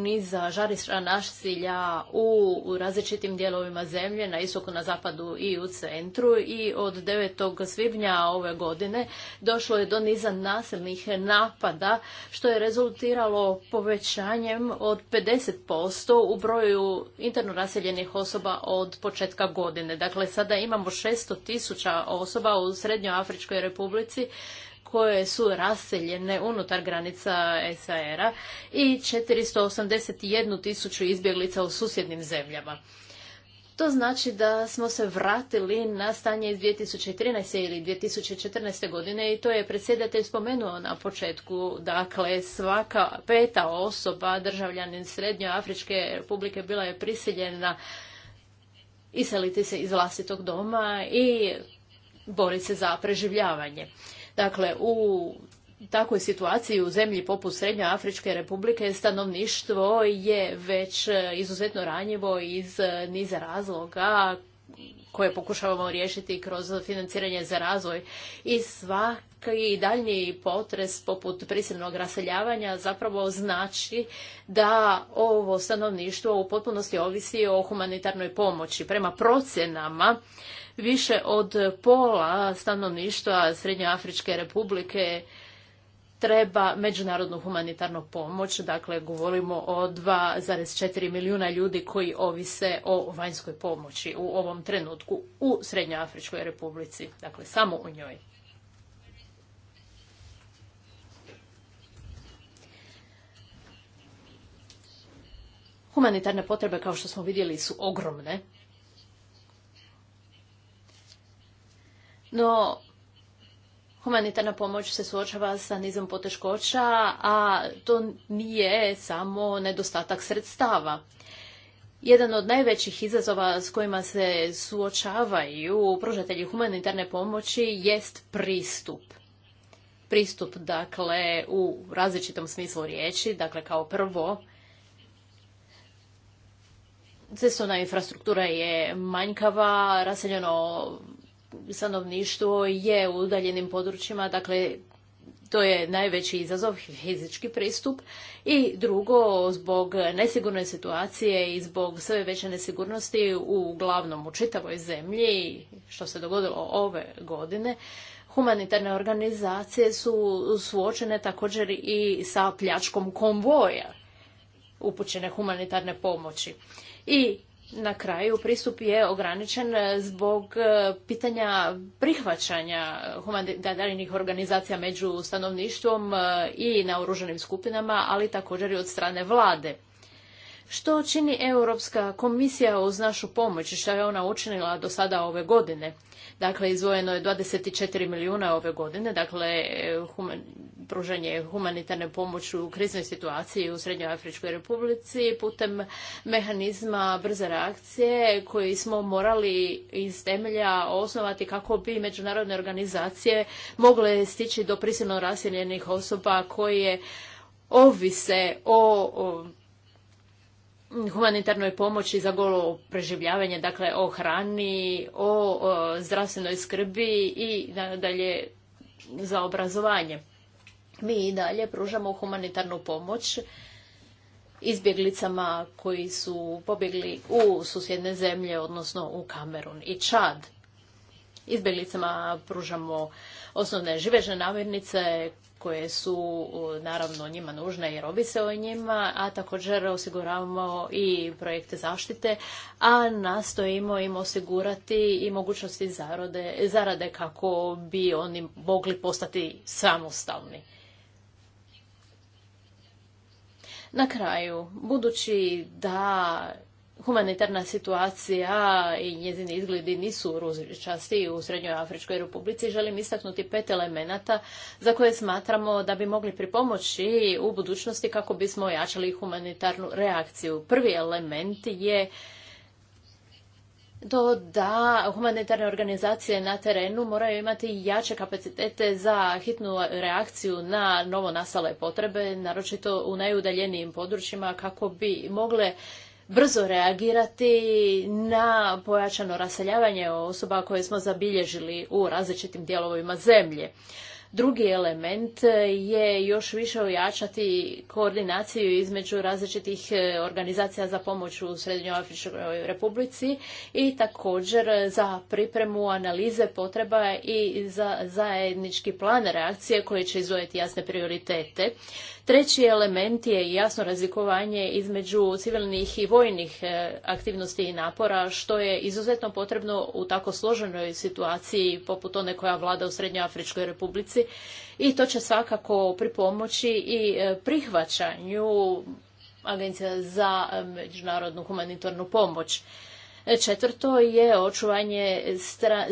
niza žarišta nasilja u različitim dijelovima zemlje, na istoku, na zapadu i u centru. I od 9. svibnja ove godine došlo je do niza nasilnih napada, što je rezultiralo povećanjem od 50% u broju interno raseljenih osoba od početka godine. Dakle, sada imamo 600.000 osoba u Srednjoafričkoj republici koje su raseljene unutar granica SAR-a i 481 tisuću izbjeglica u susjednim zemljama. To znači da smo se vratili na stanje iz 2013. ili 2014. godine i to je predsjedatelj spomenuo na početku. Dakle, svaka peta osoba, državljanin Srednjoafričke republike, bila je prisiljena iseliti se iz vlastitog doma i boriti se za preživljavanje. Dakle, u takvoj situaciji u zemlji poput Srednjoafričke republike stanovništvo je već e, izuzetno ranjivo iz e, niza razloga koje pokušavamo riješiti kroz financiranje za razvoj i svaki daljnji potres poput prisilnog raseljavanja zapravo znači da ovo stanovništvo u potpunosti ovisi o humanitarnoj pomoći. Prema procjenama više od pola stanovništva Srednjoafričke republike treba međunarodnu humanitarnu pomoć. Dakle, govorimo o 2,4 milijuna ljudi koji ovise o vanjskoj pomoći u ovom trenutku u Srednjoafričkoj republici. Dakle, samo u njoj. Humanitarne potrebe, kao što smo vidjeli, su ogromne. No, humanitarna pomoć se suočava sa nizom poteškoća, a to nije samo nedostatak sredstava. Jedan od najvećih izazova s kojima se suočavaju pružatelji humanitarne pomoći jest pristup. Pristup, dakle, u različitom smislu riječi, dakle, kao prvo, cestovna infrastruktura je manjkava, raseljeno stanovništvo je u udaljenim područjima, dakle to je najveći izazov, fizički pristup. I drugo, zbog nesigurne situacije i zbog sve veće nesigurnosti uglavnom u čitavoj zemlji, što se dogodilo ove godine, humanitarne organizacije su suočene također i sa pljačkom konvoja upućene humanitarne pomoći. I na kraju pristup je ograničen zbog e, pitanja prihvaćanja humanitarnih organizacija među stanovništvom e, i naoružanim skupinama, ali također i od strane vlade. Što čini Europska komisija uz našu pomoć i što je ona učinila do sada ove godine? Dakle, izvojeno je 24 milijuna ove godine, dakle, human, pružanje humanitarne pomoći u kriznoj situaciji u Srednjoj Afričkoj Republici putem mehanizma brze reakcije koji smo morali iz temelja osnovati kako bi međunarodne organizacije mogle stići do prisilno raseljenih osoba koje ovise o humanitarnoj pomoći za golo preživljavanje, dakle o hrani, o, zdravstvenoj skrbi i nadalje za obrazovanje. Mi i dalje pružamo humanitarnu pomoć izbjeglicama koji su pobjegli u susjedne zemlje, odnosno u Kamerun i Čad. Izbjeglicama pružamo osnovne živežne namirnice, koje su naravno njima nužne jer robi se o njima, a također osiguravamo i projekte zaštite, a nastojimo im osigurati i mogućnosti zarode, zarade kako bi oni mogli postati samostalni. Na kraju, budući da humanitarna situacija i njezini izgledi nisu ružičasti u Srednjoj Afričkoj Republici, želim istaknuti pet elemenata za koje smatramo da bi mogli pripomoći u budućnosti kako bismo ojačali humanitarnu reakciju. Prvi element je to da humanitarne organizacije na terenu moraju imati jače kapacitete za hitnu reakciju na novo nastale potrebe, naročito u najudaljenijim područjima kako bi mogle brzo reagirati na pojačano raseljavanje osoba koje smo zabilježili u različitim dijelovima zemlje. Drugi element je još više ojačati koordinaciju između različitih e, organizacija za pomoć u Srednjoafričkoj republici i također za pripremu analize potreba i za zajednički plan reakcije koji će izvojiti jasne prioritete. Treći element je jasno razlikovanje između civilnih i vojnih e, aktivnosti i napora, što je izuzetno potrebno u tako složenoj situaciji poput one koja vlada u Srednjoafričkoj republici i to će svakako pripomoći i e, prihvaćanju Agencija za e, međunarodnu humanitarnu pomoć. Četvrto je očuvanje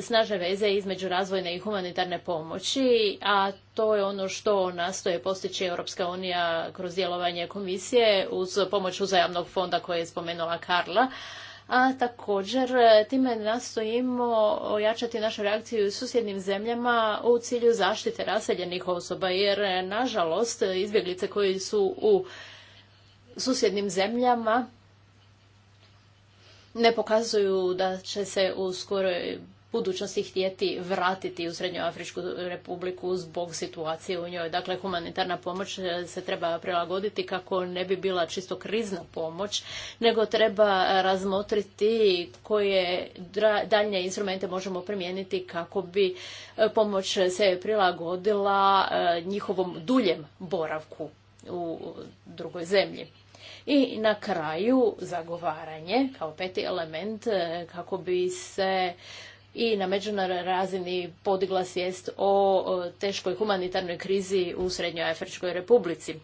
snažne veze između razvojne i humanitarne pomoći, a to je ono što nastoje postići Europska unija kroz djelovanje komisije uz pomoć uzajamnog fonda koje je spomenula Karla. A također time nastojimo ojačati našu reakciju u susjednim zemljama u cilju zaštite raseljenih osoba, jer nažalost izbjeglice koji su u susjednim zemljama ne pokazuju da će se u skoroj budućnosti htjeti vratiti u Srednjoafričku republiku zbog situacije u njoj. Dakle, humanitarna pomoć eh, se treba prilagoditi kako ne bi bila čisto krizna pomoć, nego treba razmotriti koje daljnje instrumente možemo primijeniti kako bi eh, pomoć se prilagodila eh, njihovom duljem boravku u drugoj zemlji. I na kraju zagovaranje kao peti element e, kako bi se i na međunarodnoj razini podigla svijest o teškoj humanitarnoj krizi u Srednjoj Afričkoj Republici.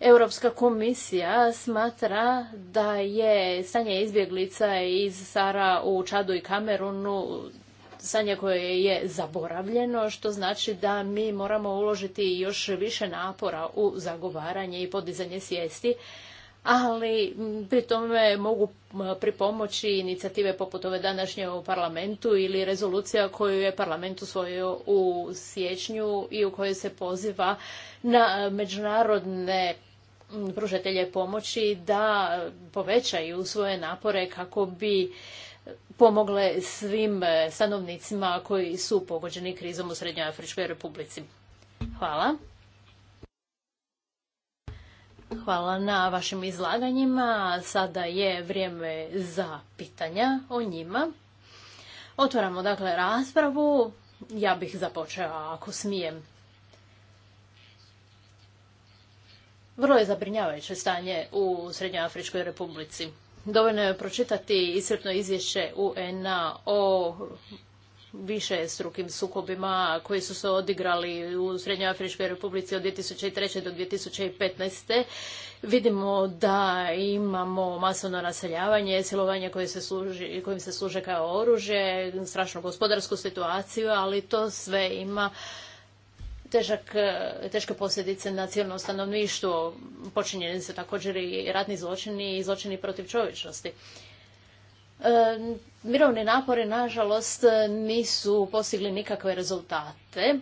Europska komisija smatra da je stanje izbjeglica iz Sara u Čadu i Kamerunu sanje koje je zaboravljeno, što znači da mi moramo uložiti još više napora u zagovaranje i podizanje svijesti, ali pri tome mogu pripomoći inicijative poput ove današnje u parlamentu ili rezolucija koju je parlament usvojio u siječnju i u kojoj se poziva na međunarodne pružatelje pomoći da povećaju svoje napore kako bi pomogle svim e, stanovnicima koji su pogođeni krizom u Srednjoafričkoj republici. Hvala. Hvala na vašim izlaganjima. Sada je vrijeme za pitanja o njima. Otvaramo dakle raspravu. Ja bih započeo ako smijem. Vrlo je zabrinjavajuće stanje u Srednjoafričkoj republici. Dovoljno je pročitati iscrpno izvješće UN-a o više strukim sukobima koji su se odigrali u Srednjoafričkoj republici od 2003. do 2015. Vidimo da imamo masovno naseljavanje, silovanje koje se služi, kojim se služe kao oružje, strašnu gospodarsku situaciju, ali to sve ima težak, teške posljedice na civilno stanovništvo. Počinjeni su također i ratni zločini i zločini protiv čovječnosti. E, mirovni napori, nažalost, nisu postigli nikakve rezultate,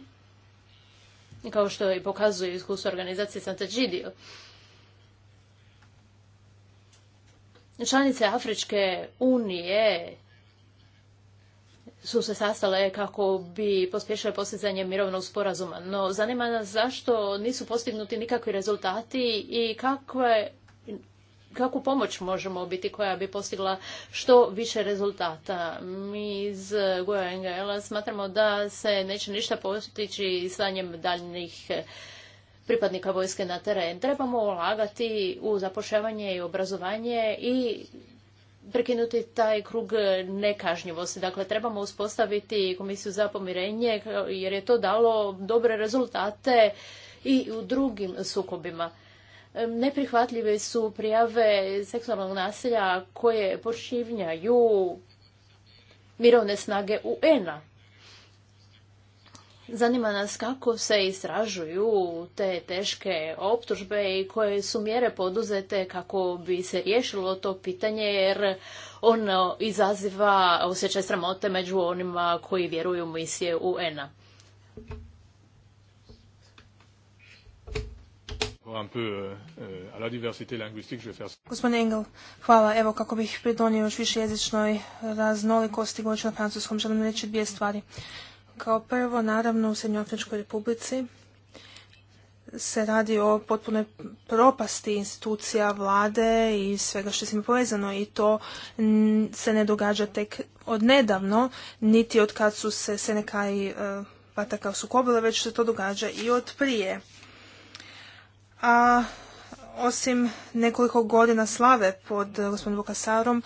kao što i pokazuje iskustvo organizacije Santa Gidio. Članice Afričke unije su se sastale kako bi pospješile postizanje mirovnog sporazuma. No, zanima nas zašto nisu postignuti nikakvi rezultati i kakve kakvu pomoć možemo biti koja bi postigla što više rezultata. Mi iz Goja smatramo da se neće ništa postići slanjem daljnih pripadnika vojske na teren. Trebamo ulagati u zapošljavanje i obrazovanje i prekinuti taj krug nekažnjivosti. Dakle, trebamo uspostaviti komisiju za pomirenje jer je to dalo dobre rezultate i u drugim sukobima. Neprihvatljive su prijave seksualnog nasilja koje počinjaju mirovne snage UN-a. Zanima nas kako se istražuju te teške optužbe i koje su mjere poduzete kako bi se riješilo to pitanje jer ono izaziva osjećaj sramote među onima koji vjeruju u misije UN-a.
Euh,
Gospodin Engel, hvala. Evo kako bih pridonio još više jezičnoj raznolikosti govoreći na francuskom, želim reći dvije stvari. Kao prvo, naravno, u Srednjoafričkoj republici se radi o potpunoj propasti institucija vlade i svega što je s povezano i to se ne događa tek od nedavno, niti od kad su se Seneka i e, Pataka sukobile, već se to događa i od prije. A osim nekoliko godina slave pod gospodinom Bukasarom,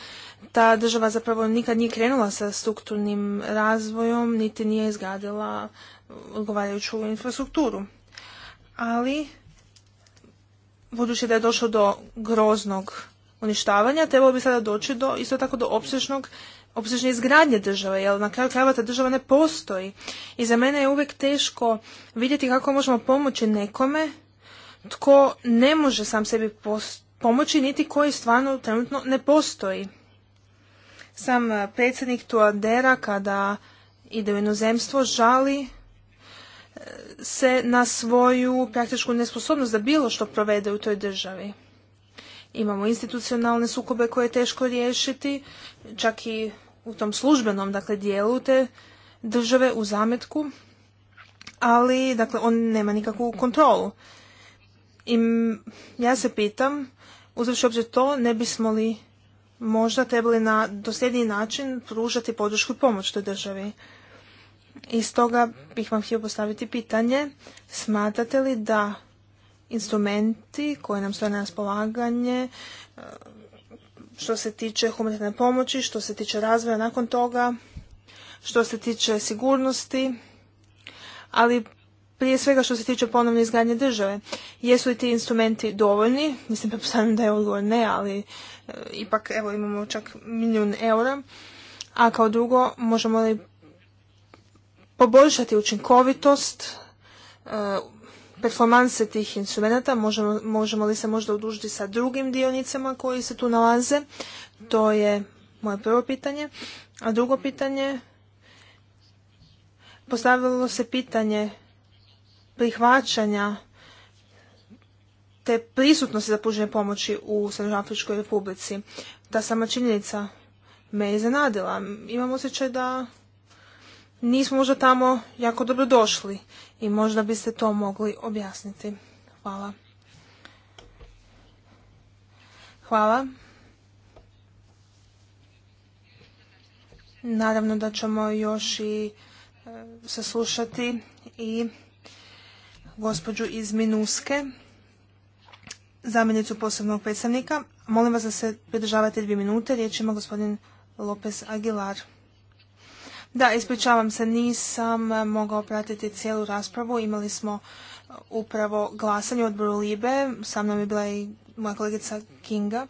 ta država zapravo nikad nije krenula sa strukturnim razvojom, niti nije izgradila odgovarajuću infrastrukturu. Ali, budući da je došlo do groznog uništavanja, trebalo bi sada doći do, isto tako do opsežnog opsežne izgradnje države, jer na kraju krajeva ta država ne postoji. I za mene je uvijek teško vidjeti kako možemo pomoći nekome tko ne može sam sebi pomoći, niti koji stvarno trenutno ne postoji sam e, predsjednik Tuadera kada ide u inozemstvo žali e, se na svoju praktičku nesposobnost da bilo što provede u toj državi. Imamo institucionalne sukobe koje je teško riješiti, čak i u tom službenom dakle, dijelu te države u zametku, ali dakle, on nema nikakvu kontrolu. I ja se pitam, uzavši obzir to, ne bismo li možda trebali na dosljedniji način pružati podršku i pomoć toj državi. I stoga bih vam htio postaviti pitanje, smatrate li da instrumenti koje nam stoje na raspolaganje, e, što se tiče humanitarne pomoći, što se tiče razvoja nakon toga, što se tiče sigurnosti, ali prije svega što se tiče ponovne izgradnje države. Jesu li ti instrumenti dovoljni? Mislim, pretpostavljam da je odgovor ne, ali e, ipak evo imamo čak milijun eura. A kao drugo, možemo li poboljšati učinkovitost e, performanse tih instrumenta, možemo, možemo li se možda udužiti sa drugim dionicama koji se tu nalaze? To je moje prvo pitanje. A drugo pitanje, postavilo se pitanje prihvaćanja te prisutnosti za pružanje pomoći u Srednjoafričkoj republici. Ta sama činjenica me je iznenadila. Imam osjećaj da nismo možda tamo jako dobro došli i možda biste to mogli objasniti. Hvala. Hvala. Naravno da ćemo još i se saslušati i gospođu iz Minuske, zamjenicu posebnog predstavnika. Molim vas da se pridržavate dvije minute. Riječ ima gospodin Lopez Aguilar. Da, ispričavam se, nisam mogao pratiti cijelu raspravu. Imali smo uh, upravo glasanje u odboru Libe. Sa mnom je bila i moja kolegica Kinga.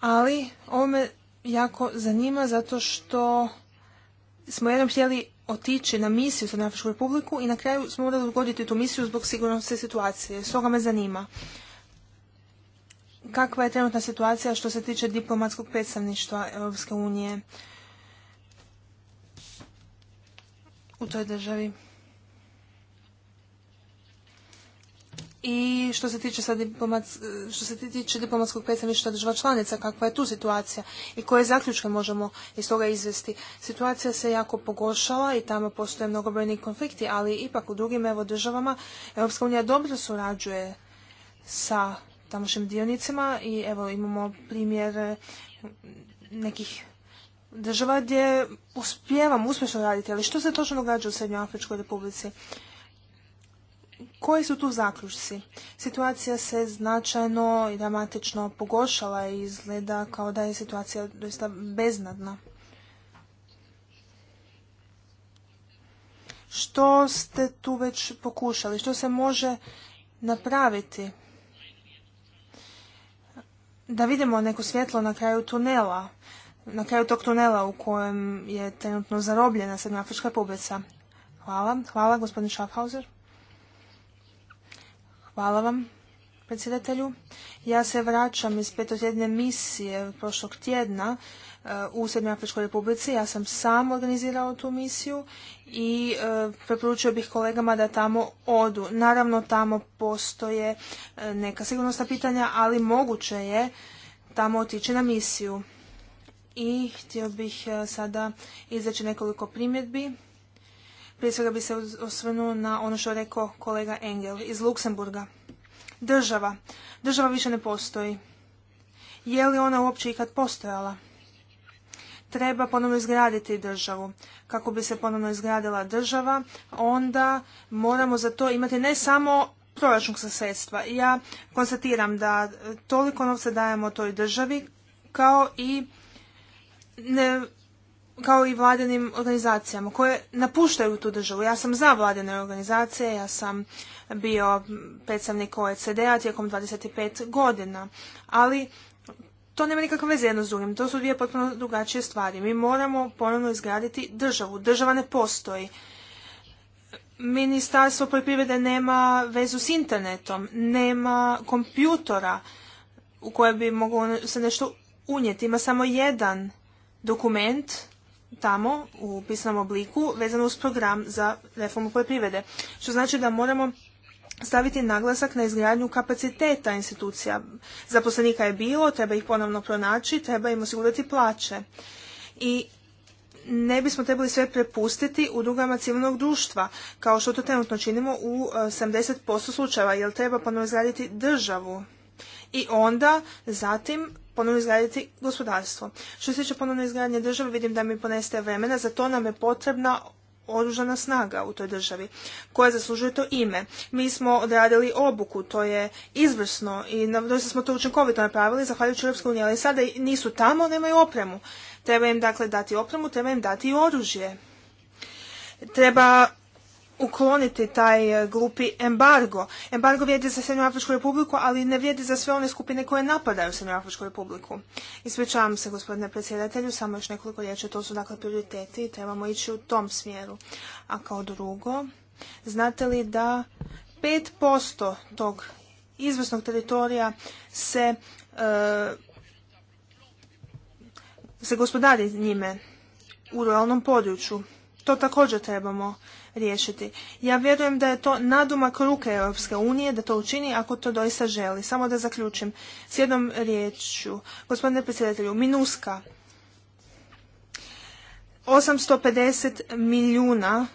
Ali ovo me jako zanima zato što smo jednom htjeli otići na misiju za Srednjoafričku republiku i na kraju smo morali odgoditi tu misiju zbog sigurnosne situacije. Stoga me zanima kakva je trenutna situacija što se tiče diplomatskog predstavništva Europske unije u toj državi. I što se tiče, sad diplomac, što se tiče diplomatskog predstavništva država članica, kakva je tu situacija i koje zaključke možemo iz toga izvesti. Situacija se jako pogošala i tamo postoje mnogobrojni konflikti, ali ipak u drugim evo državama Europska unija dobro surađuje sa tamošim dionicima i evo imamo primjer nekih država gdje uspijevamo uspješno raditi, ali što se točno događa u Afričkoj republici? Koji su tu zaključci? Situacija se značajno i dramatično pogoršala i izgleda kao da je situacija doista beznadna. Što ste tu već pokušali? Što se može napraviti? Da vidimo neko svjetlo na kraju tunela, na kraju tog tunela u kojem je trenutno zarobljena srednjoafrička publica. Hvala. Hvala, gospodin Schaffhauser. Hvala vam, predsjedatelju. Ja se vraćam iz petotjedne misije prošlog tjedna eh, u Afričkoj republici. Ja sam sam organizirao tu misiju i eh, preporučio bih kolegama da tamo odu. Naravno, tamo postoje eh, neka sigurnosna pitanja, ali moguće je tamo otići na misiju. I htio bih sada izreći nekoliko primjedbi prije svega bi se osvrnuo na ono što je rekao kolega Engel iz Luksemburga. Država. Država više ne postoji. Je li ona uopće ikad postojala? Treba ponovno izgraditi državu. Kako bi se ponovno izgradila država, onda moramo za to imati ne samo proračunska sredstva. Ja konstatiram da toliko novca dajemo toj državi kao i ne kao i vladinim organizacijama koje napuštaju tu državu. Ja sam za vladine organizacije, ja sam bio predstavnik OECD-a tijekom 25 godina, ali to nema nikakve veze jedno s drugim. To su dvije potpuno drugačije stvari. Mi moramo ponovno izgraditi državu. Država ne postoji. Ministarstvo poljoprivrede nema vezu s internetom, nema kompjutora u koje bi moglo se nešto unijeti. Ima samo jedan dokument tamo u pisanom obliku vezano uz program za reformu poljoprivrede. Što znači da moramo staviti naglasak na izgradnju kapaciteta institucija. Zaposlenika je bilo, treba ih ponovno pronaći, treba im osigurati plaće. I ne bismo trebali sve prepustiti udrugama civilnog društva, kao što to trenutno činimo u 70% e, slučajeva, jer treba ponovno izgraditi državu. I onda zatim ponovno izgraditi gospodarstvo. Što se tiče ponovno izgradnje države, vidim da mi poneste vremena, za to nam je potrebna oružana snaga u toj državi koja zaslužuje to ime. Mi smo odradili obuku, to je izvrsno i doista smo to učinkovito napravili zahvaljujući Europskoj ali sada nisu tamo, nemaju opremu. Treba im dakle dati opremu, treba im dati i oružje. Treba ukloniti taj e, glupi embargo. Embargo vrijedi za Afričku republiku, ali ne vrijedi za sve one skupine koje napadaju Afričku republiku. Ispričavam se, gospodine predsjedatelju, samo još nekoliko riječi. To su dakle prioriteti i trebamo ići u tom smjeru. A kao drugo, znate li da 5% tog izvrsnog teritorija se, e, se gospodari njime u ruralnom području. To također trebamo riješiti. Ja vjerujem da je to nadumak ruke Europske unije da to učini ako to doista želi. Samo da zaključim s jednom riječju. Gospodine predsjedatelju, minuska 850 milijuna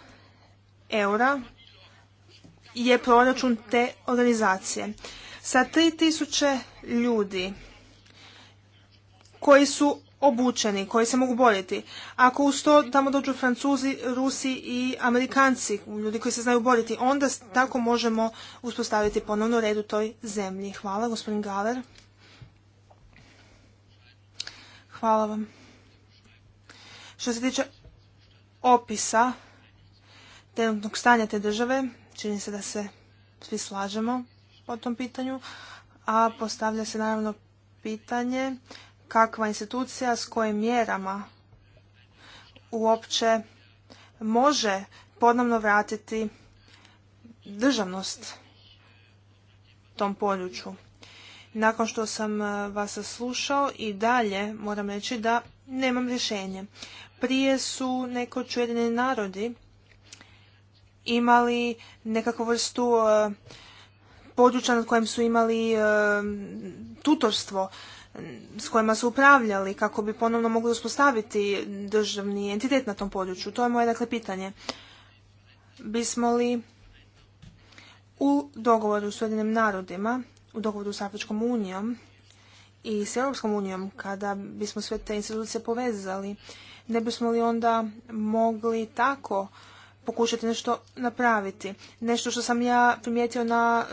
eura je proračun te organizacije. Sa 3000 ljudi koji su obučeni, koji se mogu boriti. Ako uz to tamo dođu Francuzi, Rusi i Amerikanci, ljudi koji se znaju boriti, onda tako možemo uspostaviti ponovno red u toj zemlji. Hvala, gospodin Galer. Hvala vam. Što se tiče opisa trenutnog stanja te države, čini se da se svi slažemo po tom pitanju, a postavlja se naravno pitanje kakva institucija s kojim mjerama uopće može ponovno vratiti državnost tom području. Nakon što sam e, vas slušao i dalje moram reći da nemam rješenje. Prije su neko čujedini narodi imali nekakvu vrstu e, područja nad kojim su imali e, tutorstvo s kojima su upravljali kako bi ponovno mogli uspostaviti državni entitet na tom području. To je moje dakle pitanje. Bismo li u dogovoru s Ujedinim narodima, u dogovoru s Afričkom unijom i s Europskom unijom, kada bismo sve te institucije povezali, ne bismo li onda mogli tako pokušati nešto napraviti. Nešto što sam ja primijetio na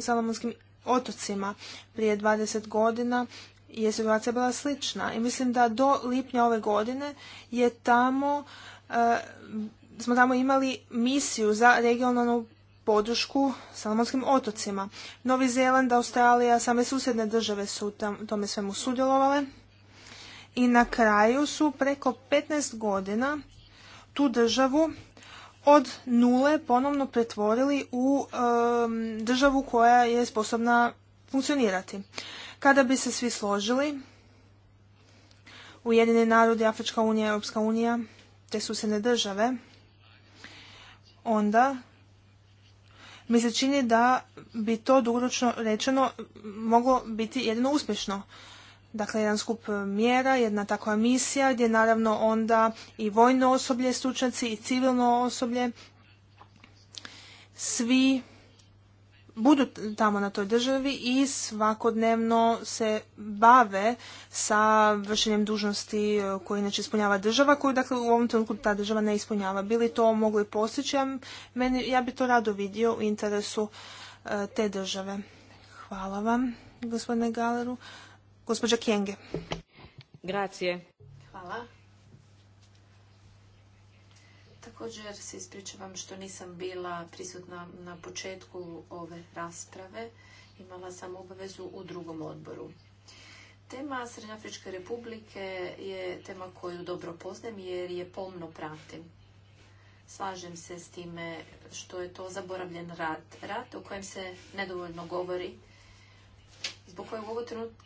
Salamonskim otocima. Prije 20 godina je situacija bila slična i mislim da do lipnja ove godine je tamo, eh, smo tamo imali misiju za regionalnu podršku Salomonskim otocima. Novi Zeland, Australija, same susjedne države su tam, tome svemu sudjelovale i na kraju su preko 15 godina tu državu od nule ponovno pretvorili u državu koja je sposobna funkcionirati. Kada bi se svi složili, ujedine narodi, Afrička unija, Europska unija, te susjedne države, onda mi se čini da bi to dugoročno rečeno moglo biti jedino uspješno dakle jedan skup e, mjera, jedna takva misija gdje naravno onda i vojno osoblje, stručnjaci i civilno osoblje svi budu tamo na toj državi i svakodnevno se bave sa vršenjem dužnosti e, koje inače ispunjava država, koju dakle u ovom trenutku ta država ne ispunjava. Bili to mogli postići, ja, meni, ja bi to rado vidio u interesu e, te države. Hvala vam, gospodine Galeru. Gospođa
Hvala. Također se ispričavam što nisam bila prisutna na početku ove rasprave. Imala sam obavezu u drugom odboru. Tema Srednjoafričke republike je tema koju dobro poznajem jer je pomno pratim. Slažem se s time što je to zaboravljen rat. Rat o kojem se nedovoljno govori, zbog kojeg u ovom trenutku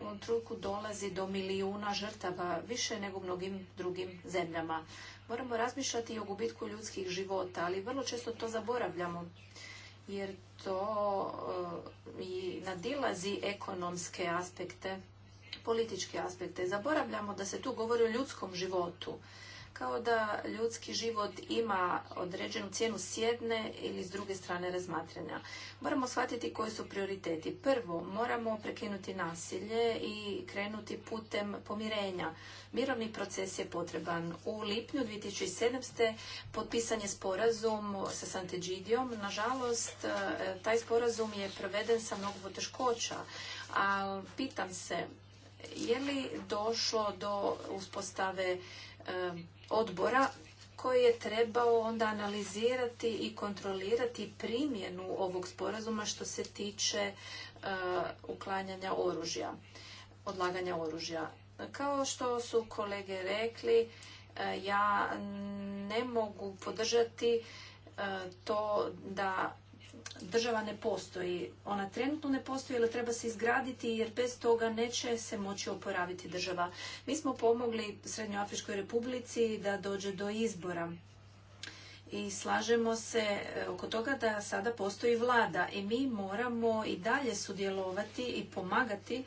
u ovom dolazi do milijuna žrtava, više nego u mnogim drugim zemljama. Moramo razmišljati i o gubitku ljudskih života, ali vrlo često to zaboravljamo, jer to e, i nadilazi ekonomske aspekte, političke aspekte. Zaboravljamo da se tu govori o ljudskom životu kao da ljudski život ima određenu cijenu s jedne ili s druge strane razmatranja. Moramo shvatiti koji su prioriteti. Prvo, moramo prekinuti nasilje i krenuti putem pomirenja. Mirovni proces je potreban. U lipnju 2007. potpisan je sporazum sa Sant'Egidijom. Nažalost, e, taj sporazum je proveden sa mnogo poteškoća. A pitam se, je li došlo do uspostave e, odbora koji je trebao onda analizirati i kontrolirati primjenu ovog sporazuma što se tiče e, uklanjanja oružja, odlaganja oružja. Kao što su kolege rekli, e, ja ne mogu podržati e, to da država ne postoji. Ona trenutno ne postoji, ali treba se izgraditi jer bez toga neće se moći oporaviti država. Mi smo pomogli Srednjoafričkoj republici da dođe do izbora. I slažemo se e, oko toga da sada postoji vlada i mi moramo i dalje sudjelovati i pomagati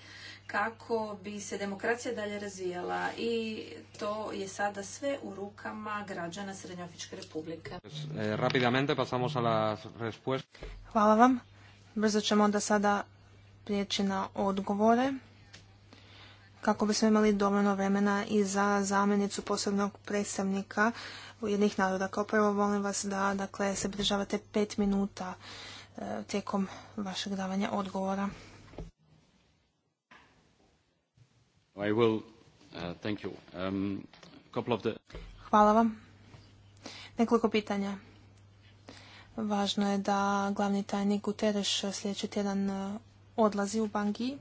kako bi se demokracija dalje razvijala i to je sada sve u rukama građana Srednjoafričke republike. Eh,
Hvala vam. Brzo ćemo onda sada prijeći na odgovore kako bismo imali dovoljno vremena i za zamjenicu posebnog predstavnika jednih naroda. Kao prvo molim vas da dakle, se pridržavate pet minuta eh, tijekom vašeg davanja odgovora.
Uh, um,
Hvala vam. Nekoliko pitanja. Važno je da glavni tajnik Guterres sljedeći tjedan uh, odlazi u Bangi,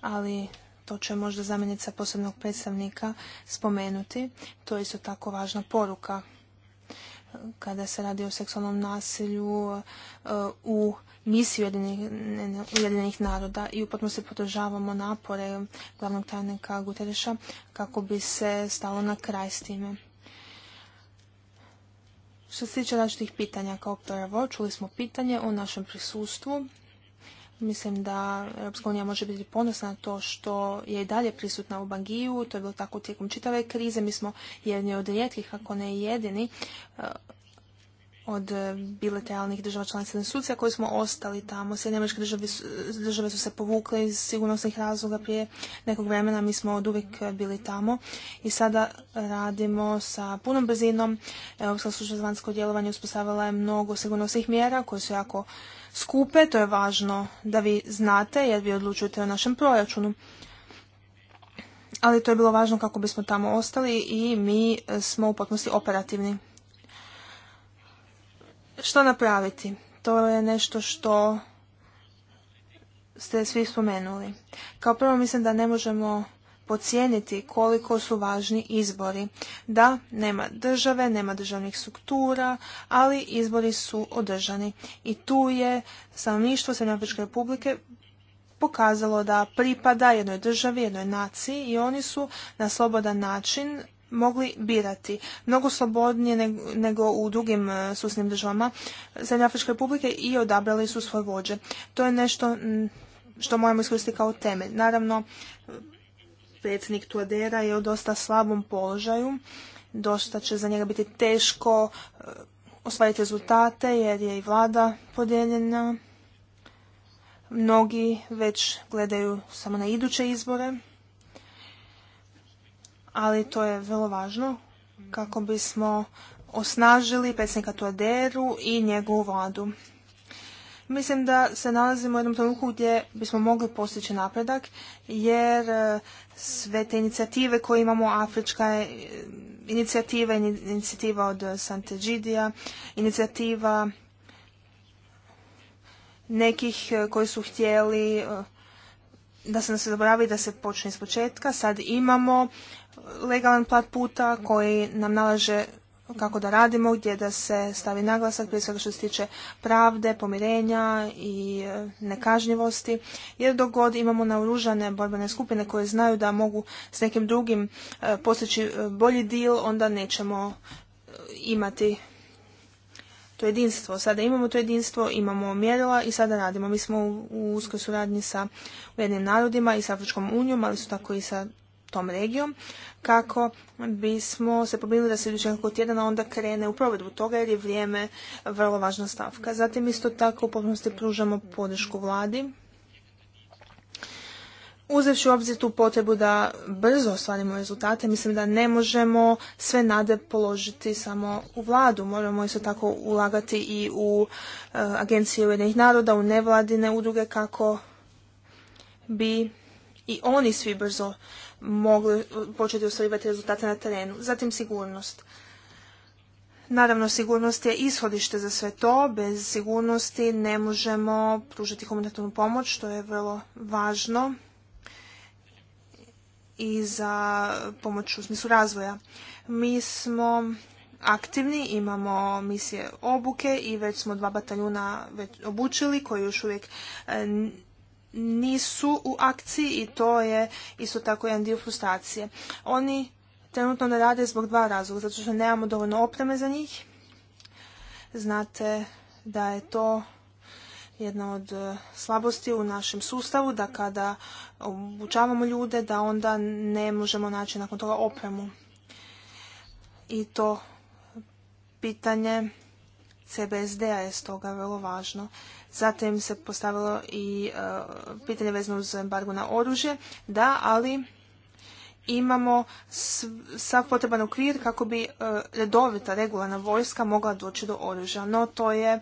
ali to će možda zamjenica posebnog predstavnika spomenuti. To je isto tako važna poruka kada se radi o seksualnom nasilju uh, u misiji Ujedinjenih naroda i upotno se podržavamo napore glavnog tajnika Gutereša kako bi se stalo na kraj s time. Što se tiče različitih pitanja, kao prvo čuli smo pitanje o našem prisustvu Mislim da Europska unija može biti ponosna na to što je i dalje prisutna u Bangiju. To je bilo tako tijekom čitave krize. Mi smo jedni od rijetkih, ako ne jedini, eh, od bilateralnih država članica institucija koji smo ostali tamo. Sjedinjene države, države su se povukle iz sigurnosnih razloga prije nekog vremena. Mi smo od uvijek bili tamo i sada radimo sa punom brzinom. Europska služba za vanjsko djelovanje uspostavila je mnogo sigurnosnih mjera koje su jako skupe, to je važno da vi znate jer vi odlučujete o našem proračunu. Ali to je bilo važno kako bismo tamo ostali i mi e, smo u potpunosti operativni. Što napraviti? To je nešto što ste svi spomenuli. Kao prvo mislim da ne možemo pocijeniti koliko su važni izbori. Da, nema države, nema državnih struktura, ali izbori su održani. I tu je stanovništvo Srednjoafričke republike pokazalo da pripada jednoj državi, jednoj naciji i oni su na slobodan način mogli birati. Mnogo slobodnije nego u drugim e, susnim državama Srednjoafričke republike i odabrali su svoje vođe. To je nešto što moramo iskoristiti kao temelj. Naravno, predsjednik Tuadera je u dosta slabom položaju. Dosta će za njega biti teško e, osvajati rezultate jer je i vlada podijeljena. Mnogi već gledaju samo na iduće izbore, ali to je vrlo važno kako bismo osnažili predsjednika Tuaderu i njegovu vladu. Mislim da se nalazimo u jednom trenutku gdje bismo mogli postići napredak, jer e, sve te inicijative koje imamo, afrička e, inicijativa, inicijativa od e, Sante Gidija, inicijativa nekih koji su htjeli da se nas zaboravi da se počne iz početka. Sad imamo legalan plat puta koji nam nalaže kako da radimo, gdje da se stavi naglasak, prije svega što se tiče pravde, pomirenja i e, nekažnjivosti, jer dok god imamo naoružane borbene skupine koje znaju da mogu s nekim drugim e, postići e, bolji dil, onda nećemo imati to jedinstvo. Sada imamo to jedinstvo, imamo mjerila i sada radimo. Mi smo u uskoj suradnji sa ujednim narodima i sa Afričkom unijom, ali su tako i sa tom regijom kako bismo se pobrinuli da se idućeg tjedana onda krene u provedbu toga jer je vrijeme vrlo važna stavka. Zatim isto tako u potpunosti pružamo podršku vladi Uzevši u obzir tu potrebu da brzo ostvarimo rezultate, mislim da ne možemo sve nade položiti samo u vladu. Moramo isto tako ulagati i u e, agencije Ujedinjenih naroda, u nevladine udruge kako bi i oni svi brzo mogli početi ostvarivati rezultate na terenu. Zatim sigurnost. Naravno, sigurnost je ishodište za sve to. Bez sigurnosti ne možemo pružiti humanitarnu pomoć, što je vrlo važno i za pomoć u smislu razvoja. Mi smo aktivni, imamo misije obuke i već smo dva bataljuna već obučili koji još uvijek e, nisu u akciji i to je isto tako jedan dio frustracije. Oni trenutno ne rade zbog dva razloga, zato što nemamo dovoljno opreme za njih. Znate da je to jedna od e, slabosti u našem sustavu, da kada obučavamo ljude, da onda ne možemo naći nakon toga opremu. I to pitanje CBSD-a je stoga vrlo važno. Zatim se postavilo i e, pitanje vezano uz embargo na oružje. Da, ali imamo sav potreban okvir kako bi e, redovita regularna vojska mogla doći do oružja. No to je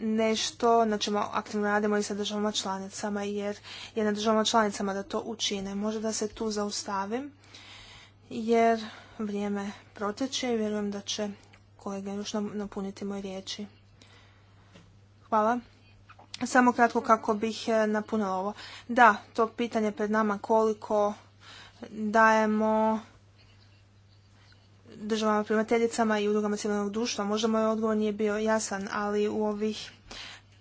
nešto na čemu aktivno radimo i sa državama članicama jer je na državama članicama da to učine. Možda da se tu zaustavim jer vrijeme proteče i vjerujem da će kolega još napuniti moje riječi. Hvala. Samo kratko kako bih e, napunila ovo. Da, to pitanje pred nama koliko dajemo državama primateljicama i udrugama civilnog društva. Možda moj odgovor nije bio jasan, ali u ovih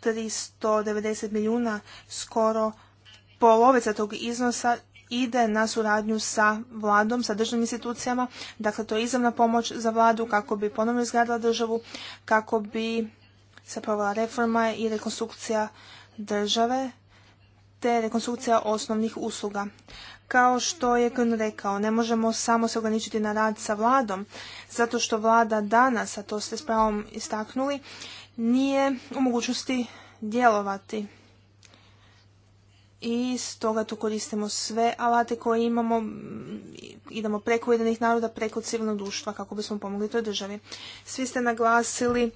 390 milijuna skoro polovica tog iznosa ide na suradnju sa vladom, sa državnim institucijama. Dakle, to je izravna pomoć za vladu kako bi ponovno izgradila državu, kako bi se reforma i rekonstrukcija države te rekonstrukcija osnovnih usluga. Kao što je Kun rekao, ne možemo samo se ograničiti na rad sa vladom, zato što vlada danas, a to ste s pravom istaknuli, nije u mogućnosti djelovati. I stoga tu koristimo sve alate koje imamo, idemo preko jedinih naroda, preko civilnog društva kako bismo pomogli toj državi. Svi ste naglasili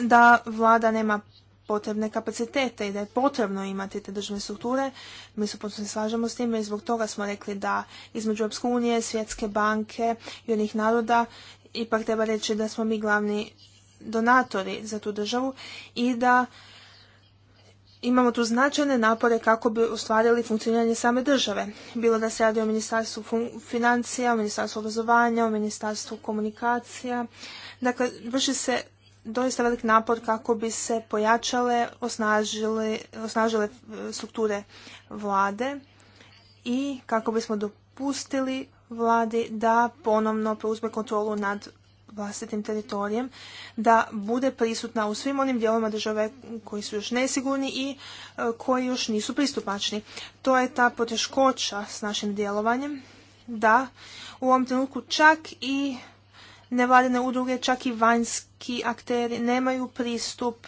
da vlada nema potrebne kapacitete i da je potrebno imati te državne strukture. Mi se potpuno slažemo s time i zbog toga smo rekli da između Europske unije, Svjetske banke i onih naroda ipak treba reći da smo mi glavni donatori za tu državu i da imamo tu značajne napore kako bi ostvarili funkcioniranje same države. Bilo da se radi o ministarstvu financija, o ministarstvu obrazovanja, o ministarstvu komunikacija. Dakle, vrši se doista velik napor kako bi se pojačale, osnažile, e, strukture vlade i kako bismo dopustili vladi da ponovno preuzme kontrolu nad vlastitim teritorijem, da bude prisutna u svim onim dijelovima države koji su još nesigurni i e, koji još nisu pristupačni. To je ta poteškoća s našim djelovanjem da u ovom trenutku čak i nevladine udruge, čak i vanjski akteri nemaju pristup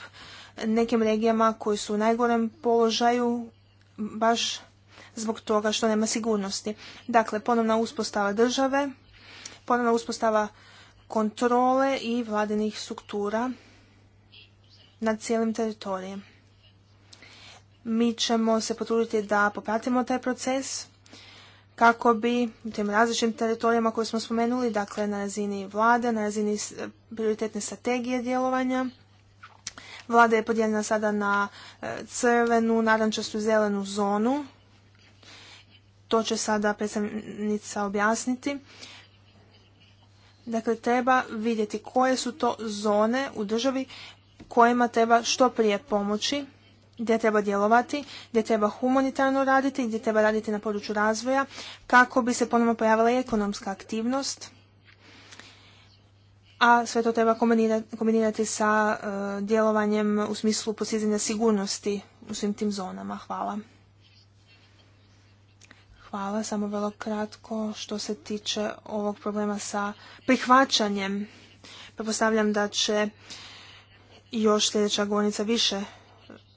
nekim regijama koji su u najgorem položaju baš zbog toga što nema sigurnosti. Dakle, ponovna uspostava države, ponovna uspostava kontrole i vladinih struktura na cijelim teritorijem. Mi ćemo se potruditi da popratimo taj proces kako bi u tim različitim teritorijama koje smo spomenuli, dakle na razini vlade, na razini e, prioritetne strategije djelovanja, Vlada je podijeljena sada na e, crvenu, narančastu i zelenu zonu. To će sada predstavnica objasniti. Dakle, treba vidjeti koje su to zone u državi kojima treba što prije pomoći gdje treba djelovati, gdje treba humanitarno raditi, gdje treba raditi na području razvoja, kako bi se ponovno pojavila i ekonomska aktivnost, a sve to treba kombinirati sa e, djelovanjem u smislu postizanja sigurnosti u svim tim zonama. Hvala. Hvala, samo vrlo kratko što se tiče ovog problema sa prihvaćanjem. Prepostavljam da će još sljedeća govornica više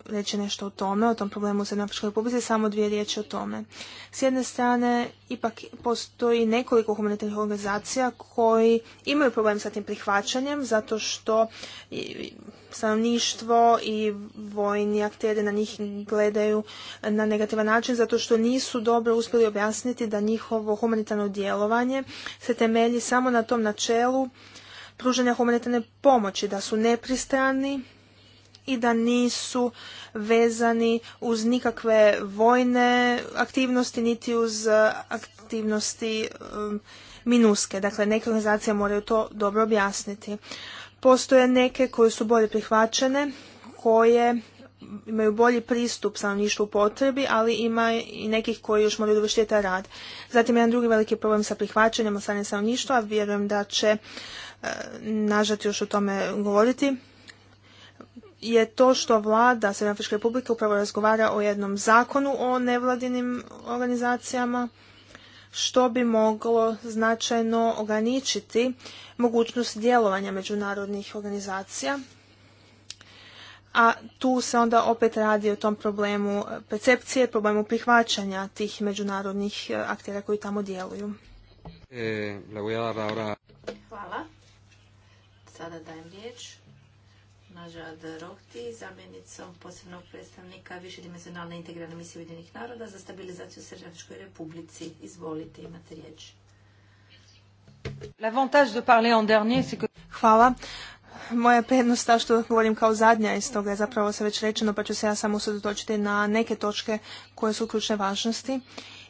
reći nešto o tome, o tom problemu u Srednjoafričkoj republici, samo dvije riječi o tome. S jedne strane, ipak postoji nekoliko humanitarnih organizacija koji imaju problem sa tim prihvaćanjem, zato što stanovništvo i vojni akteri na njih gledaju na negativan način, zato što nisu dobro uspjeli objasniti da njihovo humanitarno djelovanje se temelji samo na tom načelu pružanja humanitarne pomoći, da su nepristrani i da nisu vezani uz nikakve vojne aktivnosti niti uz e, aktivnosti e, minuske. Dakle, neke organizacije moraju to dobro objasniti. Postoje neke koje su bolje prihvaćene, koje imaju bolji pristup stanovništvu u potrebi, ali ima i nekih koji još moraju dovršiti taj rad. Zatim jedan drugi veliki problem sa prihvaćanjem od strane stanovništva, vjerujem da će e, još o tome govoriti je to što vlada Afričke republike upravo razgovara o jednom zakonu o nevladinim organizacijama što bi moglo značajno ograničiti mogućnost djelovanja međunarodnih organizacija. A tu se onda opet radi o tom problemu percepcije, problemu prihvaćanja tih međunarodnih e, aktera koji tamo djeluju.
Eh,
Hvala. Sada dajem riječ Nažad Rohti, zamjenicom posebnog predstavnika višedimenzionalne integralne misije Ujedinih naroda za stabilizaciju u republici. Izvolite, imate riječ.
Hvala. Moja prednost je što govorim kao zadnja iz toga je zapravo se već rečeno, pa ću se ja samo usredotočiti na neke točke koje su ključne važnosti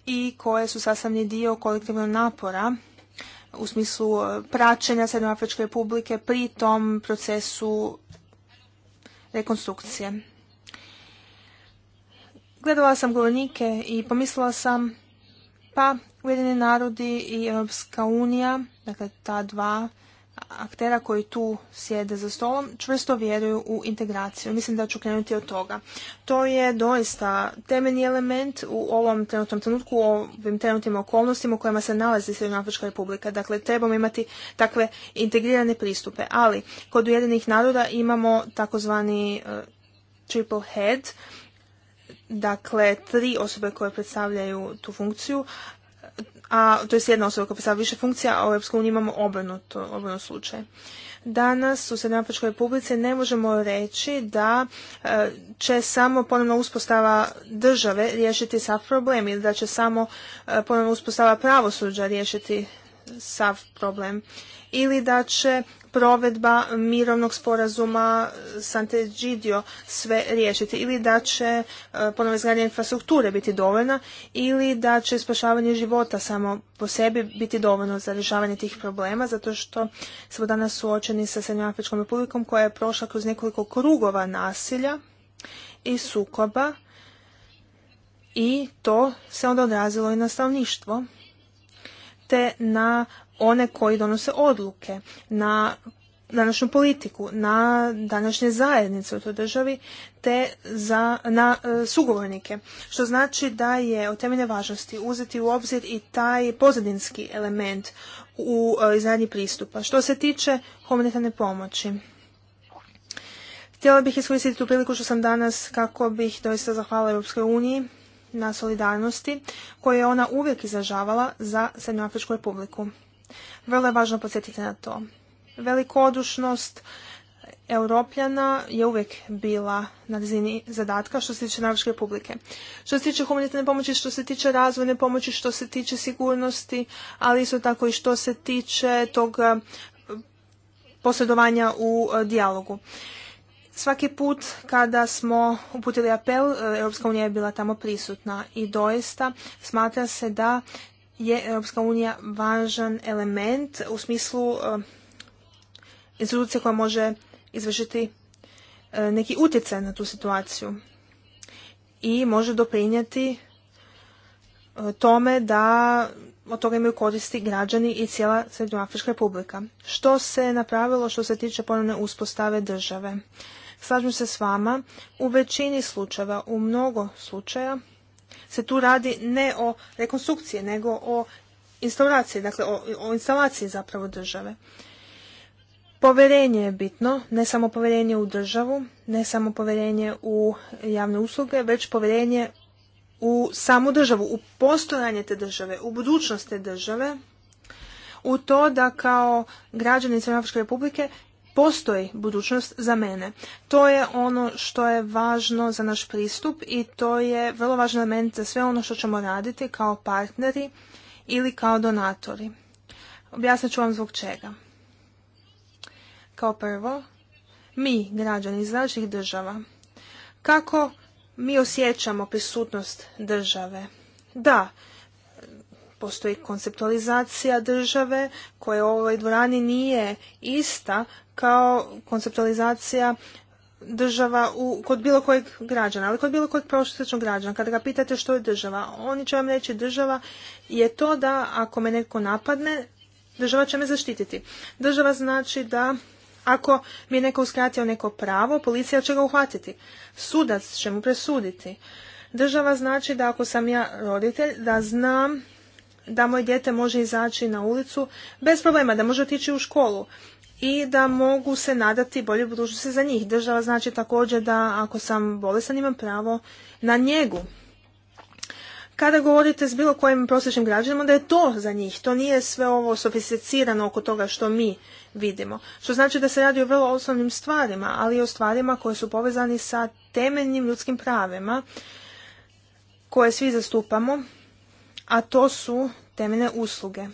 i koje su sastavni dio kolektivnog napora u smislu eh, praćenja Srednjoafričke republike pri tom procesu rekonstrukcije. Gledala sam govornike i pomislila sam pa Ujedini narodi i Europska unija, dakle ta dva aktera koji tu sjede za stolom čvrsto vjeruju u integraciju. Mislim da ću krenuti od toga. To je doista temeljni element u ovom trenutnom trenutku, u ovim trenutnim okolnostima u kojima se nalazi Srednjoafrička republika. Dakle, trebamo imati takve integrirane pristupe. Ali, kod Ujedinih naroda imamo takozvani e, triple head, dakle, tri osobe koje predstavljaju tu funkciju, a to je jedna osoba koja postavlja više funkcija, a u EU imamo obrnuto, slučaj. Danas u Srednjoafričkoj republici ne možemo reći da e, će samo ponovno uspostava države riješiti sav problem ili da će samo e, ponovno uspostava pravosuđa riješiti sav problem ili da će provedba mirovnog sporazuma Sant'Egidio sve riješiti ili da će e, ponovno izgradnja infrastrukture biti dovoljna ili da će spašavanje života samo po sebi biti dovoljno za rješavanje tih problema zato što smo danas suočeni sa Srednjoafričkom republikom koja je prošla kroz nekoliko krugova nasilja i sukoba i to se onda odrazilo i na stanovništvo te na one koji donose odluke na današnju politiku, na današnje zajednice u toj državi, te za, na e, sugovornike. Što znači da je od temeljne važnosti uzeti u obzir i taj pozadinski element u e, izradnji pristupa. Što se tiče humanitarne pomoći. Htjela bih iskoristiti tu priliku što sam danas kako bih doista zahvala Europskoj uniji na solidarnosti koju je ona uvijek izražavala za Srednjoafričku republiku. Vrlo je važno podsjetiti na to. Velikodušnost Europljana je uvijek bila na razini zadatka što se tiče narodske republike. Što se tiče humanitarne pomoći, što se tiče razvojne pomoći, što se tiče sigurnosti, ali isto tako i što se tiče tog eh, posredovanja u eh, dijalogu. Svaki put kada smo uputili apel, eh, Europska unija je bila tamo prisutna i doista smatra se da je Europska unija važan element u smislu eh, institucije koja može izvršiti eh, neki utjecaj na tu situaciju i može doprinijeti eh, tome da od toga imaju koristi građani i cijela Srednjoafrička republika. Što se napravilo što se tiče ponovne uspostave države? Slažem se s vama, u većini slučajeva, u mnogo slučaja, se tu radi ne o rekonstrukciji, nego o instalaciji, dakle o, instalaciji zapravo države. Povjerenje je bitno, ne samo povjerenje u državu, ne samo povjerenje u javne usluge, već povjerenje u samu državu, u postojanje te države, u budućnost te države, u to da kao građani Crnoafričke republike postoji budućnost za mene. To je ono što je važno za naš pristup i to je vrlo važan element za sve ono što ćemo raditi kao partneri ili kao donatori. Objasnit ću vam zbog čega. Kao prvo, mi, građani iz naših država, kako mi osjećamo prisutnost države. Da, postoji konceptualizacija države koja u ovoj dvorani nije ista kao konceptualizacija država u, kod bilo kojeg građana, ali kod bilo kojeg prosječnog građana. Kada ga pitate što je država, oni će vam reći država je to da ako me netko napadne, država će me zaštititi. Država znači da ako mi je neko uskratio neko pravo, policija će ga uhvatiti. Sudac će mu presuditi. Država znači da ako sam ja roditelj, da znam da moje dijete može izaći na ulicu bez problema, da može otići u školu i da mogu se nadati bolje budućnosti za njih. Država znači također da ako sam bolesan imam pravo na njegu. Kada govorite s bilo kojim prosječnim građanima, da je to za njih. To nije sve ovo sofisticirano oko toga što mi vidimo. Što znači da se radi o vrlo osnovnim stvarima, ali i o stvarima koje su povezani sa temeljnim ljudskim pravima koje svi zastupamo a to su temeljne usluge.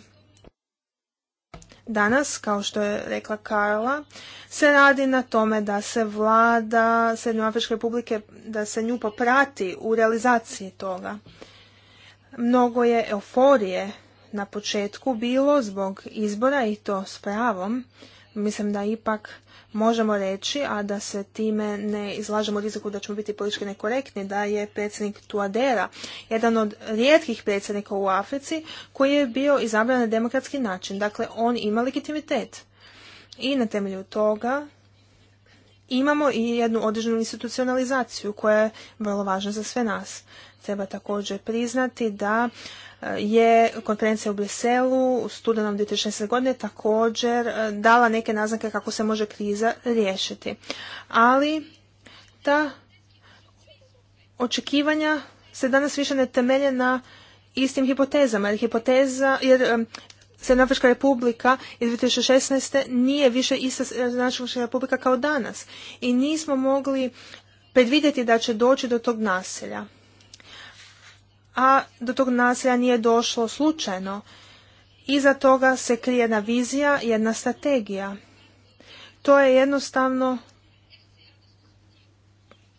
Danas, kao što je rekla Karla, se radi na tome da se vlada Srednjoafričke republike, da se nju poprati u realizaciji toga. Mnogo je euforije na početku bilo zbog izbora i to s pravom. Mislim da ipak možemo reći, a da se time ne izlažemo riziku da ćemo biti politički nekorektni, da je predsjednik Tuadera jedan od rijetkih predsjednika u Africi koji je bio izabran na demokratski način. Dakle, on ima legitimitet. I na temelju toga imamo i jednu određenu institucionalizaciju koja je vrlo važna za sve nas treba također priznati da e, je konferencija u Briselu u studenom 2016. godine također e, dala neke naznake kako se može kriza riješiti. Ali ta očekivanja se danas više ne temelje na istim hipotezama, jer hipoteza, jer e, Srednjoafrička republika iz 2016. nije više ista republika kao danas i nismo mogli predvidjeti da će doći do tog naselja a do tog nasilja nije došlo slučajno. Iza toga se krije jedna vizija, jedna strategija. To je jednostavno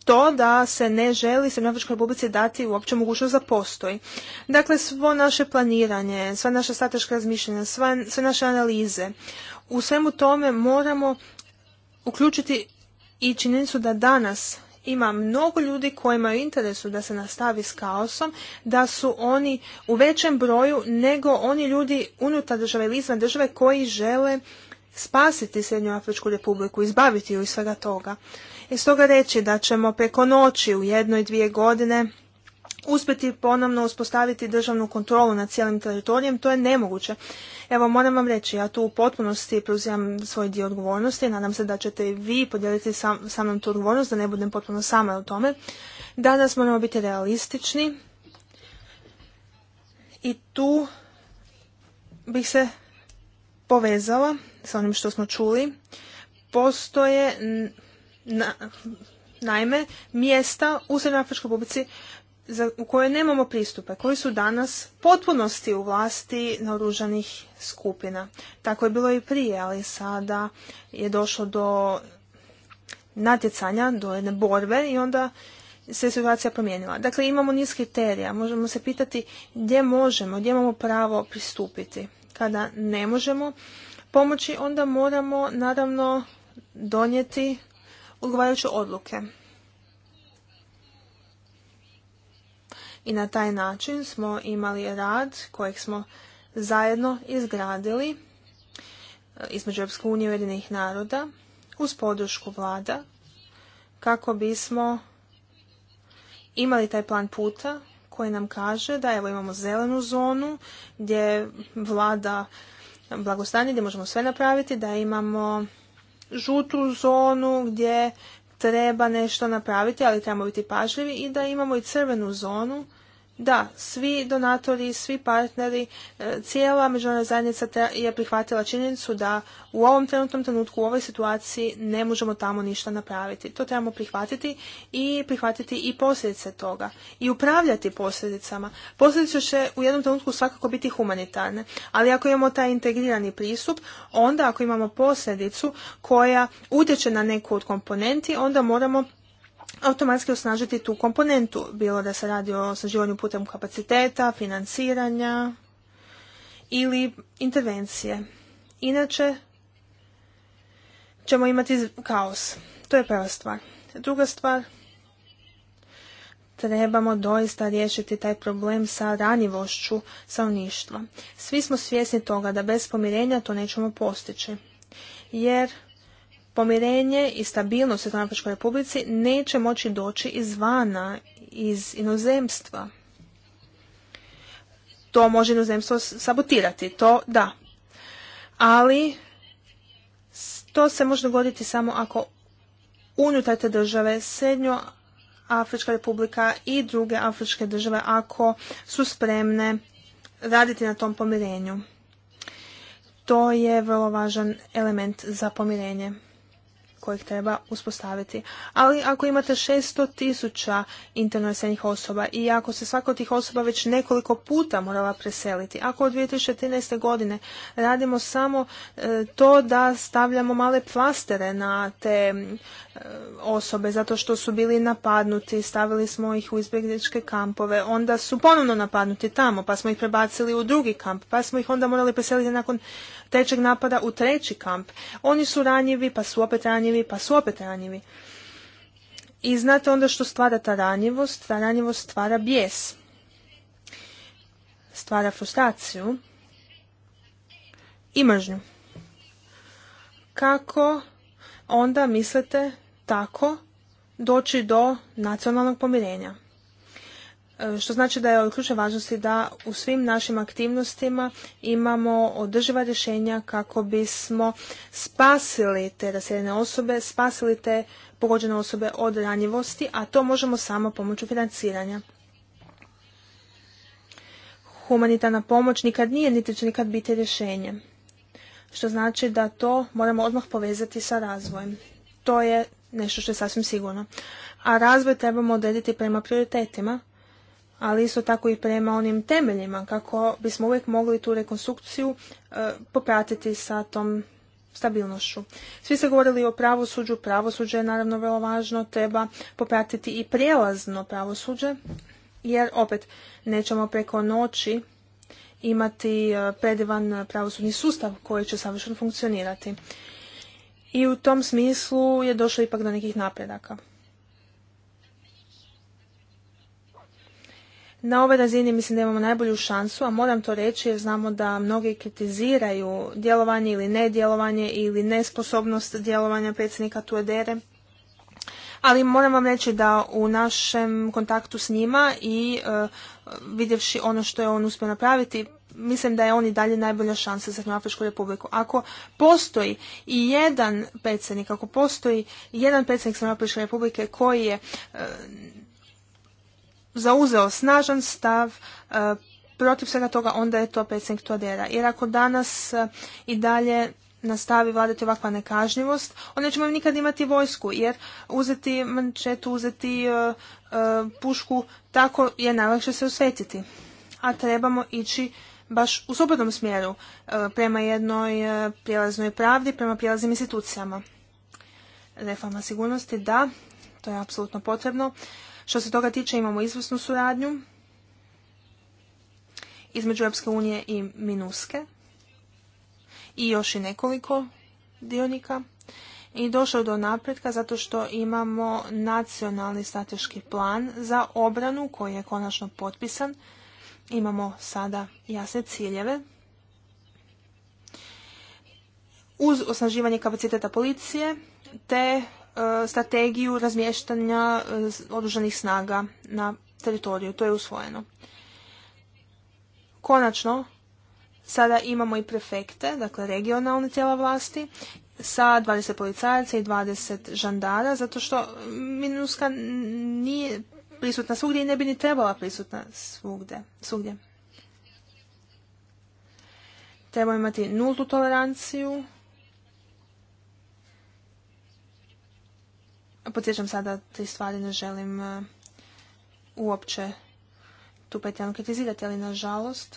to da se ne želi Srednjoafričkoj republici dati uopće mogućnost za postoj. Dakle, svo naše planiranje, sva naša strateška razmišljanja, sva, sve naše analize, u svemu tome moramo uključiti i činjenicu da danas ima mnogo ljudi koji imaju interesu da se nastavi s kaosom, da su oni u većem broju nego oni ljudi unutar države ili izvan države koji žele spasiti Srednju Afričku republiku, izbaviti ju iz svega toga. I stoga reći da ćemo preko noći u jednoj dvije godine uspjeti ponovno uspostaviti državnu kontrolu nad cijelim teritorijem, to je nemoguće. Evo, moram vam reći, ja tu u potpunosti preuzimam svoj dio odgovornosti, nadam se da ćete i vi podijeliti sa, mnom tu odgovornost, da ne budem potpuno sama u tome. Danas moramo biti realistični i tu bih se povezala sa onim što smo čuli. Postoje na, Naime, mjesta u Srednjoj Afričkoj publici za, u koje nemamo pristupe, koji su danas potpunosti u vlasti naoružanih skupina. Tako je bilo i prije, ali sada je došlo do natjecanja, do jedne borbe i onda se situacija promijenila. Dakle, imamo niz kriterija, možemo se pitati gdje možemo, gdje imamo pravo pristupiti. Kada ne možemo pomoći, onda moramo naravno donijeti odgovarajuće odluke. i na taj način smo imali rad kojeg smo zajedno izgradili e, između Europske unije i Ujedinih naroda uz podršku vlada kako bismo imali taj plan puta koji nam kaže da evo imamo zelenu zonu gdje vlada blagostanje, gdje možemo sve napraviti, da imamo žutu zonu gdje treba nešto napraviti, ali trebamo biti pažljivi i da imamo i crvenu zonu da, svi donatori, svi partneri, e, cijela međunarodna zajednica je prihvatila činjenicu da u ovom trenutnom trenutku, u ovoj situaciji ne možemo tamo ništa napraviti. To trebamo prihvatiti i prihvatiti i posljedice toga. I upravljati posljedicama. Posljedice će u jednom trenutku svakako biti humanitarne. Ali ako imamo taj integrirani pristup, onda ako imamo posljedicu koja utječe na neku od komponenti, onda moramo automatski osnažiti tu komponentu, bilo da se radi o osnaživanju putem kapaciteta, financiranja ili intervencije. Inače ćemo imati kaos. To je prva stvar. Druga stvar, trebamo doista riješiti taj problem sa ranjivošću stanovništva. Svi smo svjesni toga da bez pomirenja to nećemo postići. Jer pomirenje i stabilnost u Afričkoj republici neće moći doći izvana, iz inozemstva. To može inozemstvo sabotirati, to da. Ali to se može dogoditi samo ako unutar te države Srednjo Afrička republika i druge afričke države ako su spremne raditi na tom pomirenju. To je vrlo važan element za pomirenje kojih treba uspostaviti. Ali ako imate 600 tisuća osoba i ako se svaka od tih osoba već nekoliko puta morala preseliti, ako od 2013. godine radimo samo e, to da stavljamo male plastere na te e, osobe zato što su bili napadnuti, stavili smo ih u izbjegličke kampove, onda su ponovno napadnuti tamo, pa smo ih prebacili u drugi kamp, pa smo ih onda morali preseliti nakon trećeg napada u treći kamp. Oni su ranjivi, pa su opet ranjivi, pa su opet ranjivi. I znate onda što stvara ta ranjivost? Ta ranjivost stvara bijes. Stvara frustraciju i mržnju. Kako onda mislite tako doći do nacionalnog pomirenja? E, što znači da je od ključne važnosti da u svim našim aktivnostima imamo održiva rješenja kako bismo spasili te raseljene osobe, spasili te pogođene osobe od ranjivosti, a to možemo samo pomoću financiranja. Humanitarna pomoć nikad nije niti će nikad biti rješenje, što znači da to moramo odmah povezati sa razvojem. To je nešto što je sasvim sigurno. A razvoj trebamo odrediti prema prioritetima, ali isto tako i prema onim temeljima kako bismo uvijek mogli tu rekonstrukciju e, popratiti sa tom stabilnošću. Svi ste govorili o pravosuđu, pravosuđe je naravno vrlo važno, treba popratiti i prijelazno pravosuđe, jer opet nećemo preko noći imati e, predivan pravosudni sustav koji će savršeno funkcionirati. I u tom smislu je došlo ipak do nekih napredaka. Na ovoj razini mislim da imamo najbolju šansu, a moram to reći jer znamo da mnogi kritiziraju djelovanje ili nedjelovanje ili nesposobnost djelovanja predsjednika Tuedere. Ali moram vam reći da u našem kontaktu s njima i e, vidjevši ono što je on uspio napraviti, mislim da je on i dalje najbolja šansa za Afričku republiku. Ako postoji i jedan predsjednik, ako postoji jedan predsjednik Srednjoafričke republike koji je e, zauzeo snažan stav e, protiv svega toga, onda je to predsjednik todera Jer ako danas e, i dalje nastavi vladati ovakva nekažnjivost, onda ćemo nikad imati vojsku, jer uzeti mančetu, uzeti e, pušku, tako je najlakše se osvetiti. A trebamo ići baš u suprotnom smjeru, prema jednoj prijelaznoj pravdi, prema prijelaznim institucijama. Reforma sigurnosti, da, to je apsolutno potrebno što se toga tiče imamo izvrsnu suradnju između Europske unije i Minuske i još i nekoliko dionika i došao do napretka zato što imamo nacionalni strateški plan za obranu koji je konačno potpisan. Imamo sada jasne ciljeve. Uz osnaživanje kapaciteta policije te E, strategiju razmještanja e, oružanih snaga na teritoriju. To je usvojeno. Konačno, sada imamo i prefekte, dakle regionalne tijela vlasti, sa 20 policajaca i 20 žandara, zato što mm, Minuska nije prisutna svugdje i ne bi ni trebala prisutna svugdje. svugdje. Trebamo imati nultu toleranciju Podsjećam sada te stvari, ne želim e, uopće tu petljanu kritizirati, ali nažalost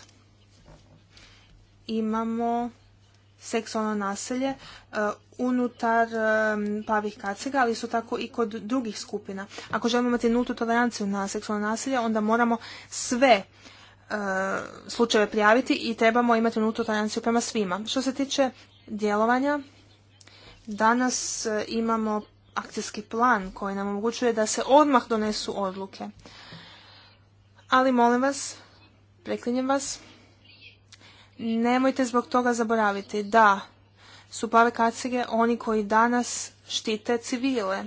imamo seksualno naselje e, unutar e, pavih kacega, ali su tako i kod drugih skupina. Ako želimo imati nultu toleranciju na seksualno nasilje, onda moramo sve slučajeve prijaviti i trebamo imati nultu toleranciju prema svima. Što se tiče djelovanja, danas imamo akcijski plan koji nam omogućuje da se odmah donesu odluke. Ali molim vas, preklinjem vas, nemojte zbog toga zaboraviti da su pave kacige oni koji danas štite civile.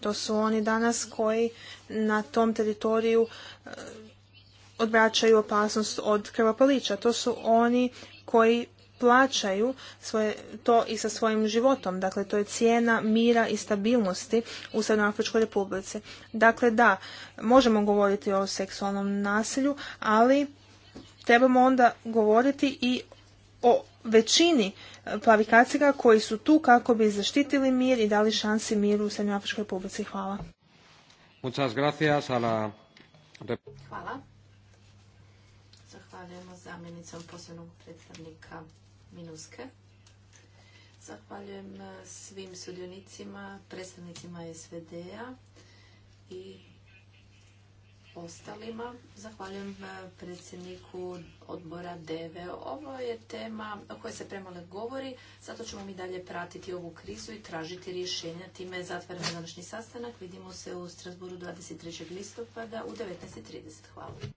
To su oni danas koji na tom teritoriju e, odvraćaju opasnost od krvopalića. To su oni koji plaćaju svoje, to i sa svojim životom. Dakle, to je cijena mira i stabilnosti u Srednjoafričkoj republici. Dakle, da, možemo govoriti o seksualnom nasilju, ali trebamo onda govoriti i o većini plavikacija koji su tu kako bi zaštitili mir i dali šansi miru u Srednjoafričkoj republici. Hvala.
Muchas gracias a la...
Hvala. Zahvaljujemo zamjenicom posebnog predstavnika Minuske. Zahvaljujem eh, svim sudionicima, predstavnicima SVD-a i ostalima. Zahvaljujem eh, predsjedniku odbora DV. Ovo je tema o kojoj se premale govori, zato ćemo mi dalje pratiti ovu krizu i tražiti rješenja. Time zatvaramo današnji sastanak. Vidimo se u Strasburu 23. listopada u 19.30. Hvala.